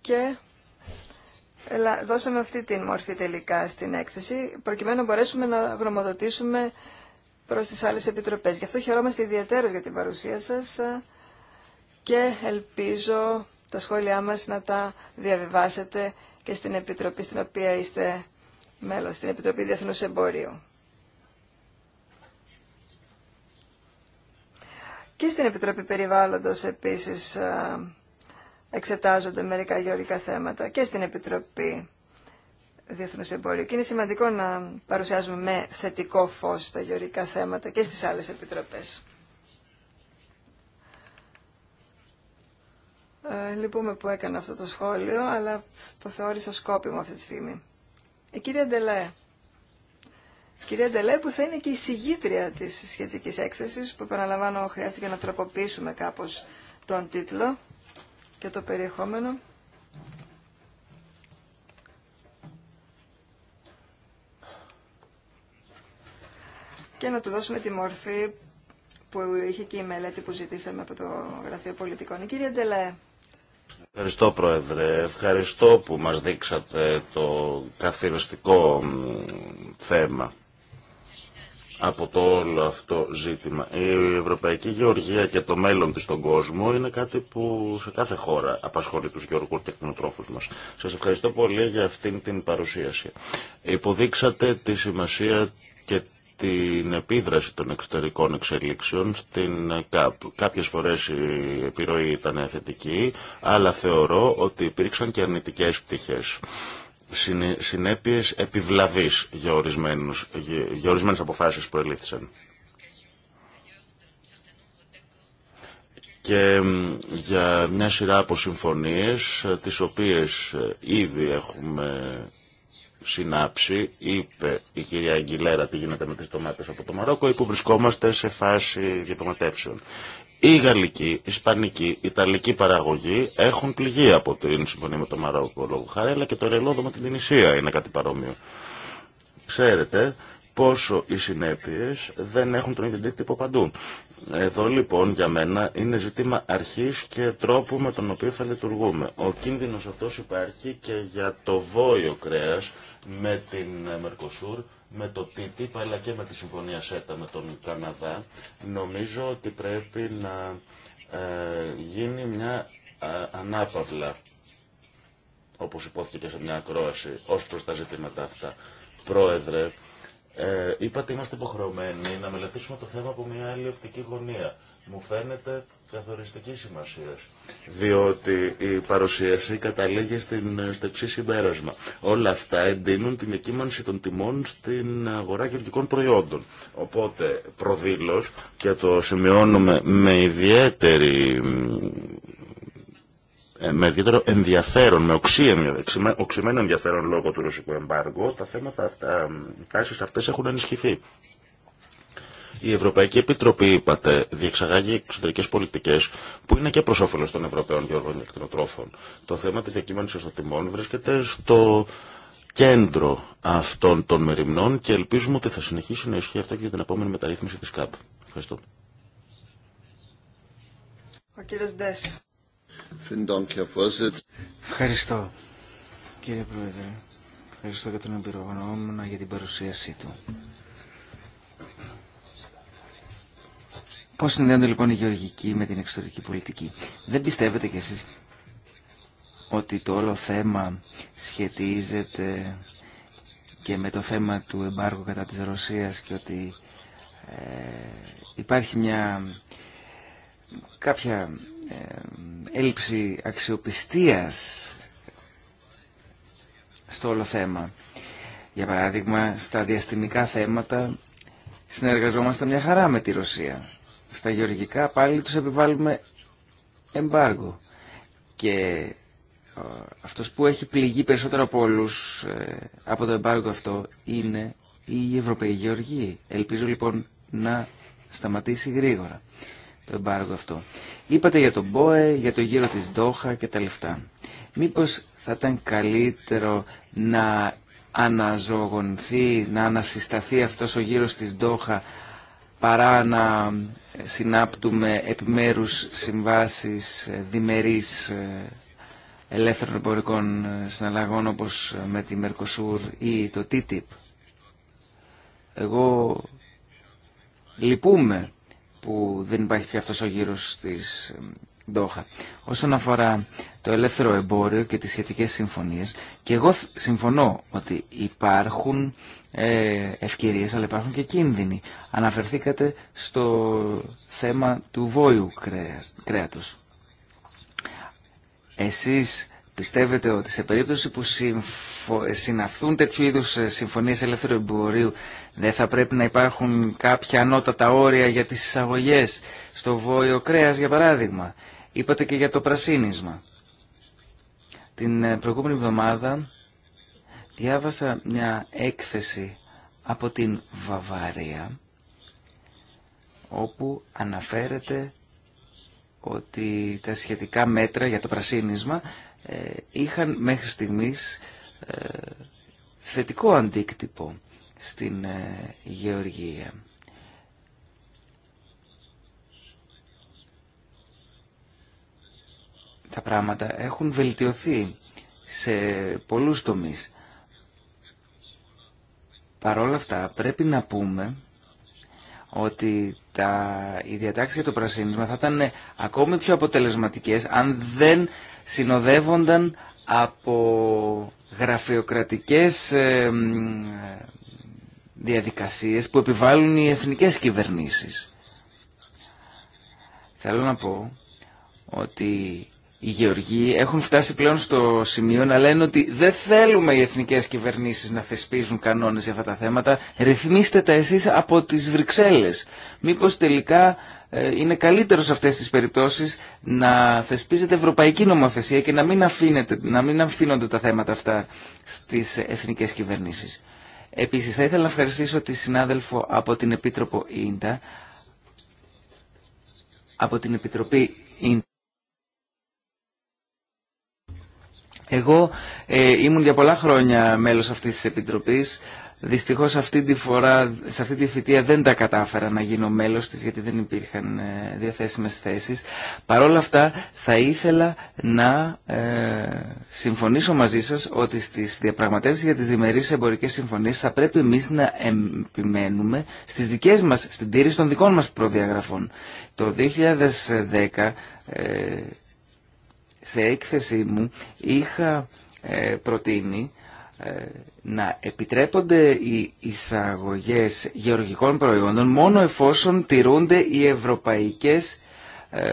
και δώσαμε αυτή την μορφή τελικά στην έκθεση προκειμένου να μπορέσουμε να γνωμοδοτήσουμε προς τις άλλες επιτροπές. Γι' αυτό χαιρόμαστε ιδιαίτερω για την παρουσία σας ε, και ελπίζω τα σχόλιά μας να τα διαβιβάσετε και στην Επιτροπή στην οποία είστε μέλος, στην Επιτροπή Διεθνούς Εμπορίου. Και στην Επιτροπή Περιβάλλοντος επίσης ε, εξετάζονται μερικά γεωργικά θέματα και στην Επιτροπή Διεθνούς Εμπορίου. Και είναι σημαντικό να παρουσιάζουμε με θετικό φως τα γεωργικά θέματα και στις άλλες επιτροπές. Ε, λυπούμε που έκανα αυτό το σχόλιο, αλλά το θεώρησα σκόπιμο αυτή τη στιγμή. Η κυρία Ντελέ κυρία Ντελέ που θα είναι και η συγγήτρια τη σχετική έκθεση, που επαναλαμβάνω χρειάστηκε να τροποποιήσουμε κάπω τον τίτλο και το περιεχόμενο. Και να του δώσουμε τη μορφή που είχε και η μελέτη που ζητήσαμε από το Γραφείο Πολιτικών. κυρία Ντελέ. Ευχαριστώ Πρόεδρε. Ευχαριστώ που μας δείξατε το καθοριστικό θέμα από το όλο αυτό ζήτημα. Η ευρωπαϊκή γεωργία και το μέλλον της στον κόσμο είναι κάτι που σε κάθε χώρα απασχολεί τους γεωργούς και μας. Σας ευχαριστώ πολύ για αυτήν την παρουσίαση. Υποδείξατε τη σημασία και την επίδραση των εξωτερικών εξελίξεων στην ΚΑΠ. Κάποιες φορές η επιρροή ήταν θετική, αλλά θεωρώ ότι υπήρξαν και αρνητικές πτυχές συνέπειες επιβλαβής για, ορισμένους, για ορισμένες αποφάσεις που ελήφθησαν. και για μια σειρά από συμφωνίες ε, τις οποίες ε, ήδη έχουμε συνάψει είπε η κυρία Αγγιλέρα τι γίνεται με τις ντομάτες από το Μαρόκο ή που βρισκόμαστε σε φάση διαπραγματεύσεων. Η γαλλική, ισπανική, η ιταλική παραγωγή έχουν πληγεί από την συμφωνία με το Μαρόκο λόγω και το ρελόδο με την είναι κάτι παρόμοιο. Ξέρετε πόσο οι συνέπειε δεν έχουν τον ίδιο τύπο παντού. Εδώ λοιπόν για μένα είναι ζήτημα αρχής και τρόπου με τον οποίο θα λειτουργούμε. Ο κίνδυνο αυτός υπάρχει και για το βόλιο κρέα με την Μερκοσούρ με το TTIP αλλά και με τη συμφωνία ΣΕΤΑ με τον Καναδά, νομίζω ότι πρέπει να ε, γίνει μια ε, ανάπαυλα, όπως υπόθηκε σε μια ακρόαση, ως προς τα ζητήματα αυτά. Πρόεδρε, ε, είπατε είμαστε υποχρεωμένοι να μελετήσουμε το θέμα από μια άλλη οπτική γωνία. Μου φαίνεται καθοριστική σημασία. Διότι η παρουσίαση καταλήγει στην, στο εξή συμπέρασμα. Όλα αυτά εντείνουν την εκείμανση των τιμών στην αγορά γεωργικών προϊόντων. Οπότε, προδήλω, και το σημειώνουμε με ιδιαίτερη ε, με ιδιαίτερο ενδιαφέρον, ε, με οξυμένο ενδιαφέρον λόγω του ρωσικού εμπάργου, τα θέματα αυτά, οι αυτές έχουν ενισχυθεί η Ευρωπαϊκή Επιτροπή, είπατε, διεξαγάγει εξωτερικέ πολιτικέ που είναι και προ όφελο των Ευρωπαίων Γεωργών και εκτροτρόφων. Το θέμα τη διακύμανση των τιμών βρίσκεται στο κέντρο αυτών των μεριμνών και ελπίζουμε ότι θα συνεχίσει να ισχύει αυτό και για την επόμενη μεταρρύθμιση τη ΚΑΠ. Ευχαριστώ. Ευχαριστώ, κύριε Πρόεδρε. Ευχαριστώ για τον εμπειρογνώμονα για την παρουσίασή του. Πώς συνδέονται λοιπόν η γεωργική με την εξωτερική πολιτική. Δεν πιστεύετε κι εσείς ότι το όλο θέμα σχετίζεται και με το θέμα του εμπάργου κατά της Ρωσίας και ότι ε, υπάρχει μια κάποια ε, έλλειψη αξιοπιστίας στο όλο θέμα. Για παράδειγμα, στα διαστημικά θέματα συνεργαζόμαστε μια χαρά με τη Ρωσία στα γεωργικά πάλι τους επιβάλλουμε εμπάργο. Και ε, αυτός που έχει πληγεί περισσότερο από όλους ε, από το εμπάργο αυτό είναι η Ευρωπαϊκή Γεωργία Ελπίζω λοιπόν να σταματήσει γρήγορα το εμπάργο αυτό. Είπατε για τον ΠΟΕ, για το γύρο της Ντόχα και τα λεφτά. Μήπως θα ήταν καλύτερο να αναζωογονθεί, να ανασυσταθεί αυτός ο γύρος της Ντόχα παρά να συνάπτουμε επιμέρους συμβάσεις διμερείς ε, ελεύθερων εμπορικών ε, συναλλαγών όπως με τη Μερκοσούρ ή το TTIP. Εγώ λυπούμαι που δεν υπάρχει πια αυτός ο γύρος της ε, Ντόχα. Όσον αφορά το ελεύθερο εμπόριο και τις σχετικές συμφωνίες, και εγώ συμφωνώ ότι υπάρχουν ε, ευκαιρίες αλλά υπάρχουν και κίνδυνοι. Αναφερθήκατε στο θέμα του βόηου κρέατος. Εσείς πιστεύετε ότι σε περίπτωση που συναυθούν τέτοιου είδους ε, συμφωνίες ελεύθερου εμπορίου δεν θα πρέπει να υπάρχουν κάποια ανώτατα όρια για τις εισαγωγές στο βόηο κρέας για παράδειγμα. Είπατε και για το πρασίνισμα. Την ε, προηγούμενη εβδομάδα διάβασα μια έκθεση από την Βαβάρια όπου αναφέρεται ότι τα σχετικά μέτρα για το πρασίνισμα ε, είχαν μέχρι στιγμής ε, θετικό αντίκτυπο στην ε, γεωργία. Τα πράγματα έχουν βελτιωθεί σε πολλούς τομείς Παρόλα αυτά πρέπει να πούμε ότι τα, οι διατάξει για το πρασίνισμα θα ήταν ακόμη πιο αποτελεσματικές αν δεν συνοδεύονταν από γραφειοκρατικές ε, διαδικασίες που επιβάλλουν οι εθνικές κυβερνήσεις. Θέλω να πω ότι οι γεωργοί έχουν φτάσει πλέον στο σημείο να λένε ότι δεν θέλουμε οι εθνικές κυβερνήσεις να θεσπίζουν κανόνες για αυτά τα θέματα, ρυθμίστε τα εσείς από τις Βρυξέλλες. Μήπως τελικά ε, είναι καλύτερο σε αυτές τις περιπτώσεις να θεσπίζετε ευρωπαϊκή νομοθεσία και να μην, αφήνετε, να μην αφήνονται τα θέματα αυτά στις εθνικές κυβερνήσεις. Επίσης θα ήθελα να ευχαριστήσω τη συνάδελφο από την Επίτροπο Ίντα, από την Επιτροπή Ίντα, Εγώ ε, ήμουν για πολλά χρόνια μέλος αυτής της Επιτροπής. Δυστυχώς αυτή τη φορά, σε αυτή τη θητεία δεν τα κατάφερα να γίνω μέλος της γιατί δεν υπήρχαν ε, διαθέσιμες θέσεις. Παρ' όλα αυτά θα ήθελα να ε, συμφωνήσω μαζί σας ότι στις διαπραγματεύσεις για τις διμερείς εμπορικές συμφωνίες θα πρέπει εμείς να επιμένουμε στις δικές μας, στην τήρηση των δικών μας προδιαγραφών. Το 2010 σε έκθεσή μου είχα ε, προτείνει ε, να επιτρέπονται οι εισαγωγές γεωργικών προϊόντων μόνο εφόσον τηρούνται οι ευρωπαϊκές ε,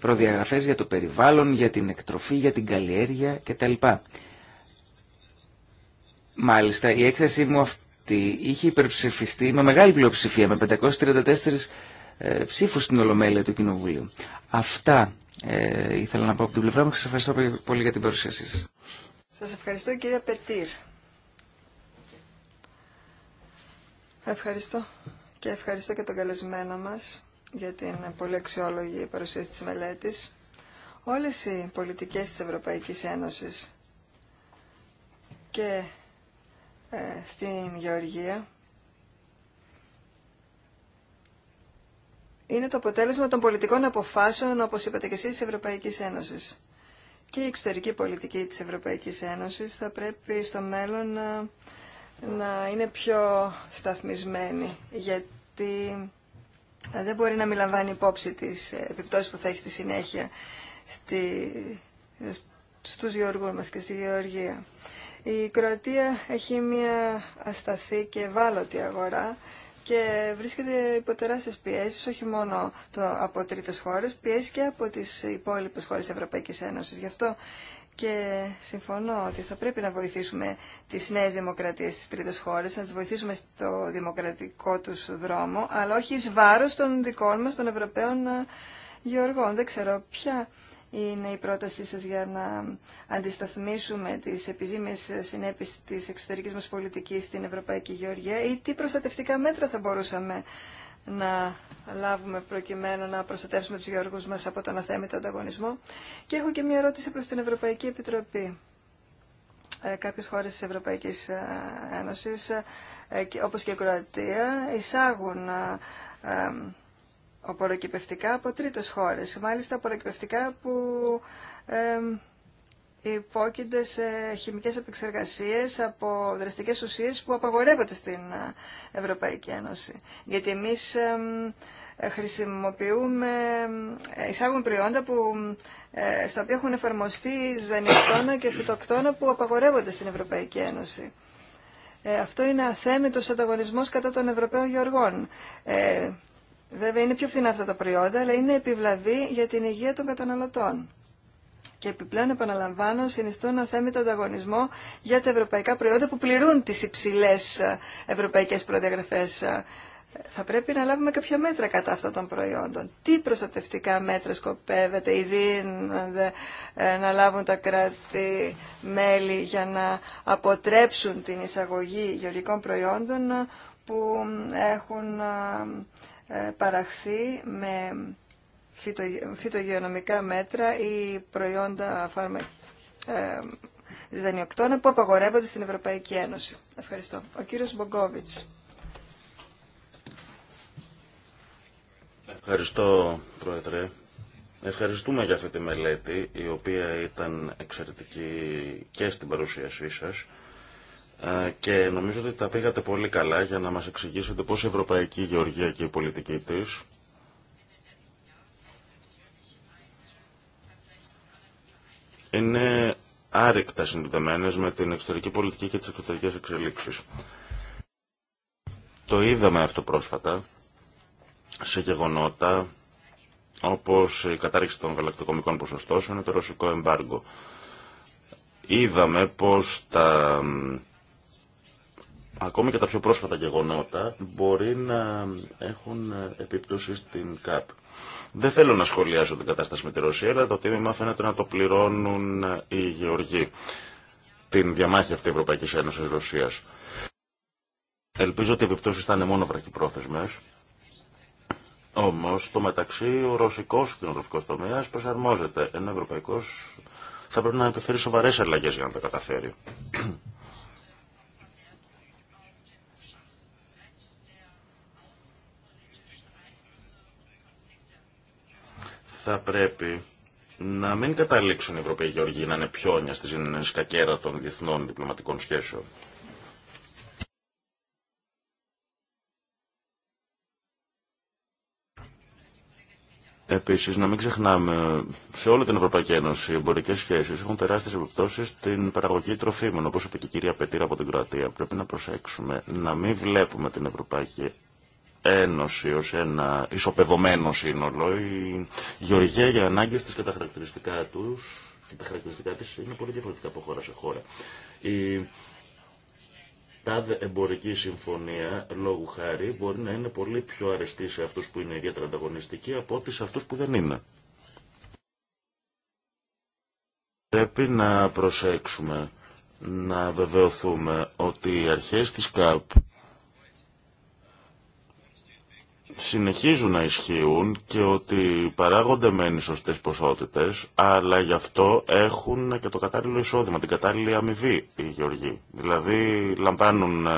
προδιαγραφές για το περιβάλλον, για την εκτροφή, για την καλλιέργεια κτλ. Μάλιστα, η έκθεσή μου αυτή είχε υπερψηφιστεί με μεγάλη πλειοψηφία, με 534 ψήφους στην Ολομέλεια του Κοινοβουλίου. Αυτά ε, ήθελα να πω από την πλευρά μου. Σας ευχαριστώ πολύ για την παρουσίασή σας. Σας ευχαριστώ κύριε Πετήρ. Ευχαριστώ και ευχαριστώ και τον καλεσμένο μας για την πολύ αξιόλογη παρουσίαση τη μελέτης. Όλες οι πολιτικές της Ευρωπαϊκής Ένωσης και ε, στην Γεωργία είναι το αποτέλεσμα των πολιτικών αποφάσεων, όπως είπατε και εσείς, της Ευρωπαϊκής Ένωσης. Και η εξωτερική πολιτική της Ευρωπαϊκής Ένωσης θα πρέπει στο μέλλον ε, να, είναι πιο σταθμισμένη, γιατί ε, δεν μπορεί να μην λαμβάνει υπόψη τις ε, επιπτώσεις που θα έχει στη συνέχεια στη, στους γεωργούς μας και στη γεωργία. Η Κροατία έχει μια ασταθή και ευάλωτη αγορά και βρίσκεται υπό τεράστιες πιέσει, όχι μόνο το, από τρίτες χώρες, πιέσεις και από τις υπόλοιπες χώρες Ευρωπαϊκής Ένωσης. Γι' αυτό και συμφωνώ ότι θα πρέπει να βοηθήσουμε τις νέες δημοκρατίες στι τρίτε χώρε, να τις βοηθήσουμε στο δημοκρατικό τους δρόμο, αλλά όχι εις βάρος των δικών μας, των Ευρωπαίων ε, Γεωργών. Δεν ξέρω ποια είναι η πρότασή σας για να αντισταθμίσουμε τις επιζήμιες συνέπειες της εξωτερικής μας πολιτικής στην Ευρωπαϊκή Γεωργία ή τι προστατευτικά μέτρα θα μπορούσαμε να λάβουμε προκειμένου να προστατεύσουμε τους γεωργούς μας από τον αθέμητο ανταγωνισμό. Και έχω και μια ερώτηση προς την Ευρωπαϊκή Επιτροπή. Ε, κάποιες χώρες της Ευρωπαϊκής ε, Ένωσης, ε, όπως και η Κροατία, εισάγουν ε, ε απορροκυπευτικά από τρίτες χώρες. Μάλιστα απορροκυπευτικά που ε, υπόκεινται σε χημικές επεξεργασίες από δραστικές ουσίες που απαγορεύονται στην ε, Ευρωπαϊκή Ένωση. Γιατί εμείς χρησιμοποιούμε, εισάγουμε προϊόντα που, ε, στα οποία έχουν εφαρμοστεί ζανιακτόνα και φυτοκτόνα που απαγορεύονται στην Ευρωπαϊκή Ένωση. Ε, αυτό είναι αθέμητος ανταγωνισμός κατά των Ευρωπαίων γεωργών. Βέβαια είναι πιο φθηνά αυτά τα προϊόντα, αλλά είναι επιβλαβή για την υγεία των καταναλωτών. Και επιπλέον, επαναλαμβάνω, συνιστούν αθέμητο ανταγωνισμό για τα ευρωπαϊκά προϊόντα που πληρούν τις υψηλέ ε, ευρωπαϊκές προδιαγραφές. Ε, θα πρέπει να λάβουμε κάποια μέτρα κατά αυτών των προϊόντων. Τι προστατευτικά μέτρα σκοπεύετε, δίνονται ε, να λάβουν τα κράτη-μέλη για να αποτρέψουν την εισαγωγή γεωργικών προϊόντων που έχουν ε, παραχθεί με φυτογεωνομικά μέτρα ή προϊόντα φάρμα, ε, ζανιοκτώνα που απαγορεύονται στην Ευρωπαϊκή Ένωση. Ευχαριστώ. Ο κύριος Μπογκόβιτς. Ευχαριστώ, Πρόεδρε. Ευχαριστούμε για αυτή τη μελέτη, η οποία ήταν εξαιρετική και στην παρουσίασή σας και νομίζω ότι τα πήγατε πολύ καλά για να μας εξηγήσετε πώς η Ευρωπαϊκή Γεωργία και η πολιτική της είναι άρρηκτα συνδεδεμένες με την εξωτερική πολιτική και τις εξωτερικές εξελίξεις. Το είδαμε αυτό πρόσφατα σε γεγονότα όπως η κατάρριξη των γαλακτοκομικών ποσοστώσεων, το ρωσικό εμπάργκο. Είδαμε πως τα ακόμη και τα πιο πρόσφατα γεγονότα μπορεί να έχουν επίπτωση στην ΚΑΠ. Δεν θέλω να σχολιάζω την κατάσταση με τη Ρωσία, αλλά το τίμημα φαίνεται να το πληρώνουν οι γεωργοί. Την διαμάχη αυτή Ευρωπαϊκής Ένωσης Ρωσίας. Ελπίζω ότι οι επιπτώσεις θα είναι μόνο βραχυπρόθεσμες. Όμως, στο μεταξύ, ο ρωσικός κοινωνικός τομέας προσαρμόζεται. Ένα ευρωπαϊκός θα πρέπει να επιφέρει σοβαρές αλλαγές για να τα καταφέρει. θα πρέπει να μην καταλήξουν οι Ευρωπαίοι Γεωργοί να είναι πιόνια στη σκακέρα των διεθνών διπλωματικών σχέσεων. Επίσης, να μην ξεχνάμε, σε όλη την Ευρωπαϊκή Ένωση οι εμπορικές σχέσεις έχουν τεράστιες επιπτώσει στην παραγωγή τροφίμων. όπως είπε και η κυρία Πετήρα από την Κροατία, πρέπει να προσέξουμε να μην βλέπουμε την Ευρωπαϊκή Ένωση ως ένα ισοπεδωμένο σύνολο, η Γεωργία για ανάγκες της και τα χαρακτηριστικά τους, και τα χαρακτηριστικά της είναι πολύ διαφορετικά από χώρα σε χώρα. Η τάδε εμπορική συμφωνία, λόγου χάρη, μπορεί να είναι πολύ πιο αρεστή σε αυτούς που είναι ιδιαίτερα ανταγωνιστικοί από ότι σε αυτούς που δεν είναι. Πρέπει να προσέξουμε, να βεβαιωθούμε ότι οι αρχές της ΚΑΠ συνεχίζουν να ισχύουν και ότι παράγονται μεν σωστέ ποσότητε, αλλά γι' αυτό έχουν και το κατάλληλο εισόδημα, την κατάλληλη αμοιβή οι γεωργοί. Δηλαδή λαμβάνουν ε,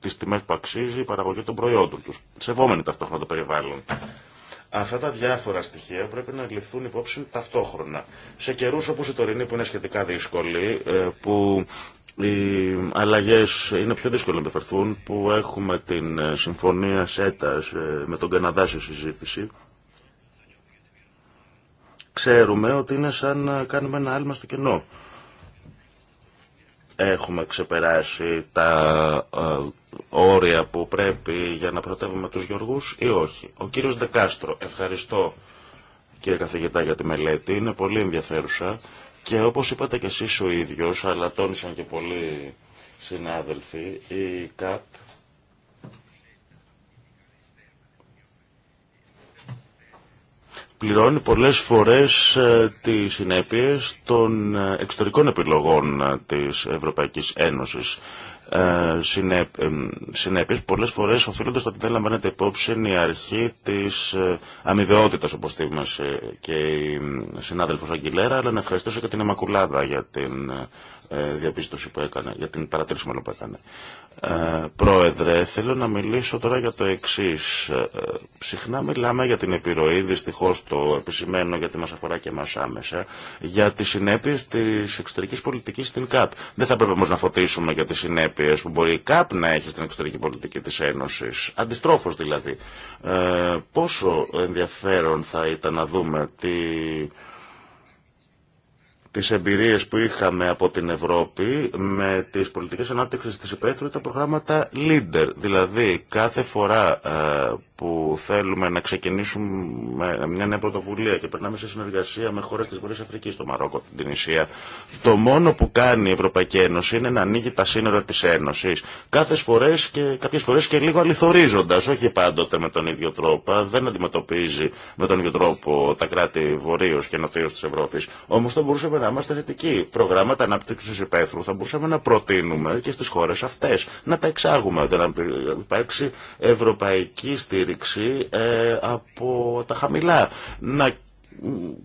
τι τιμέ που αξίζει η παραγωγή των προϊόντων του, σεβόμενοι ταυτόχρονα το περιβάλλον. Αυτά τα διάφορα στοιχεία πρέπει να ληφθούν υπόψη ταυτόχρονα. Σε καιρού όπω η τωρινή που είναι σχετικά δύσκολη, ε, που οι αλλαγέ είναι πιο δύσκολο να μεταφερθούν, που έχουμε την ε, συμφωνία ΣΕΤΑ ε, με τον Καναδά σε συζήτηση, ξέρουμε ότι είναι σαν να κάνουμε ένα άλμα στο κενό έχουμε ξεπεράσει τα ε, όρια που πρέπει για να προτεύουμε τους Γιωργούς ή όχι. Ο κύριος Δεκάστρο, ευχαριστώ κύριε καθηγητά για τη μελέτη, είναι πολύ ενδιαφέρουσα και όπως είπατε και εσείς ο ίδιος, αλλά τόνισαν και πολλοί συνάδελφοι, η ΚΑΤ πληρώνει πολλές φορές ε, τις συνέπειες των ε, εξωτερικών επιλογών ε, της Ευρωπαϊκής Ένωσης. Συνέπειες πολλές φορές οφείλονται στο ότι δεν λαμβάνεται υπόψη η αρχή της αμοιβαιότητας όπως θύμασε και η συνάδελφος Αγγιλέρα αλλά να ευχαριστήσω και την Εμακουλάδα για την διαπίστωση που έκανε, για την παρατήρηση που έκανε. Ε, πρόεδρε, θέλω να μιλήσω τώρα για το εξή. Ε, συχνά μιλάμε για την επιρροή, δυστυχώ το επισημαίνω γιατί μα αφορά και εμά άμεσα, για τι συνέπειε τη εξωτερική πολιτική στην ΚΑΠ. Δεν θα πρέπει όμω να φωτίσουμε για τι συνέπειε που μπορεί η ΚΑΠ να έχει στην εξωτερική πολιτική τη Ένωση. Αντιστρόφω δηλαδή. Ε, πόσο ενδιαφέρον θα ήταν να δούμε τι τις εμπειρίες που είχαμε από την Ευρώπη με τις πολιτικές ανάπτυξης της υπαίθρου τα προγράμματα LEADER. Δηλαδή κάθε φορά ε, που θέλουμε να ξεκινήσουμε μια νέα πρωτοβουλία και περνάμε σε συνεργασία με χώρες της Βορειάς Αφρικής, το Μαρόκο, την Τινησία, το μόνο που κάνει η Ευρωπαϊκή Ένωση είναι να ανοίγει τα σύνορα της Ένωσης, κάθε φορές και, κάποιες φορές και λίγο αληθορίζοντας, όχι πάντοτε με τον ίδιο τρόπο, δεν αντιμετωπίζει με τον ίδιο τρόπο τα κράτη βορείως και νοτίως της Ευρώπης. Όμως θα μπορούσαμε να είμαστε θετικοί. Προγράμματα ανάπτυξης υπαίθρου θα μπορούσαμε να προτείνουμε και στις χώρες αυτές, να τα εξάγουμε, όταν υπάρξει ευρωπαϊκή στήριξη στήριξη ε, από τα χαμηλά. Να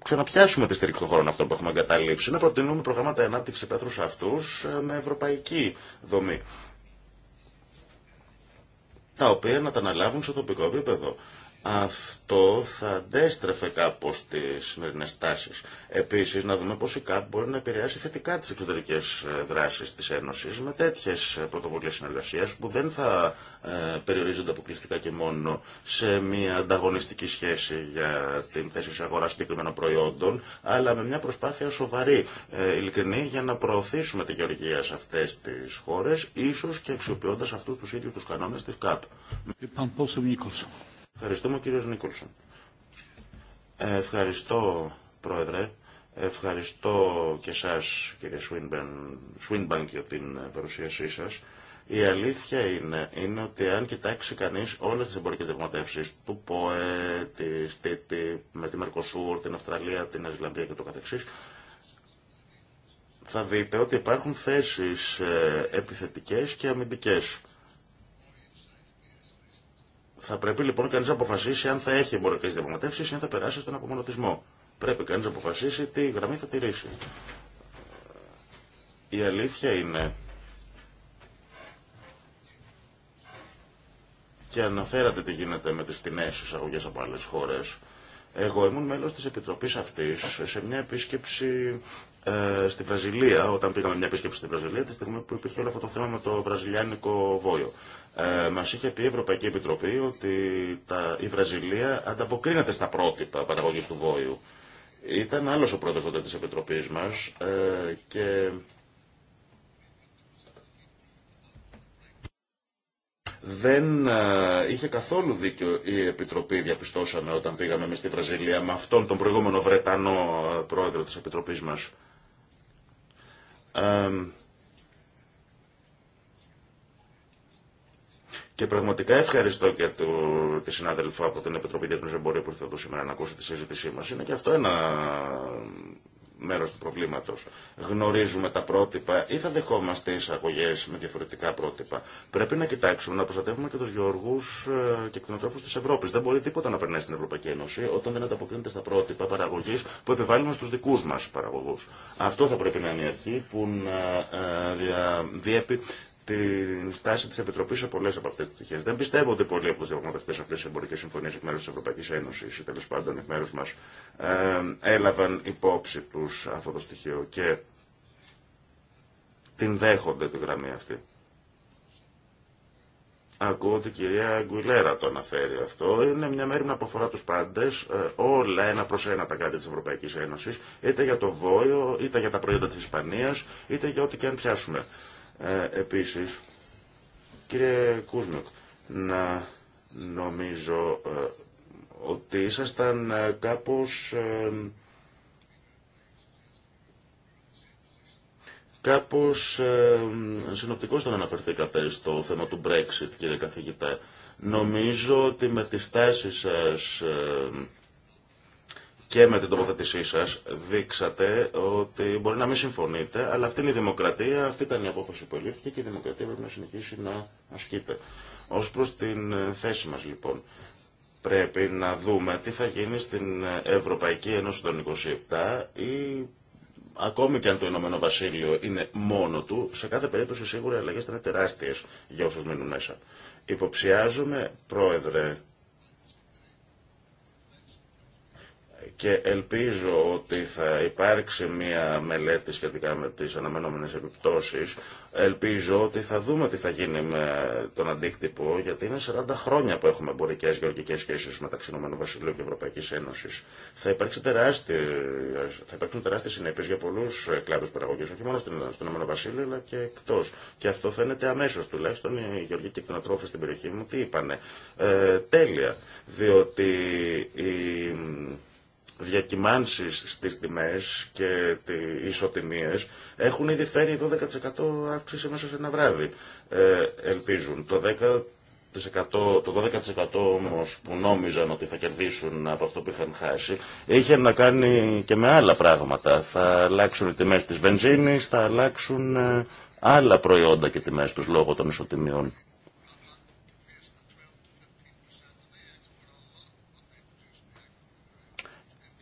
ξαναπιάσουμε τη στήριξη των χωρών αυτών που έχουμε εγκαταλείψει, να προτείνουμε προγράμματα ανάπτυξη πέθρου αυτού ε, με ευρωπαϊκή δομή. Τα οποία να τα αναλάβουν στο τοπικό επίπεδο. Αυτό θα αντέστρεφε κάπω τι σημερινέ τάσει. Επίση, να δούμε πω η ΚΑΠ μπορεί να επηρεάσει θετικά τι εξωτερικέ ε, δράσει τη Ένωση με τέτοιε πρωτοβουλίε συνεργασία που δεν θα ε, περιορίζονται αποκλειστικά και μόνο σε μια ανταγωνιστική σχέση για την θέση σε αγορά συγκεκριμένων προϊόντων, αλλά με μια προσπάθεια σοβαρή, ε, ειλικρινή, για να προωθήσουμε τη γεωργία σε αυτέ τις χώρες, ίσως και αξιοποιώντα αυτού του ίδιου του κανόνε τη ΚΑΠ. Ευχαριστούμε κύριος Νίκολσον. Ε, ευχαριστώ πρόεδρε. Ευχαριστώ και εσάς κύριε Σουίνμπαν για την παρουσίασή σας. Η αλήθεια είναι, είναι ότι αν κοιτάξει κανείς όλες τις εμπορικές διαπραγματεύσει του ΠΟΕ, τη ΤΕΤΗ, με τη Μερκοσούρ, την Αυστραλία, την Αζηλανδία και το καθεξής, θα δείτε ότι υπάρχουν θέσεις ε, επιθετικές και αμυντικές. Θα πρέπει λοιπόν κανεί να αποφασίσει αν θα έχει εμπορικέ διαπραγματεύσει ή αν θα περάσει στον απομονωτισμό. Πρέπει κανεί να αποφασίσει τι γραμμή θα τηρήσει. Η αλήθεια είναι. Και αναφέρατε τι γίνεται με τις τιμές εισαγωγέ από άλλε χώρε. Εγώ ήμουν μέλος τη επιτροπή αυτή σε μια επίσκεψη ε, στη Βραζιλία, όταν πήγαμε μια επίσκεψη στη Βραζιλία, τη στιγμή που υπήρχε όλο αυτό το θέμα με το βραζιλιάνικο βόλιο. Ε, Μα είχε πει η Ευρωπαϊκή Επιτροπή ότι τα, η Βραζιλία ανταποκρίνεται στα πρότυπα παραγωγή του βόλου. Ήταν άλλο ο πρόεδρο τότε τη Επιτροπή μα ε, και δεν ε, είχε καθόλου δίκιο η Επιτροπή, διαπιστώσαμε όταν πήγαμε εμείς στη Βραζιλία, με αυτόν τον προηγούμενο Βρετανό ε, πρόεδρο της Επιτροπής μας. Ε, Και πραγματικά ευχαριστώ και του, τη συνάδελφα από την Επιτροπή Διεθνού Εμπορίου που ήρθε εδώ σήμερα να ακούσει τη συζήτησή μα. Είναι και αυτό ένα μέρο του προβλήματο. Γνωρίζουμε τα πρότυπα ή θα δεχόμαστε εισαγωγέ με διαφορετικά πρότυπα. Πρέπει να κοιτάξουμε να προστατεύουμε και του γεωργού ε, και κτηνοτρόφου τη Ευρώπη. Δεν μπορεί τίποτα να περνάει στην Ευρωπαϊκή Ένωση όταν δεν ανταποκρίνεται στα πρότυπα παραγωγή που επιβάλλουμε στου δικού μα παραγωγού. Αυτό θα πρέπει να είναι η αρχή που να ε, διέπει την στάση τη Επιτροπή σε πολλέ από αυτέ τι πτυχέ. Δεν πιστεύονται πολλοί από του διαπραγματευτέ αυτέ τι εμπορικέ συμφωνίε εκ μέρου τη Ευρωπαϊκή Ένωση ή τέλο πάντων εκ μέρου μα ε, έλαβαν υπόψη του αυτό το στοιχείο και την δέχονται τη γραμμή αυτή. Ακούω ότι η κυρία Αγκουιλέρα το αναφέρει αυτό. Είναι μια μέρη που αφορά του πάντε, ε, όλα ένα προ ένα τα κράτη τη Ευρωπαϊκή Ένωση, είτε για το βόλιο, είτε για τα προϊόντα τη Ισπανία, είτε για ό,τι και αν πιάσουμε. Ε, επίσης, κύριε Κούσνοκ, να νομίζω ε, ότι ήσασταν ε, κάπως... Ε, κάπως ε, συνοπτικός τον αναφερθήκατε στο θέμα του Brexit, κύριε καθηγητά. Νομίζω ότι με τις τάσεις σας και με την τοποθέτησή σα δείξατε ότι μπορεί να μην συμφωνείτε, αλλά αυτή είναι η δημοκρατία, αυτή ήταν η απόφαση που ελήφθηκε και η δημοκρατία πρέπει να συνεχίσει να ασκείται. Ω προ την ε, θέση μα, λοιπόν, πρέπει να δούμε τι θα γίνει στην Ευρωπαϊκή Ένωση των 27 ή ακόμη και αν το Ηνωμένο Βασίλειο είναι μόνο του, σε κάθε περίπτωση σίγουρα οι αλλαγέ θα είναι τεράστιε για όσου μείνουν μέσα. Υποψιάζουμε, Πρόεδρε, και ελπίζω ότι θα υπάρξει μια μελέτη σχετικά με τις αναμενόμενες επιπτώσεις. Ελπίζω ότι θα δούμε τι θα γίνει με τον αντίκτυπο, γιατί είναι 40 χρόνια που έχουμε εμπορικέ γεωργικέ σχέσει μεταξύ ΗΠΑ και Ευρωπαϊκή Ένωση. Θα, θα υπάρξουν τεράστιε συνέπειε για πολλού κλάδου παραγωγή, όχι μόνο στον Ηνωμένο Βασίλειο, αλλά και εκτό. Και αυτό φαίνεται αμέσω, τουλάχιστον οι γεωργικοί κτηνοτρόφοι στην περιοχή μου, τι είπανε. Ε, τέλεια. Διότι η διακυμάνσεις στις τιμές και οι ισοτιμίες έχουν ήδη φέρει 12% αύξηση μέσα σε ένα βράδυ. Ε, ελπίζουν. Το 10% το 12% όμως που νόμιζαν ότι θα κερδίσουν από αυτό που είχαν χάσει είχε να κάνει και με άλλα πράγματα. Θα αλλάξουν οι τιμές της βενζίνης, θα αλλάξουν ε, άλλα προϊόντα και τιμές τους λόγω των ισοτιμιών.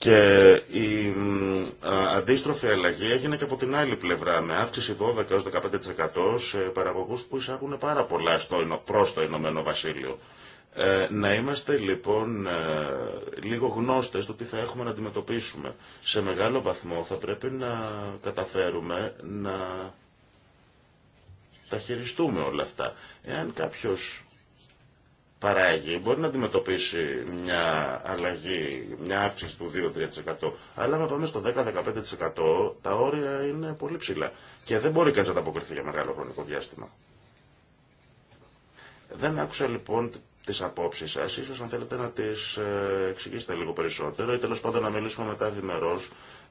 Και η αντίστροφη αλλαγή έγινε και από την άλλη πλευρά, με αύξηση 12-15% σε παραγωγούς που εισάγουν πάρα πολλά στο, προς το Ηνωμένο Βασίλειο. Ε, να είμαστε λοιπόν ε, λίγο γνώστες το τι θα έχουμε να αντιμετωπίσουμε. Σε μεγάλο βαθμό θα πρέπει να καταφέρουμε να τα χειριστούμε όλα αυτά. Εάν κάποιος παράγει μπορεί να αντιμετωπίσει μια αλλαγή, μια αύξηση του 2-3%. Αλλά να πάμε στο 10-15% τα όρια είναι πολύ ψηλά. Και δεν μπορεί κανείς να τα αποκριθεί για μεγάλο χρονικό διάστημα. Δεν άκουσα λοιπόν τις απόψεις σα. Ίσως αν θέλετε να τις ε, εξηγήσετε λίγο περισσότερο ή τέλο πάντων να μιλήσουμε μετά διμερό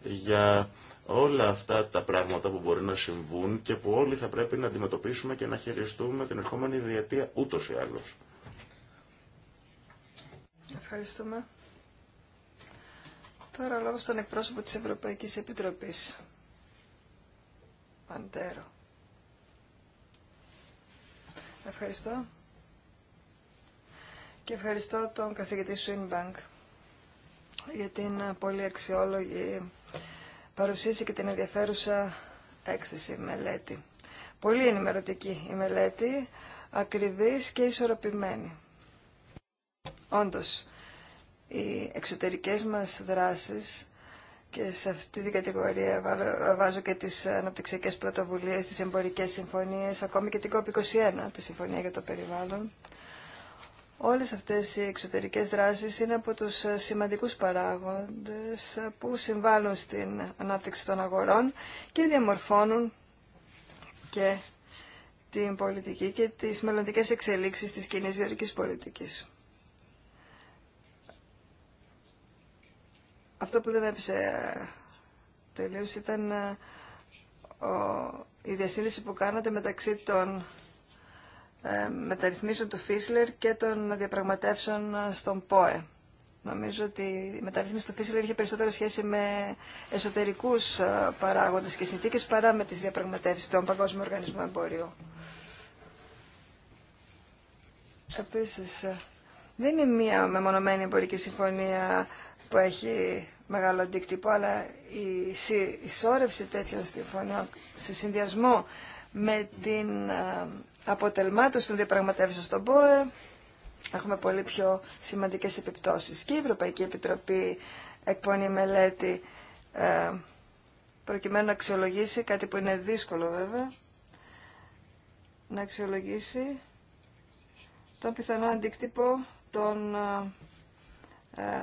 για όλα αυτά τα πράγματα που μπορεί να συμβούν και που όλοι θα πρέπει να αντιμετωπίσουμε και να χειριστούμε την ερχόμενη διετία ούτω ή άλλω. Ευχαριστούμε. Τώρα λόγω στον εκπρόσωπο της Ευρωπαϊκής Επιτροπής. Παντέρο. Ευχαριστώ. Και ευχαριστώ τον καθηγητή Σουίνμπανκ για την πολύ αξιόλογη παρουσίαση και την ενδιαφέρουσα έκθεση, μελέτη. Πολύ ενημερωτική η μελέτη, ακριβής και ισορροπημένη. Όντως, οι εξωτερικές μας δράσεις και σε αυτή την κατηγορία βάζω και τις αναπτυξιακές πρωτοβουλίες, τις εμπορικές συμφωνίες, ακόμη και την COP21, τη Συμφωνία για το Περιβάλλον. Όλες αυτές οι εξωτερικές δράσεις είναι από τους σημαντικούς παράγοντες που συμβάλλουν στην ανάπτυξη των αγορών και διαμορφώνουν και την πολιτική και τις μελλοντικές εξελίξεις της κοινή γεωρικής πολιτικής. Αυτό που δεν έπεισε τελείως ήταν ε, η διασύνδεση που κάνατε μεταξύ των ε, μεταρρυθμίσεων του Φίσλερ και των διαπραγματεύσεων στον ΠΟΕ. Νομίζω ότι η μεταρρύθμιση του Φίσλερ είχε περισσότερο σχέση με εσωτερικούς ε, παράγοντες και συνθήκες παρά με τις διαπραγματεύσεις των Παγκόσμιων Οργανισμών Εμπορίου. Επίσης, δεν είναι μία μεμονωμένη εμπορική συμφωνία που έχει μεγάλο αντίκτυπο, αλλά η ισόρευση τέτοιων συμφωνιών σε συνδυασμό με την ε, αποτελμάτωση των διαπραγματεύσεων στον ΠΟΕ έχουμε πολύ πιο σημαντικές επιπτώσεις. Και η Ευρωπαϊκή Επιτροπή εκπονεί μελέτη ε, προκειμένου να αξιολογήσει κάτι που είναι δύσκολο βέβαια, να αξιολογήσει τον πιθανό αντίκτυπο των ε,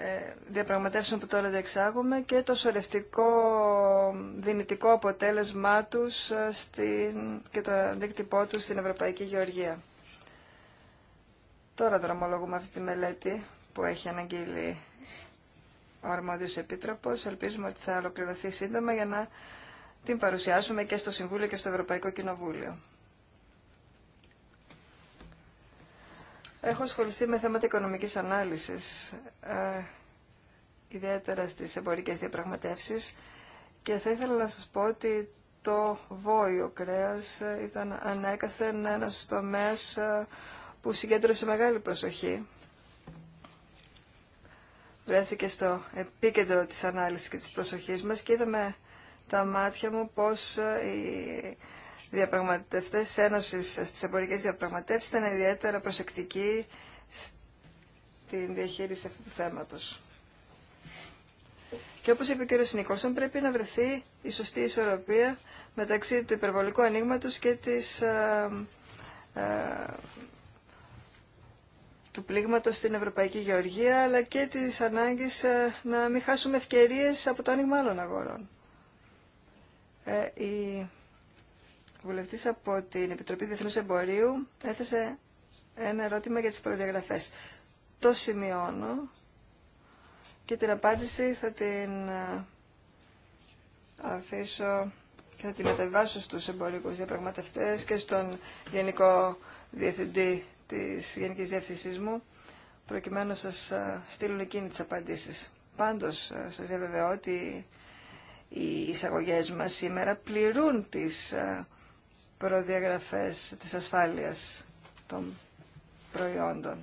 ε, διαπραγματεύσεων που τώρα διεξάγουμε και το σωρευτικό δυνητικό αποτέλεσμά τους ε, στην, και το αντίκτυπό τους στην Ευρωπαϊκή Γεωργία. Τώρα δρομολογούμε αυτή τη μελέτη που έχει αναγγείλει ο Αρμόδιος Επίτροπος. Ελπίζουμε ότι θα ολοκληρωθεί σύντομα για να την παρουσιάσουμε και στο Συμβούλιο και στο Ευρωπαϊκό Κοινοβούλιο. Έχω ασχοληθεί με θέματα οικονομικής ανάλυσης, ε, ιδιαίτερα στις εμπορικές διαπραγματεύσεις και θα ήθελα να σας πω ότι το βόηο κρέας ε, ήταν ανέκαθεν ένας τομέας ε, που συγκέντρωσε μεγάλη προσοχή. Βρέθηκε στο επίκεντρο της ανάλυσης και της προσοχής μας και είδαμε τα μάτια μου πως διαπραγματευτέ Ένωση στις εμπορικέ διαπραγματεύσει ήταν ιδιαίτερα προσεκτικοί στην διαχείριση αυτού του θέματος. Και όπως είπε ο κ. Νίκολσον, πρέπει να βρεθεί η σωστή ισορροπία μεταξύ του υπερβολικού ανοίγματος και της, ε, ε, του πλήγματος στην Ευρωπαϊκή Γεωργία, αλλά και της ανάγκης ε, να μην χάσουμε ευκαιρίες από το άνοιγμα άλλων αγορών. Ε, βουλευτής από την Επιτροπή Διεθνούς Εμπορίου έθεσε ένα ερώτημα για τις προδιαγραφές. Το σημειώνω και την απάντηση θα την ε, αφήσω και θα την μεταβάσω στους εμπορικούς διαπραγματευτές και στον Γενικό Διευθυντή της Γενικής Διεύθυνσης μου, προκειμένου να σας ε, στείλουν εκείνη τις απαντήσεις. Πάντως, ε, σας διαβεβαιώ ότι οι εισαγωγές μας σήμερα πληρούν τις προδιαγραφές της ασφάλειας των προϊόντων.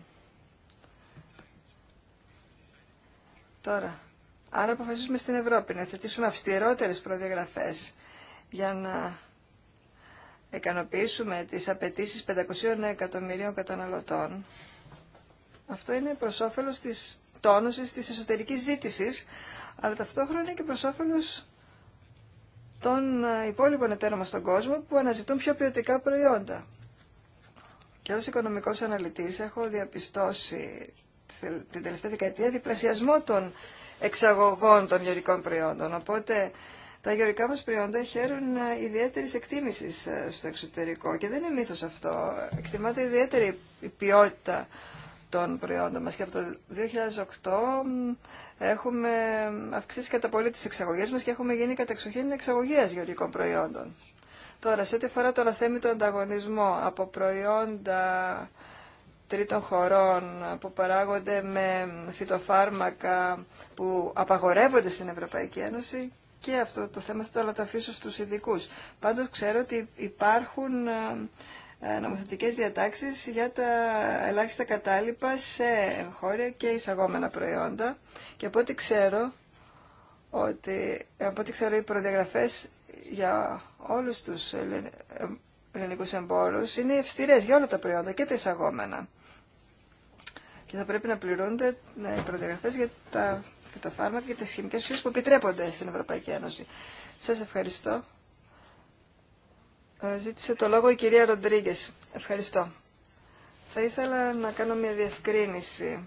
Τώρα, αν αποφασίσουμε στην Ευρώπη να θετήσουμε αυστηρότερες προδιαγραφές για να ικανοποιήσουμε τις απαιτήσεις 500 εκατομμυρίων καταναλωτών, αυτό είναι προς όφελος της τόνωσης της εσωτερικής ζήτησης, αλλά ταυτόχρονα και προς όφελος των ε, υπόλοιπων εταίρων μας στον κόσμο που αναζητούν πιο ποιοτικά προϊόντα. Και ως οικονομικός αναλυτής έχω διαπιστώσει την τελευταία δεκαετία διπλασιασμό των εξαγωγών των γεωρικών προϊόντων. Οπότε τα γεωρικά μας προϊόντα χαίρουν ε, ιδιαίτερης εκτίμησης ε, στο εξωτερικό και δεν είναι μύθος αυτό. Εκτιμάται ιδιαίτερη η ποιότητα των προϊόντων μας. Και από το 2008 έχουμε αυξήσει κατά πολύ τις εξαγωγές μας και έχουμε γίνει κατεξοχήν εξαγωγίας γεωργικών προϊόντων. Τώρα, σε ό,τι αφορά τώρα αθέμητο ανταγωνισμό από προϊόντα τρίτων χωρών που παράγονται με φυτοφάρμακα που απαγορεύονται στην Ευρωπαϊκή Ένωση και αυτό το θέμα θα το αφήσω στους ειδικού. Πάντως ξέρω ότι υπάρχουν ε, νομοθετικές διατάξεις για τα ελάχιστα κατάλοιπα σε χώρια και εισαγόμενα προϊόντα και από ό,τι ξέρω, ότι, από ξέρω οι προδιαγραφές για όλους τους ελληνικούς εμπόρους είναι ευστηρές για όλα τα προϊόντα και τα εισαγόμενα και θα πρέπει να πληρούνται ε, οι προδιαγραφές για τα φυτοφάρμακα και τις χημικές ουσίες που επιτρέπονται στην Ευρωπαϊκή Ένωση. Σας ευχαριστώ. Ε, ζήτησε το λόγο η κυρία Ροντρίγκε. Ευχαριστώ. Θα ήθελα να κάνω μια διευκρίνηση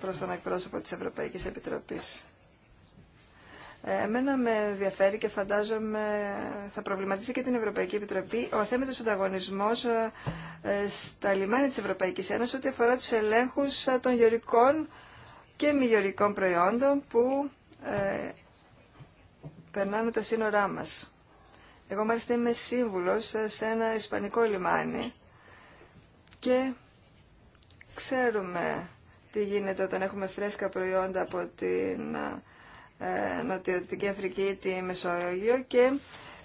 προς τον εκπρόσωπο της Ευρωπαϊκής Επιτροπής. Ε, εμένα με ενδιαφέρει και φαντάζομαι θα προβληματίσει και την Ευρωπαϊκή Επιτροπή ο του ανταγωνισμός ε, στα λιμάνια της Ευρωπαϊκής Ένωσης ό,τι αφορά τους ελέγχους των γεωρικών και μη γεωρικών προϊόντων που ε, περνάνε τα σύνορά μας. Εγώ μάλιστα είμαι σύμβουλος σε ένα ισπανικό λιμάνι και ξέρουμε τι γίνεται όταν έχουμε φρέσκα προϊόντα από την ε, Νοτιοτική Αφρική ή τη Μεσόγειο και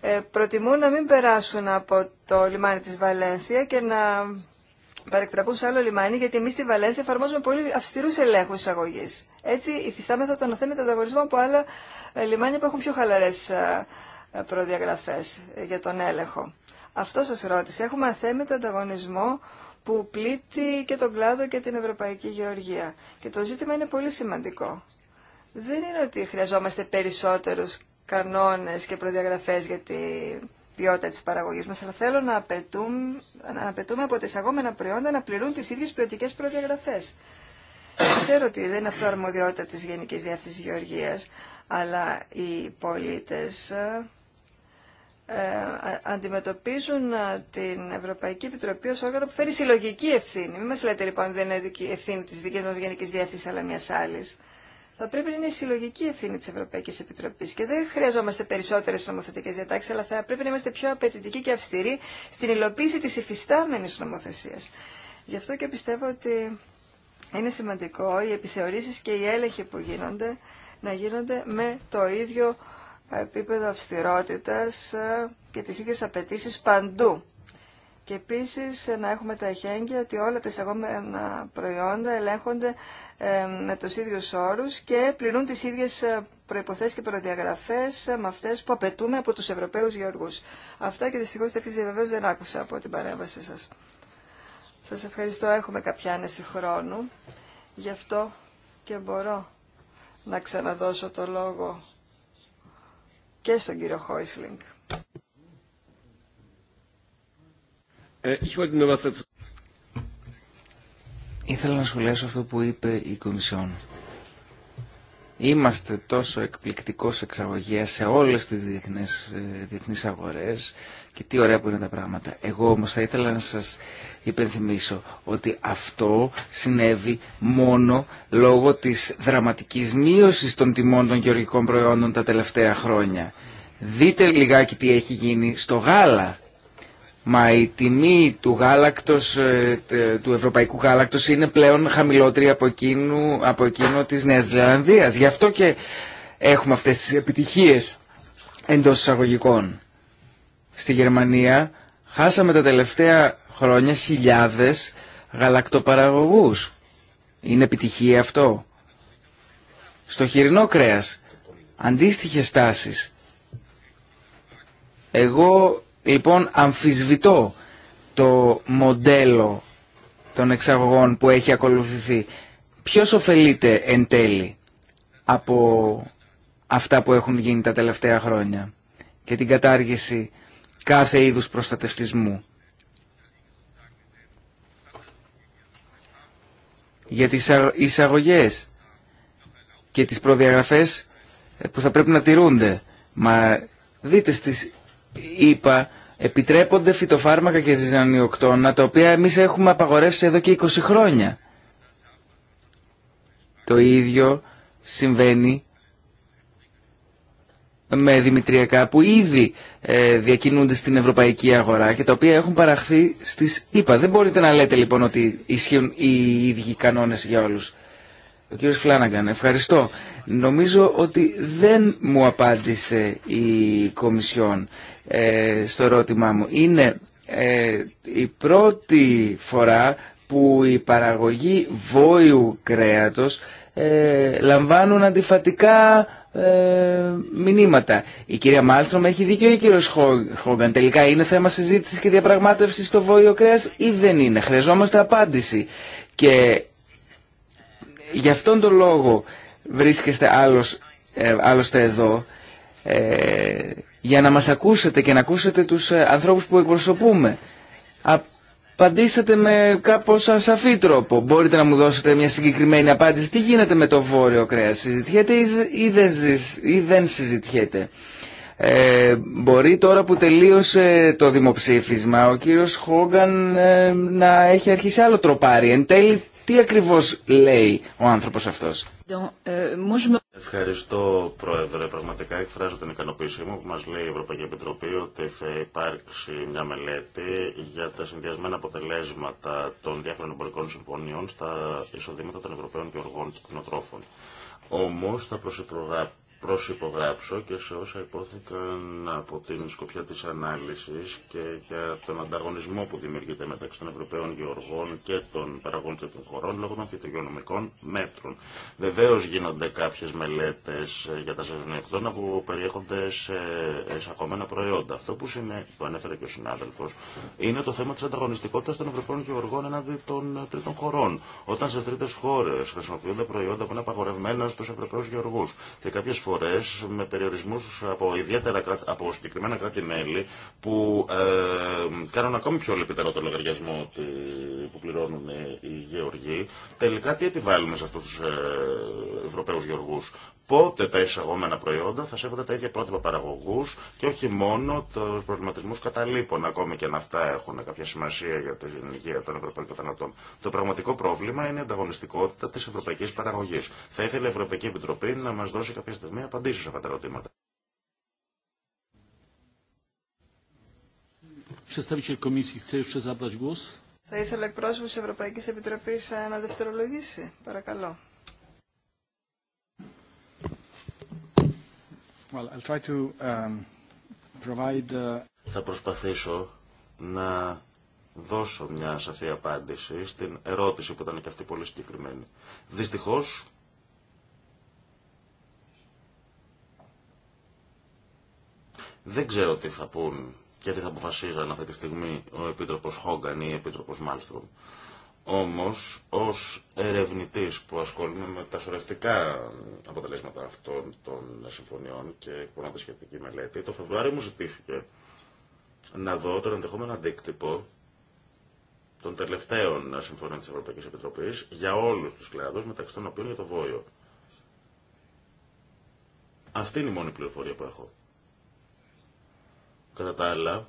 ε, προτιμούν να μην περάσουν από το λιμάνι της Βαλένθια και να παρεκτραπούν σε άλλο λιμάνι, γιατί εμεί στη Βαλένθια εφαρμόζουμε πολύ αυστηρού ελέγχου εισαγωγή. Έτσι, υφιστάμεθα τον το ανταγωνισμό από άλλα ε, λιμάνια που έχουν πιο χαλαρέ ε, προδιαγραφές για τον έλεγχο. Αυτό σας ρώτησε. Έχουμε αθέμητο ανταγωνισμό που πλήττει και τον κλάδο και την Ευρωπαϊκή Γεωργία. Και το ζήτημα είναι πολύ σημαντικό. Δεν είναι ότι χρειαζόμαστε περισσότερους κανόνες και προδιαγραφές για την ποιότητα της παραγωγής μας, αλλά θέλω να απαιτούμε, να απαιτούμε από τα εισαγόμενα προϊόντα να πληρούν τις ίδιες ποιοτικές προδιαγραφές. Ξέρω ότι δεν είναι αυτό αρμοδιότητα της Γενικής Διεύθυνσης Γεωργίας, αλλά οι πολίτες ε, ε, αντιμετωπίζουν την Ευρωπαϊκή Επιτροπή ως όργανο που φέρει συλλογική ευθύνη. Μην μας λέτε λοιπόν δεν είναι ευθύνη της δικής μας Γενικής Διεύθυνσης αλλά μιας άλλης. Θα πρέπει να είναι η συλλογική ευθύνη της Ευρωπαϊκής Επιτροπής και δεν χρειαζόμαστε περισσότερες νομοθετικές διατάξεις αλλά θα πρέπει να είμαστε πιο απαιτητικοί και αυστηροί στην υλοποίηση της υφιστάμενης νομοθεσίας. Γι' αυτό και πιστεύω ότι είναι σημαντικό οι επιθεωρήσεις και οι έλεγχοι που γίνονται να γίνονται με το ίδιο επίπεδο αυστηρότητας ε, και τις ίδιες απαιτήσει παντού. Και επίσης ε, να έχουμε τα εχέγγυα ότι όλα τα εισαγόμενα προϊόντα ελέγχονται ε, με τους ίδιους όρους και πληρούν τις ίδιες προϋποθέσεις και προδιαγραφές με αυτές που απαιτούμε από τους Ευρωπαίους γεωργούς. Αυτά και δυστυχώς τέτοιες διαβεβαίως δεν άκουσα από την παρέμβασή σας. Σας ευχαριστώ. Έχουμε κάποια άνεση χρόνου. Γι' αυτό και μπορώ να ξαναδώσω το λόγο και στον κύριο Χόισλινγκ. Ε, Ήθελα να σχολιάσω αυτό που είπε η Κομισιόν. Είμαστε τόσο εκπληκτικός εξαγωγέας σε όλες τις διεθνείς, ε, διεθνείς αγορές και τι ωραία που είναι τα πράγματα. Εγώ όμως θα ήθελα να σας υπενθυμίσω ότι αυτό συνέβη μόνο λόγω της δραματικής μείωσης των τιμών των γεωργικών προϊόντων τα τελευταία χρόνια. Δείτε λιγάκι τι έχει γίνει στο γάλα. Μα η τιμή του γάλακτος, ε, του ευρωπαϊκού γάλακτος είναι πλέον χαμηλότερη από εκείνο, από εκείνο της Νέας Γι' αυτό και έχουμε αυτές τις επιτυχίες εντός εισαγωγικών στη Γερμανία χάσαμε τα τελευταία χρόνια χιλιάδες γαλακτοπαραγωγούς. Είναι επιτυχία αυτό. Στο χοιρινό κρέας, αντίστοιχες τάσεις. Εγώ λοιπόν αμφισβητώ το μοντέλο των εξαγωγών που έχει ακολουθηθεί. Ποιος ωφελείται εν τέλει από αυτά που έχουν γίνει τα τελευταία χρόνια και την κατάργηση κάθε είδους προστατευτισμού. Για τις εισαγωγές και τις προδιαγραφές ε, που θα πρέπει να τηρούνται. Μα δείτε στις ΗΠΑ επιτρέπονται φυτοφάρμακα και ζυζανιοκτώνα τα οποία εμείς έχουμε απαγορεύσει εδώ και 20 χρόνια. Το ίδιο συμβαίνει με δημητριακά που ήδη ε, διακινούνται στην ευρωπαϊκή αγορά και τα οποία έχουν παραχθεί στις ΗΠΑ. Δεν μπορείτε να λέτε λοιπόν ότι ισχύουν οι ίδιοι κανόνες για όλους. Ο κύριος Φλάναγκαν, ευχαριστώ. Νομίζω ότι δεν μου απάντησε η Κομισιόν ε, στο ερώτημά μου. Είναι ε, η πρώτη φορά που η παραγωγή βόηου κρέατος λαμβάνουν αντιφατικά ε, μηνύματα. Η κυρία Μάλστρομ έχει δίκιο ή ο κύριο Χόγκαν. Τελικά είναι θέμα συζήτηση και διαπραγμάτευσης στο Βόρειο Κρέα ή δεν είναι. Χρειαζόμαστε απάντηση. Και γι' αυτόν τον λόγο βρίσκεστε άλλος, ε, άλλωστε εδώ ε, για να μας ακούσετε και να ακούσετε τους ε, ανθρώπους που εκπροσωπούμε απαντήσατε με κάπως ασαφή τρόπο. Μπορείτε να μου δώσετε μια συγκεκριμένη απάντηση. Τι γίνεται με το βόρειο κρέας. Συζητιέται ή δεν συζητιέται. Ε, μπορεί τώρα που τελείωσε το δημοψήφισμα ο κύριος Χόγκαν ε, να έχει αρχίσει άλλο τροπάρι. Εν τέλει τι ακριβώς λέει ο άνθρωπος αυτός. Ευχαριστώ Πρόεδρε. Πραγματικά εκφράζω την ικανοποίησή μου που μας λέει η Ευρωπαϊκή Επιτροπή ότι θα υπάρξει μια μελέτη για τα συνδυασμένα αποτελέσματα των διάφορων εμπορικών συμφωνιών στα εισοδήματα των Ευρωπαίων Γεωργών και κοινοτρόφων. Όμως θα προσυπογράψω και σε όσα υπόθηκαν από την σκοπιά της ανάλυσης και για τον ανταγωνισμό που δημιουργείται μεταξύ των Ευρωπαίων Γεωργών και των παραγόντων των χωρών λόγω των φυτογειονομικών μέτρων. Βεβαίω γίνονται κάποιες μελέτες για τα ζευγνιοκτώνα που περιέχονται σε εισακομμένα προϊόντα. Αυτό που, είναι, το ανέφερε και ο συνάδελφος είναι το θέμα της ανταγωνιστικότητας των Ευρωπαίων Γεωργών εναντί των τρίτων χωρών. Όταν σε τρίτες χώρες χρησιμοποιούνται προϊόντα που είναι απαγορευμένα στους Ευρωπαίους Γεωργούς και κάποιες φορέ με περιορισμούς από ιδιαίτερα από συγκεκριμένα κράτη-μέλη που ε, κάνουν ακόμη πιο λεπιτερό το λογαριασμό που πληρώνουν οι γεωργοί. Τελικά τι επιβάλλουμε σε αυτού του ε, Ευρωπαίους γεωργούς πότε τα εισαγόμενα προϊόντα θα σέβονται τα ίδια πρότυπα παραγωγού και όχι μόνο του προβληματισμού καταλήπων, ακόμη και αν αυτά έχουν κάποια σημασία για την υγεία των Ευρωπαϊκών καταναλωτών. Το πραγματικό πρόβλημα είναι η ανταγωνιστικότητα τη ευρωπαϊκή παραγωγή. Θα ήθελε η Ευρωπαϊκή Επιτροπή να μα δώσει κάποια στιγμή απαντήσει σε αυτά τα ερωτήματα. Θα ήθελα εκπρόσωπο τη Ευρωπαϊκή Επιτροπή ε, να δευτερολογήσει. Παρακαλώ. Um, uh, θα προσπαθήσω να δώσω μια σαφή απάντηση στην ερώτηση που ήταν και αυτή πολύ συγκεκριμένη. Δυστυχώς, δεν ξέρω τι θα πούν και τι θα αποφασίζαν αυτή τη στιγμή ο Επίτροπος Χόγκαν ή ο Επίτροπος Μάλστρομ. Όμως, ως ερευνητής που ασχολούμαι με τα σωρευτικά αποτελέσματα αυτών των συμφωνιών και εκπονώ σχετική μελέτη, το Φεβρουάριο μου ζητήθηκε να δω τον ενδεχόμενο αντίκτυπο των τελευταίων συμφωνιών της Ευρωπαϊκής Επιτροπής για όλους τους κλάδους, μεταξύ των οποίων για το Βόιο. Αυτή είναι η μόνη πληροφορία που έχω. Κατά τα άλλα,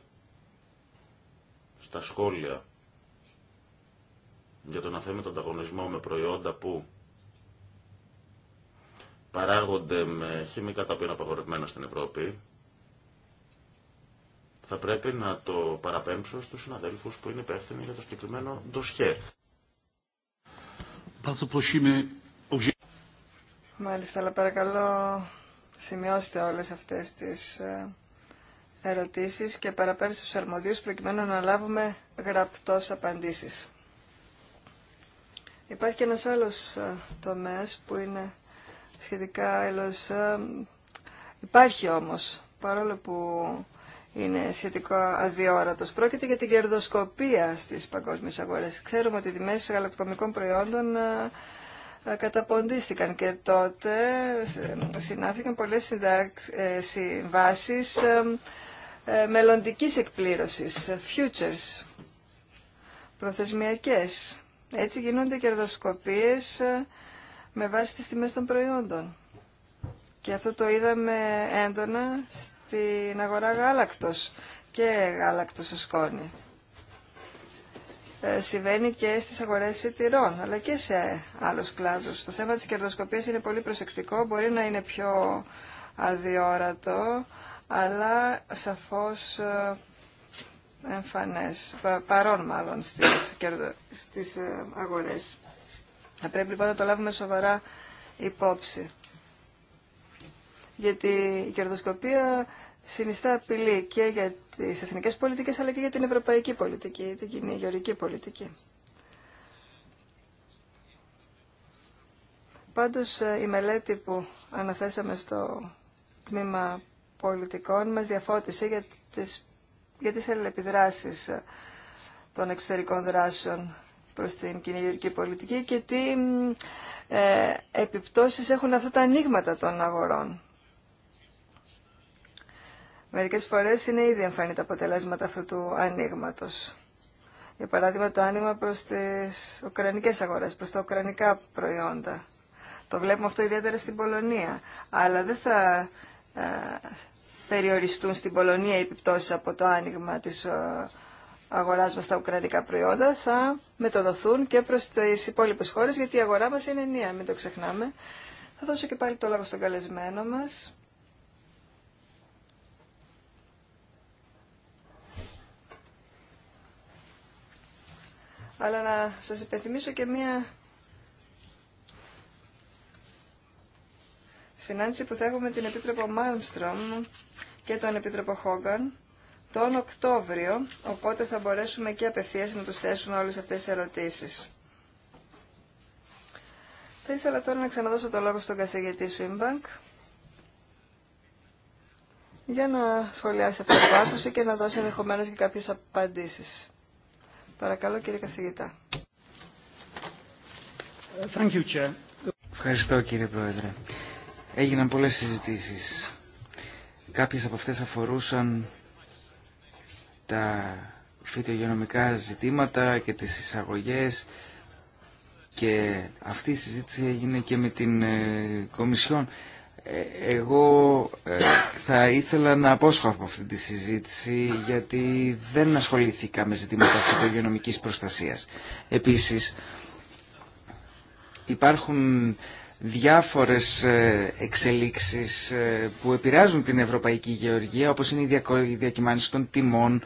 στα σχόλια για να τον ανταγωνισμό με προϊόντα που παράγονται με χημικά τα οποία είναι απαγορευμένα στην Ευρώπη, θα πρέπει να το παραπέμψω στους συναδέλφους που είναι υπεύθυνοι για το συγκεκριμένο ντοσχέ. Μάλιστα, αλλά παρακαλώ σημειώστε όλες αυτές τις ε, ερωτήσεις και παραπέμψτε στους αρμοδίους προκειμένου να λάβουμε γραπτός απαντήσεις. Υπάρχει και ένας άλλος ε, τομέας που είναι σχετικά έλος. Ε, υπάρχει όμως, παρόλο που είναι σχετικά αδιόρατος. Πρόκειται για την κερδοσκοπία στις παγκόσμιες αγορές. Ξέρουμε ότι οι τιμές γαλακτοκομικών προϊόντων ε, καταποντίστηκαν και τότε συνάθηκαν πολλές συμβάσεις μελλοντικής εκπλήρωσης, futures, προθεσμιακές έτσι γίνονται κερδοσκοπίες ε, με βάση τις τιμές των προϊόντων. Και αυτό το είδαμε έντονα στην αγορά γάλακτος και γάλακτος σε σκόνη. Ε, συμβαίνει και στις αγορές σιτηρών, αλλά και σε άλλους κλάδους. Το θέμα της κερδοσκοπίας είναι πολύ προσεκτικό, μπορεί να είναι πιο αδιόρατο, αλλά σαφώς ε, εμφανές, παρόν μάλλον στις, στις ε, αγορές. Θα πρέπει λοιπόν να το λάβουμε σοβαρά υπόψη. Γιατί η κερδοσκοπία συνιστά απειλή και για τις εθνικές πολιτικές αλλά και για την ευρωπαϊκή πολιτική, την κοινή γεωρική πολιτική. Πάντως ε, η μελέτη που αναθέσαμε στο τμήμα πολιτικών μας διαφώτισε για τις για τις αλληλεπιδράσεις των εξωτερικών δράσεων προς την κοινή πολιτική και τι ε, επιπτώσεις έχουν αυτά τα ανοίγματα των αγορών. Μερικές φορές είναι ήδη εμφανή τα αποτελέσματα αυτού του ανοίγματο. Για παράδειγμα το άνοιγμα προς τις ουκρανικές αγορές, προς τα ουκρανικά προϊόντα. Το βλέπουμε αυτό ιδιαίτερα στην Πολωνία. Αλλά δεν θα ε, περιοριστούν στην Πολωνία οι επιπτώσεις από το άνοιγμα της ε, αγοράς μας στα ουκρανικά προϊόντα, θα μεταδοθούν και προς τις υπόλοιπες χώρες, γιατί η αγορά μας είναι ενία, μην το ξεχνάμε. Θα δώσω και πάλι το λόγο στον καλεσμένο μας. Αλλά να σας υπενθυμίσω και μία συνάντηση που θα έχουμε την Επίτροπο Μάλμστρομ και τον Επίτροπο Χόγκαν τον Οκτώβριο, οπότε θα μπορέσουμε και απευθείας να τους θέσουμε όλες αυτές τις ερωτήσεις. Θα ήθελα τώρα να ξαναδώσω το λόγο στον καθηγητή Σουίμπανκ για να σχολιάσει αυτή την άκουσε και να δώσει ενδεχομένω και κάποιες απαντήσεις. Παρακαλώ κύριε καθηγητά. Ευχαριστώ κύριε Πρόεδρε έγιναν πολλές συζητήσεις. Κάποιες από αυτές αφορούσαν τα φυτογενομικά ζητήματα και τις εισαγωγές και αυτή η συζήτηση έγινε και με την ε, Κομισιόν. Ε, εγώ ε, θα ήθελα να απόσχω από αυτή τη συζήτηση γιατί δεν ασχολήθηκα με ζητήματα φυτογενομικής προστασίας. Επίσης, υπάρχουν διάφορες ε, εξελίξεις ε, που επηρεάζουν την ευρωπαϊκή γεωργία, όπως είναι η διακυμάνιση των τιμών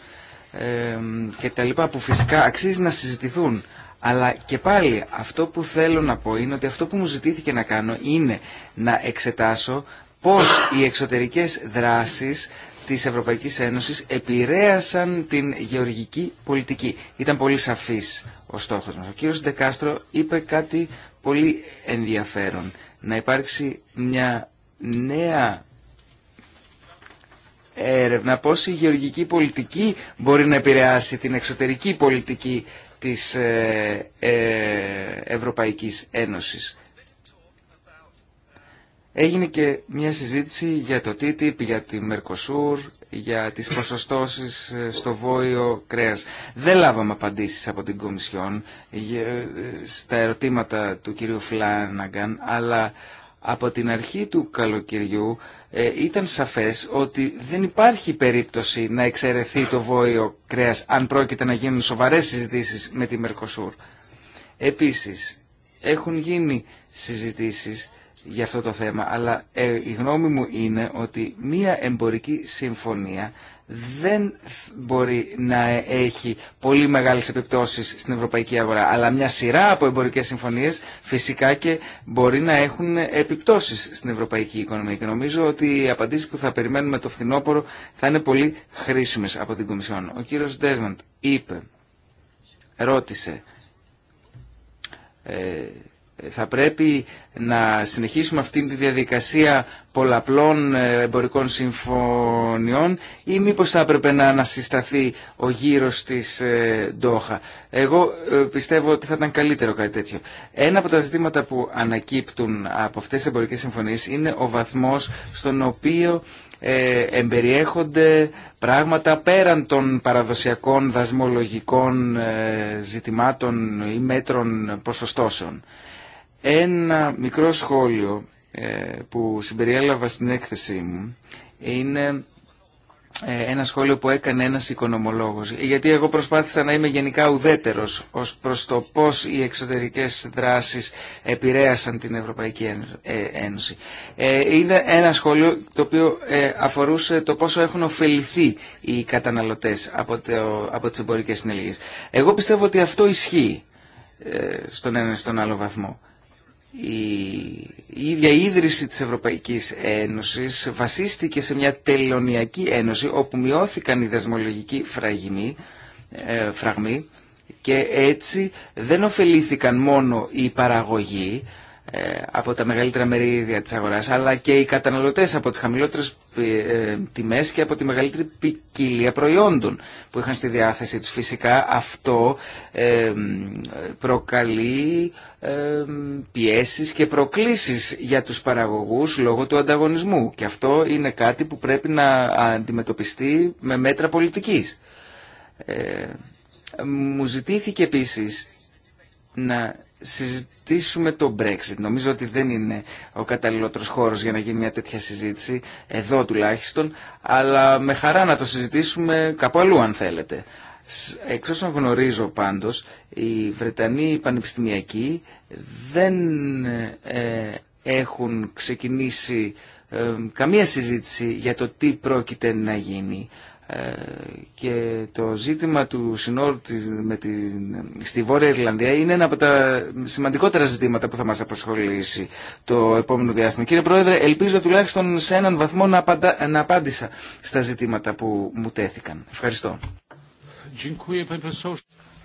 ε, και τα λοιπά, που φυσικά αξίζει να συζητηθούν. Αλλά και πάλι αυτό που θέλω να πω είναι ότι αυτό που μου ζητήθηκε να κάνω είναι να εξετάσω πώς οι εξωτερικές δράσεις της Ευρωπαϊκής Ένωσης επηρέασαν την γεωργική πολιτική. Ήταν πολύ σαφής ο στόχος μας. Ο κύριος Ντεκάστρο είπε κάτι πολύ ενδιαφέρον να υπάρξει μια νέα έρευνα πώς η γεωργική πολιτική μπορεί να επηρεάσει την εξωτερική πολιτική της ε, ε, Ευρωπαϊκής Ένωσης. Έγινε και μια συζήτηση για το TTIP, για τη μερκοσούρ, για τις ποσοστώσεις ε, στο βόιο κρέας. Δεν λάβαμε απαντήσεις από την Κομισιόν ε, στα ερωτήματα του κυρίου Φλάναγκαν, αλλά από την αρχή του καλοκαιριού ε, ήταν σαφές ότι δεν υπάρχει περίπτωση να εξαιρεθεί το βόιο κρέας αν πρόκειται να γίνουν σοβαρές συζητήσεις με τη Μερκοσούρ. Επίσης, έχουν γίνει συζητήσεις για αυτό το θέμα, αλλά ε, η γνώμη μου είναι ότι μία εμπορική συμφωνία δεν μπορεί να έχει πολύ μεγάλες επιπτώσεις στην ευρωπαϊκή αγορά, αλλά μια σειρά από εμπορικές συμφωνίες φυσικά και μπορεί να έχουν επιπτώσεις στην ευρωπαϊκή οικονομία. Και νομίζω ότι οι απαντήσεις που θα περιμένουμε το φθινόπωρο θα είναι πολύ χρήσιμες από την Κομισιόν. Ο κύριος Ντέσμαντ είπε, ρώτησε... Ε, θα πρέπει να συνεχίσουμε αυτή τη διαδικασία πολλαπλών ε, εμπορικών συμφωνιών ή μήπως θα έπρεπε να ανασυσταθεί ο γύρος της ε, Ντόχα. Εγώ ε, πιστεύω ότι θα ήταν καλύτερο κάτι τέτοιο. Ένα από τα ζητήματα που ανακύπτουν από αυτές τις εμπορικές συμφωνίες είναι ο βαθμός στον οποίο εμπεριέχονται πράγματα πέραν των παραδοσιακών δασμολογικών ζητημάτων ή μέτρων ποσοστώσεων. Ένα μικρό σχόλιο ε, που συμπεριέλαβα στην έκθεσή μου είναι ε, ένα σχόλιο που έκανε ένας οικονομολόγος. Γιατί εγώ προσπάθησα να είμαι γενικά ουδέτερος ως προς το πώς οι εξωτερικές δράσεις επηρέασαν την Ευρωπαϊκή ε, Ένωση. Είναι ένα σχόλιο το οποίο αφορούσε το πόσο έχουν ωφεληθεί οι καταναλωτές από, το, από τις εμπορικές Εγώ πιστεύω ότι αυτό ισχύει στον ένα ή στον άλλο βαθμό η ίδια η ίδρυση της Ευρωπαϊκής Ένωσης βασίστηκε σε μια τελωνιακή ένωση όπου μειώθηκαν οι δεσμολογικοί φραγμοί, ε, φραγμοί και έτσι δεν ωφελήθηκαν μόνο οι παραγωγοί ε, από τα μεγαλύτερα μερίδια της αγοράς αλλά και οι καταναλωτές από τις χαμηλότερες ε, τιμές και από τη μεγαλύτερη ποικιλία προϊόντων που είχαν στη διάθεση τους. Φυσικά αυτό ε, προκαλεί πιέσεις και προκλήσεις για τους παραγωγούς λόγω του ανταγωνισμού. Και αυτό είναι κάτι που πρέπει να αντιμετωπιστεί με μέτρα πολιτικής. Ε, μου ζητήθηκε επίσης να συζητήσουμε το Brexit. Νομίζω ότι δεν είναι ο καταλληλότερος χώρος για να γίνει μια τέτοια συζήτηση, εδώ τουλάχιστον, αλλά με χαρά να το συζητήσουμε κάπου αλλού αν θέλετε. Εξ όσων γνωρίζω πάντως, οι Βρετανοί πανεπιστημιακοί δεν ε, έχουν ξεκινήσει ε, καμία συζήτηση για το τι πρόκειται να γίνει ε, και το ζήτημα του συνόρου με τη, στη Βόρεια Ιρλανδία είναι ένα από τα σημαντικότερα ζητήματα που θα μας απασχολήσει το επόμενο διάστημα. Κύριε Πρόεδρε, ελπίζω τουλάχιστον σε έναν βαθμό να, να απάντησα στα ζητήματα που μου τέθηκαν. Ευχαριστώ.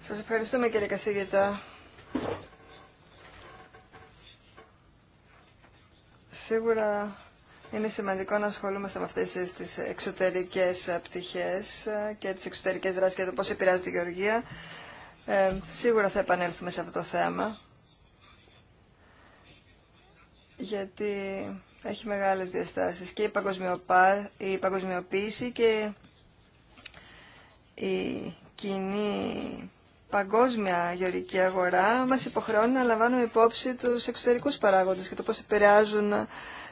Σας ευχαριστούμε κύριε καθηγητά. Σίγουρα είναι σημαντικό να ασχολούμαστε με αυτέ τι εξωτερικέ πτυχέ και τι εξωτερικέ δράσει και το πώ επηρεάζει τη γεωργία. Ε, σίγουρα θα επανέλθουμε σε αυτό το θέμα γιατί έχει μεγάλες διαστάσεις και η, παγκοσμιοποίηση και η κοινή παγκόσμια γεωργική αγορά μας υποχρεώνει να λαμβάνουμε υπόψη τους εξωτερικούς παράγοντες και το πώς επηρεάζουν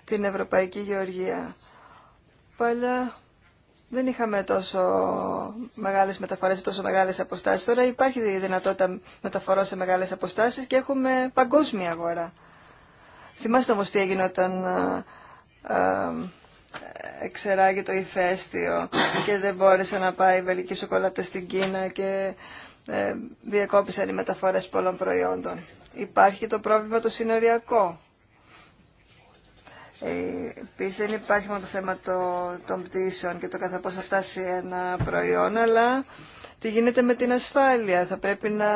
την ευρωπαϊκή γεωργία. Παλιά δεν είχαμε τόσο μεγάλες μεταφορές, τόσο μεγάλες αποστάσεις. Τώρα υπάρχει δυνατότητα μεταφορών σε μεγάλες αποστάσεις και έχουμε παγκόσμια αγορά. Θυμάστε όμως τι έγινε όταν ε, ε, εξεράγει το ηφαίστειο και δεν μπόρεσε να πάει η βελική σοκολάτα στην Κίνα και ε, διακόπησαν οι μεταφορές πολλών προϊόντων. Υπάρχει το πρόβλημα το συνοριακό. Ε, Επίση δεν υπάρχει μόνο το θέμα το, των πτήσεων και το κατά πώς θα φτάσει ένα προϊόν, αλλά τι γίνεται με την ασφάλεια. Θα πρέπει να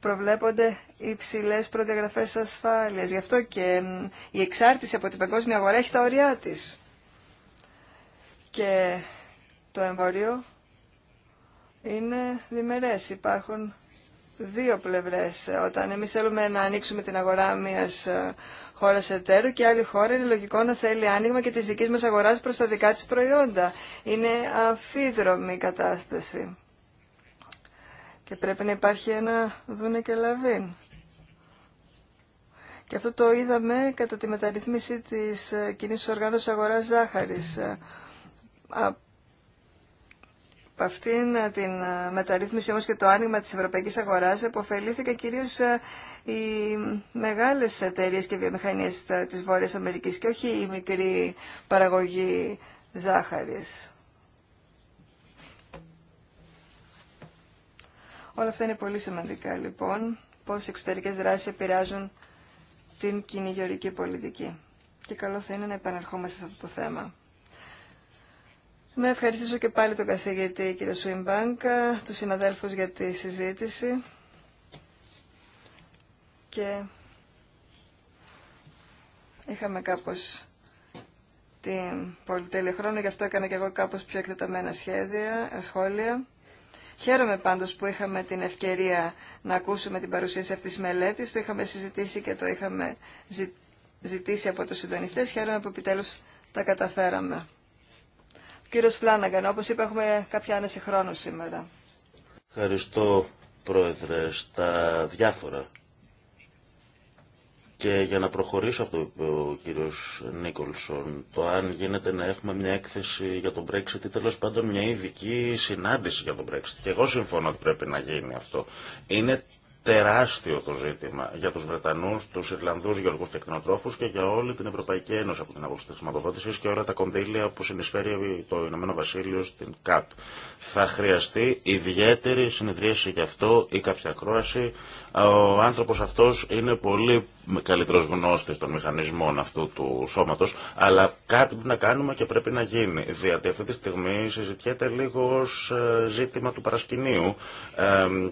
προβλέπονται υψηλέ προδιαγραφέ ασφάλεια. Γι' αυτό και η εξάρτηση από την παγκόσμια αγορά έχει τα ωριά της. Και το εμπόριο είναι διμερές. Υπάρχουν δύο πλευρές. Όταν εμείς θέλουμε να ανοίξουμε την αγορά μιας ε, χώρας εταίρου και άλλη χώρα είναι λογικό να θέλει άνοιγμα και της δικής μας αγοράς προς τα δικά της προϊόντα. Είναι αμφίδρομη η κατάσταση. Και πρέπει να υπάρχει ένα δούνε και λαβήν. Και αυτό το είδαμε κατά τη μεταρρυθμίση της ε, κοινή οργάνωσης αγοράς ζάχαρης. Ε, από αυτήν ε, την μεταρρύθμιση όμως και το άνοιγμα της ευρωπαϊκής αγοράς επωφελήθηκαν κυρίως οι μεγάλες εταιρείες και βιομηχανίες της Βόρειας Αμερικής και όχι η μικρή παραγωγή ζάχαρης. Όλα αυτά είναι πολύ σημαντικά λοιπόν, πώς οι εξωτερικές δράσεις επηρεάζουν την κοινή γεωρική πολιτική. Και καλό θα είναι να επαναρχόμαστε σε αυτό το θέμα. Να ευχαριστήσω και πάλι τον καθηγητή κύριο Σουιμπάνκ, του συναδέλφους για τη συζήτηση και είχαμε κάπως την πολυτέλεια χρόνο, γι' αυτό έκανα και εγώ κάπως πιο εκτεταμένα σχέδια, σχόλια. Χαίρομαι πάντως που είχαμε την ευκαιρία να ακούσουμε την παρουσίαση αυτής της μελέτης. Το είχαμε συζητήσει και το είχαμε ζητήσει από τους συντονιστές. Χαίρομαι που επιτέλους τα καταφέραμε. Ο κύριος Φλάναγκαν, όπως είπα, έχουμε κάποια άνεση χρόνου σήμερα. Ευχαριστώ, Πρόεδρε, στα διάφορα και για να προχωρήσω αυτό που είπε ο κύριο Νίκολσον, το αν γίνεται να έχουμε μια έκθεση για τον Brexit ή τέλος πάντων μια ειδική συνάντηση για τον Brexit. Και εγώ συμφωνώ ότι πρέπει να γίνει αυτό. Είναι τεράστιο το ζήτημα για τους Βρετανούς, τους Ιρλανδούς και τεχνοτρόφους και για όλη την Ευρωπαϊκή Ένωση από την άποψη τη χρηματοδότηση και όλα τα κονδύλια που συνεισφέρει το Ηνωμένο Βασίλειο στην ΚΑΤ. Θα χρειαστεί ιδιαίτερη συνεδρίαση γι' αυτό ή κάποια ακρόαση ο άνθρωπος αυτός είναι πολύ καλύτερος γνώστης των μηχανισμών αυτού του σώματος, αλλά κάτι που να κάνουμε και πρέπει να γίνει. Διότι αυτή τη στιγμή συζητιέται λίγο ως ε, ζήτημα του παρασκηνίου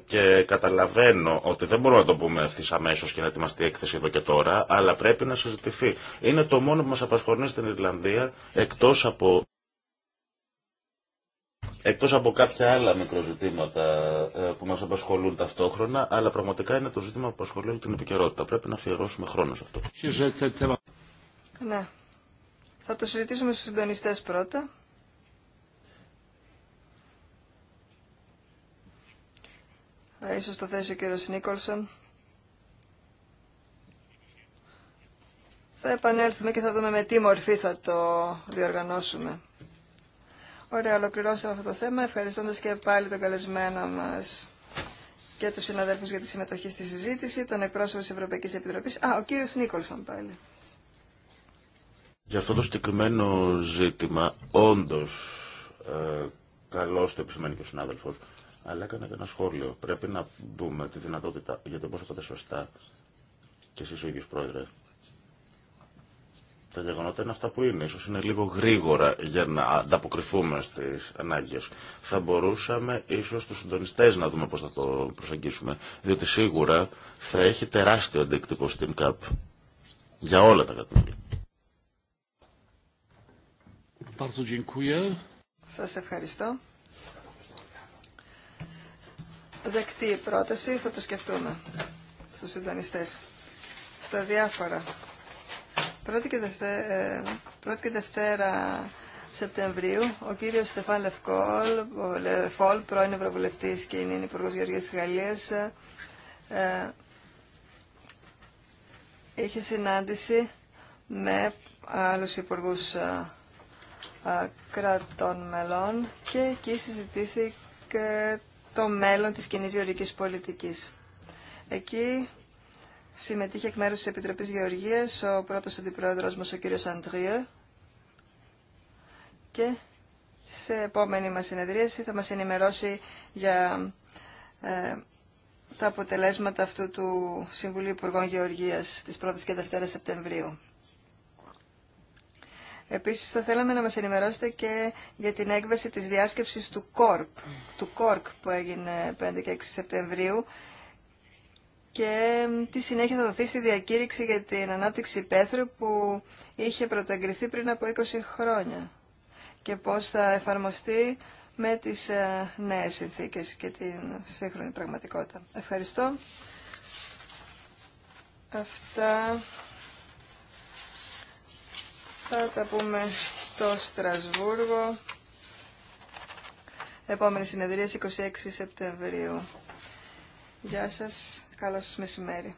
και καταλαβαίνω ότι δεν μπορούμε να το πούμε ευθύ αμέσω και να ετοιμαστεί έκθεση εδώ και τώρα, αλλά πρέπει να συζητηθεί. Είναι το μόνο που μας απασχολεί στην Ιρλανδία, εκτός από Εκτός από κάποια άλλα μικροζητήματα ε, που μας απασχολούν ταυτόχρονα, αλλά πραγματικά είναι το ζήτημα που απασχολεί την επικαιρότητα. Πρέπει να αφιερώσουμε χρόνο σε αυτό. Ναι. Θα το συζητήσουμε στους συντονιστέ πρώτα. Ε, ίσως το θέσει ο κύριο Νίκολσον. Θα επανέλθουμε και θα δούμε με τι μορφή θα το διοργανώσουμε. Ωραία, ολοκληρώσαμε αυτό το θέμα, ευχαριστώντας και πάλι τον καλεσμένο μας και τους συναδέλφους για τη συμμετοχή στη συζήτηση, τον εκπρόσωπο της Ευρωπαϊκής Επιτροπής. Α, ο κύριος Νίκολσον πάλι. Για αυτό το συγκεκριμένο ζήτημα, όντως, ε, καλώς το επισημαίνει και ο συνάδελφος, αλλά έκανε και ένα σχόλιο. Πρέπει να δούμε τη δυνατότητα, γιατί όπως είπατε σωστά, και εσείς ο ίδιος πρόεδρε, τα γεγονότα είναι αυτά που είναι. Ίσως είναι λίγο γρήγορα για να ανταποκριθούμε στις ανάγκες. Θα μπορούσαμε ίσως τους συντονιστές να δούμε πώς θα το προσεγγίσουμε. Διότι σίγουρα θα έχει τεράστιο αντίκτυπο στην ΚΑΠ. Για όλα τα κατάλληλα. Σας ευχαριστώ. Δεκτή η πρόταση, θα το σκεφτούμε στους συντονιστές. Στα διάφορα Πρώτη και, δευτερα ε, Σεπτεμβρίου ο κύριος Στεφάν Λευκόλ, Λεφόλ, πρώην Ευρωβουλευτής και είναι Υπουργός Γεωργίας της Γαλλίας, ε, είχε συνάντηση με άλλους υπουργούς ε, κρατών μελών και εκεί συζητήθηκε το μέλλον της κοινή γεωργικής πολιτικής. Εκεί Συμμετείχε εκ μέρους της Επιτροπής Γεωργίας ο πρώτος αντιπρόεδρος μας, ο κύριος Αντριέ. Και σε επόμενη μας συνεδρίαση θα μας ενημερώσει για ε, τα αποτελέσματα αυτού του Συμβουλίου Υπουργών Γεωργίας της 1ης και 2ης Σεπτεμβρίου. Επίσης θα θέλαμε να μας ενημερώσετε και για την έκβαση της διάσκεψης του CORP του ΚΟΡΚ που έγινε 5 και 6 Σεπτεμβρίου και τι συνέχεια θα δοθεί στη διακήρυξη για την ανάπτυξη πέθρου που είχε πρωτοεγκριθεί πριν από 20 χρόνια και πώς θα εφαρμοστεί με τις ε, νέες συνθήκες και την σύγχρονη πραγματικότητα. Ευχαριστώ. Αυτά θα τα πούμε στο Στρασβούργο. Επόμενη συνεδρία 26 Σεπτεμβρίου. Γεια σας. Καλώς μεσημέρι.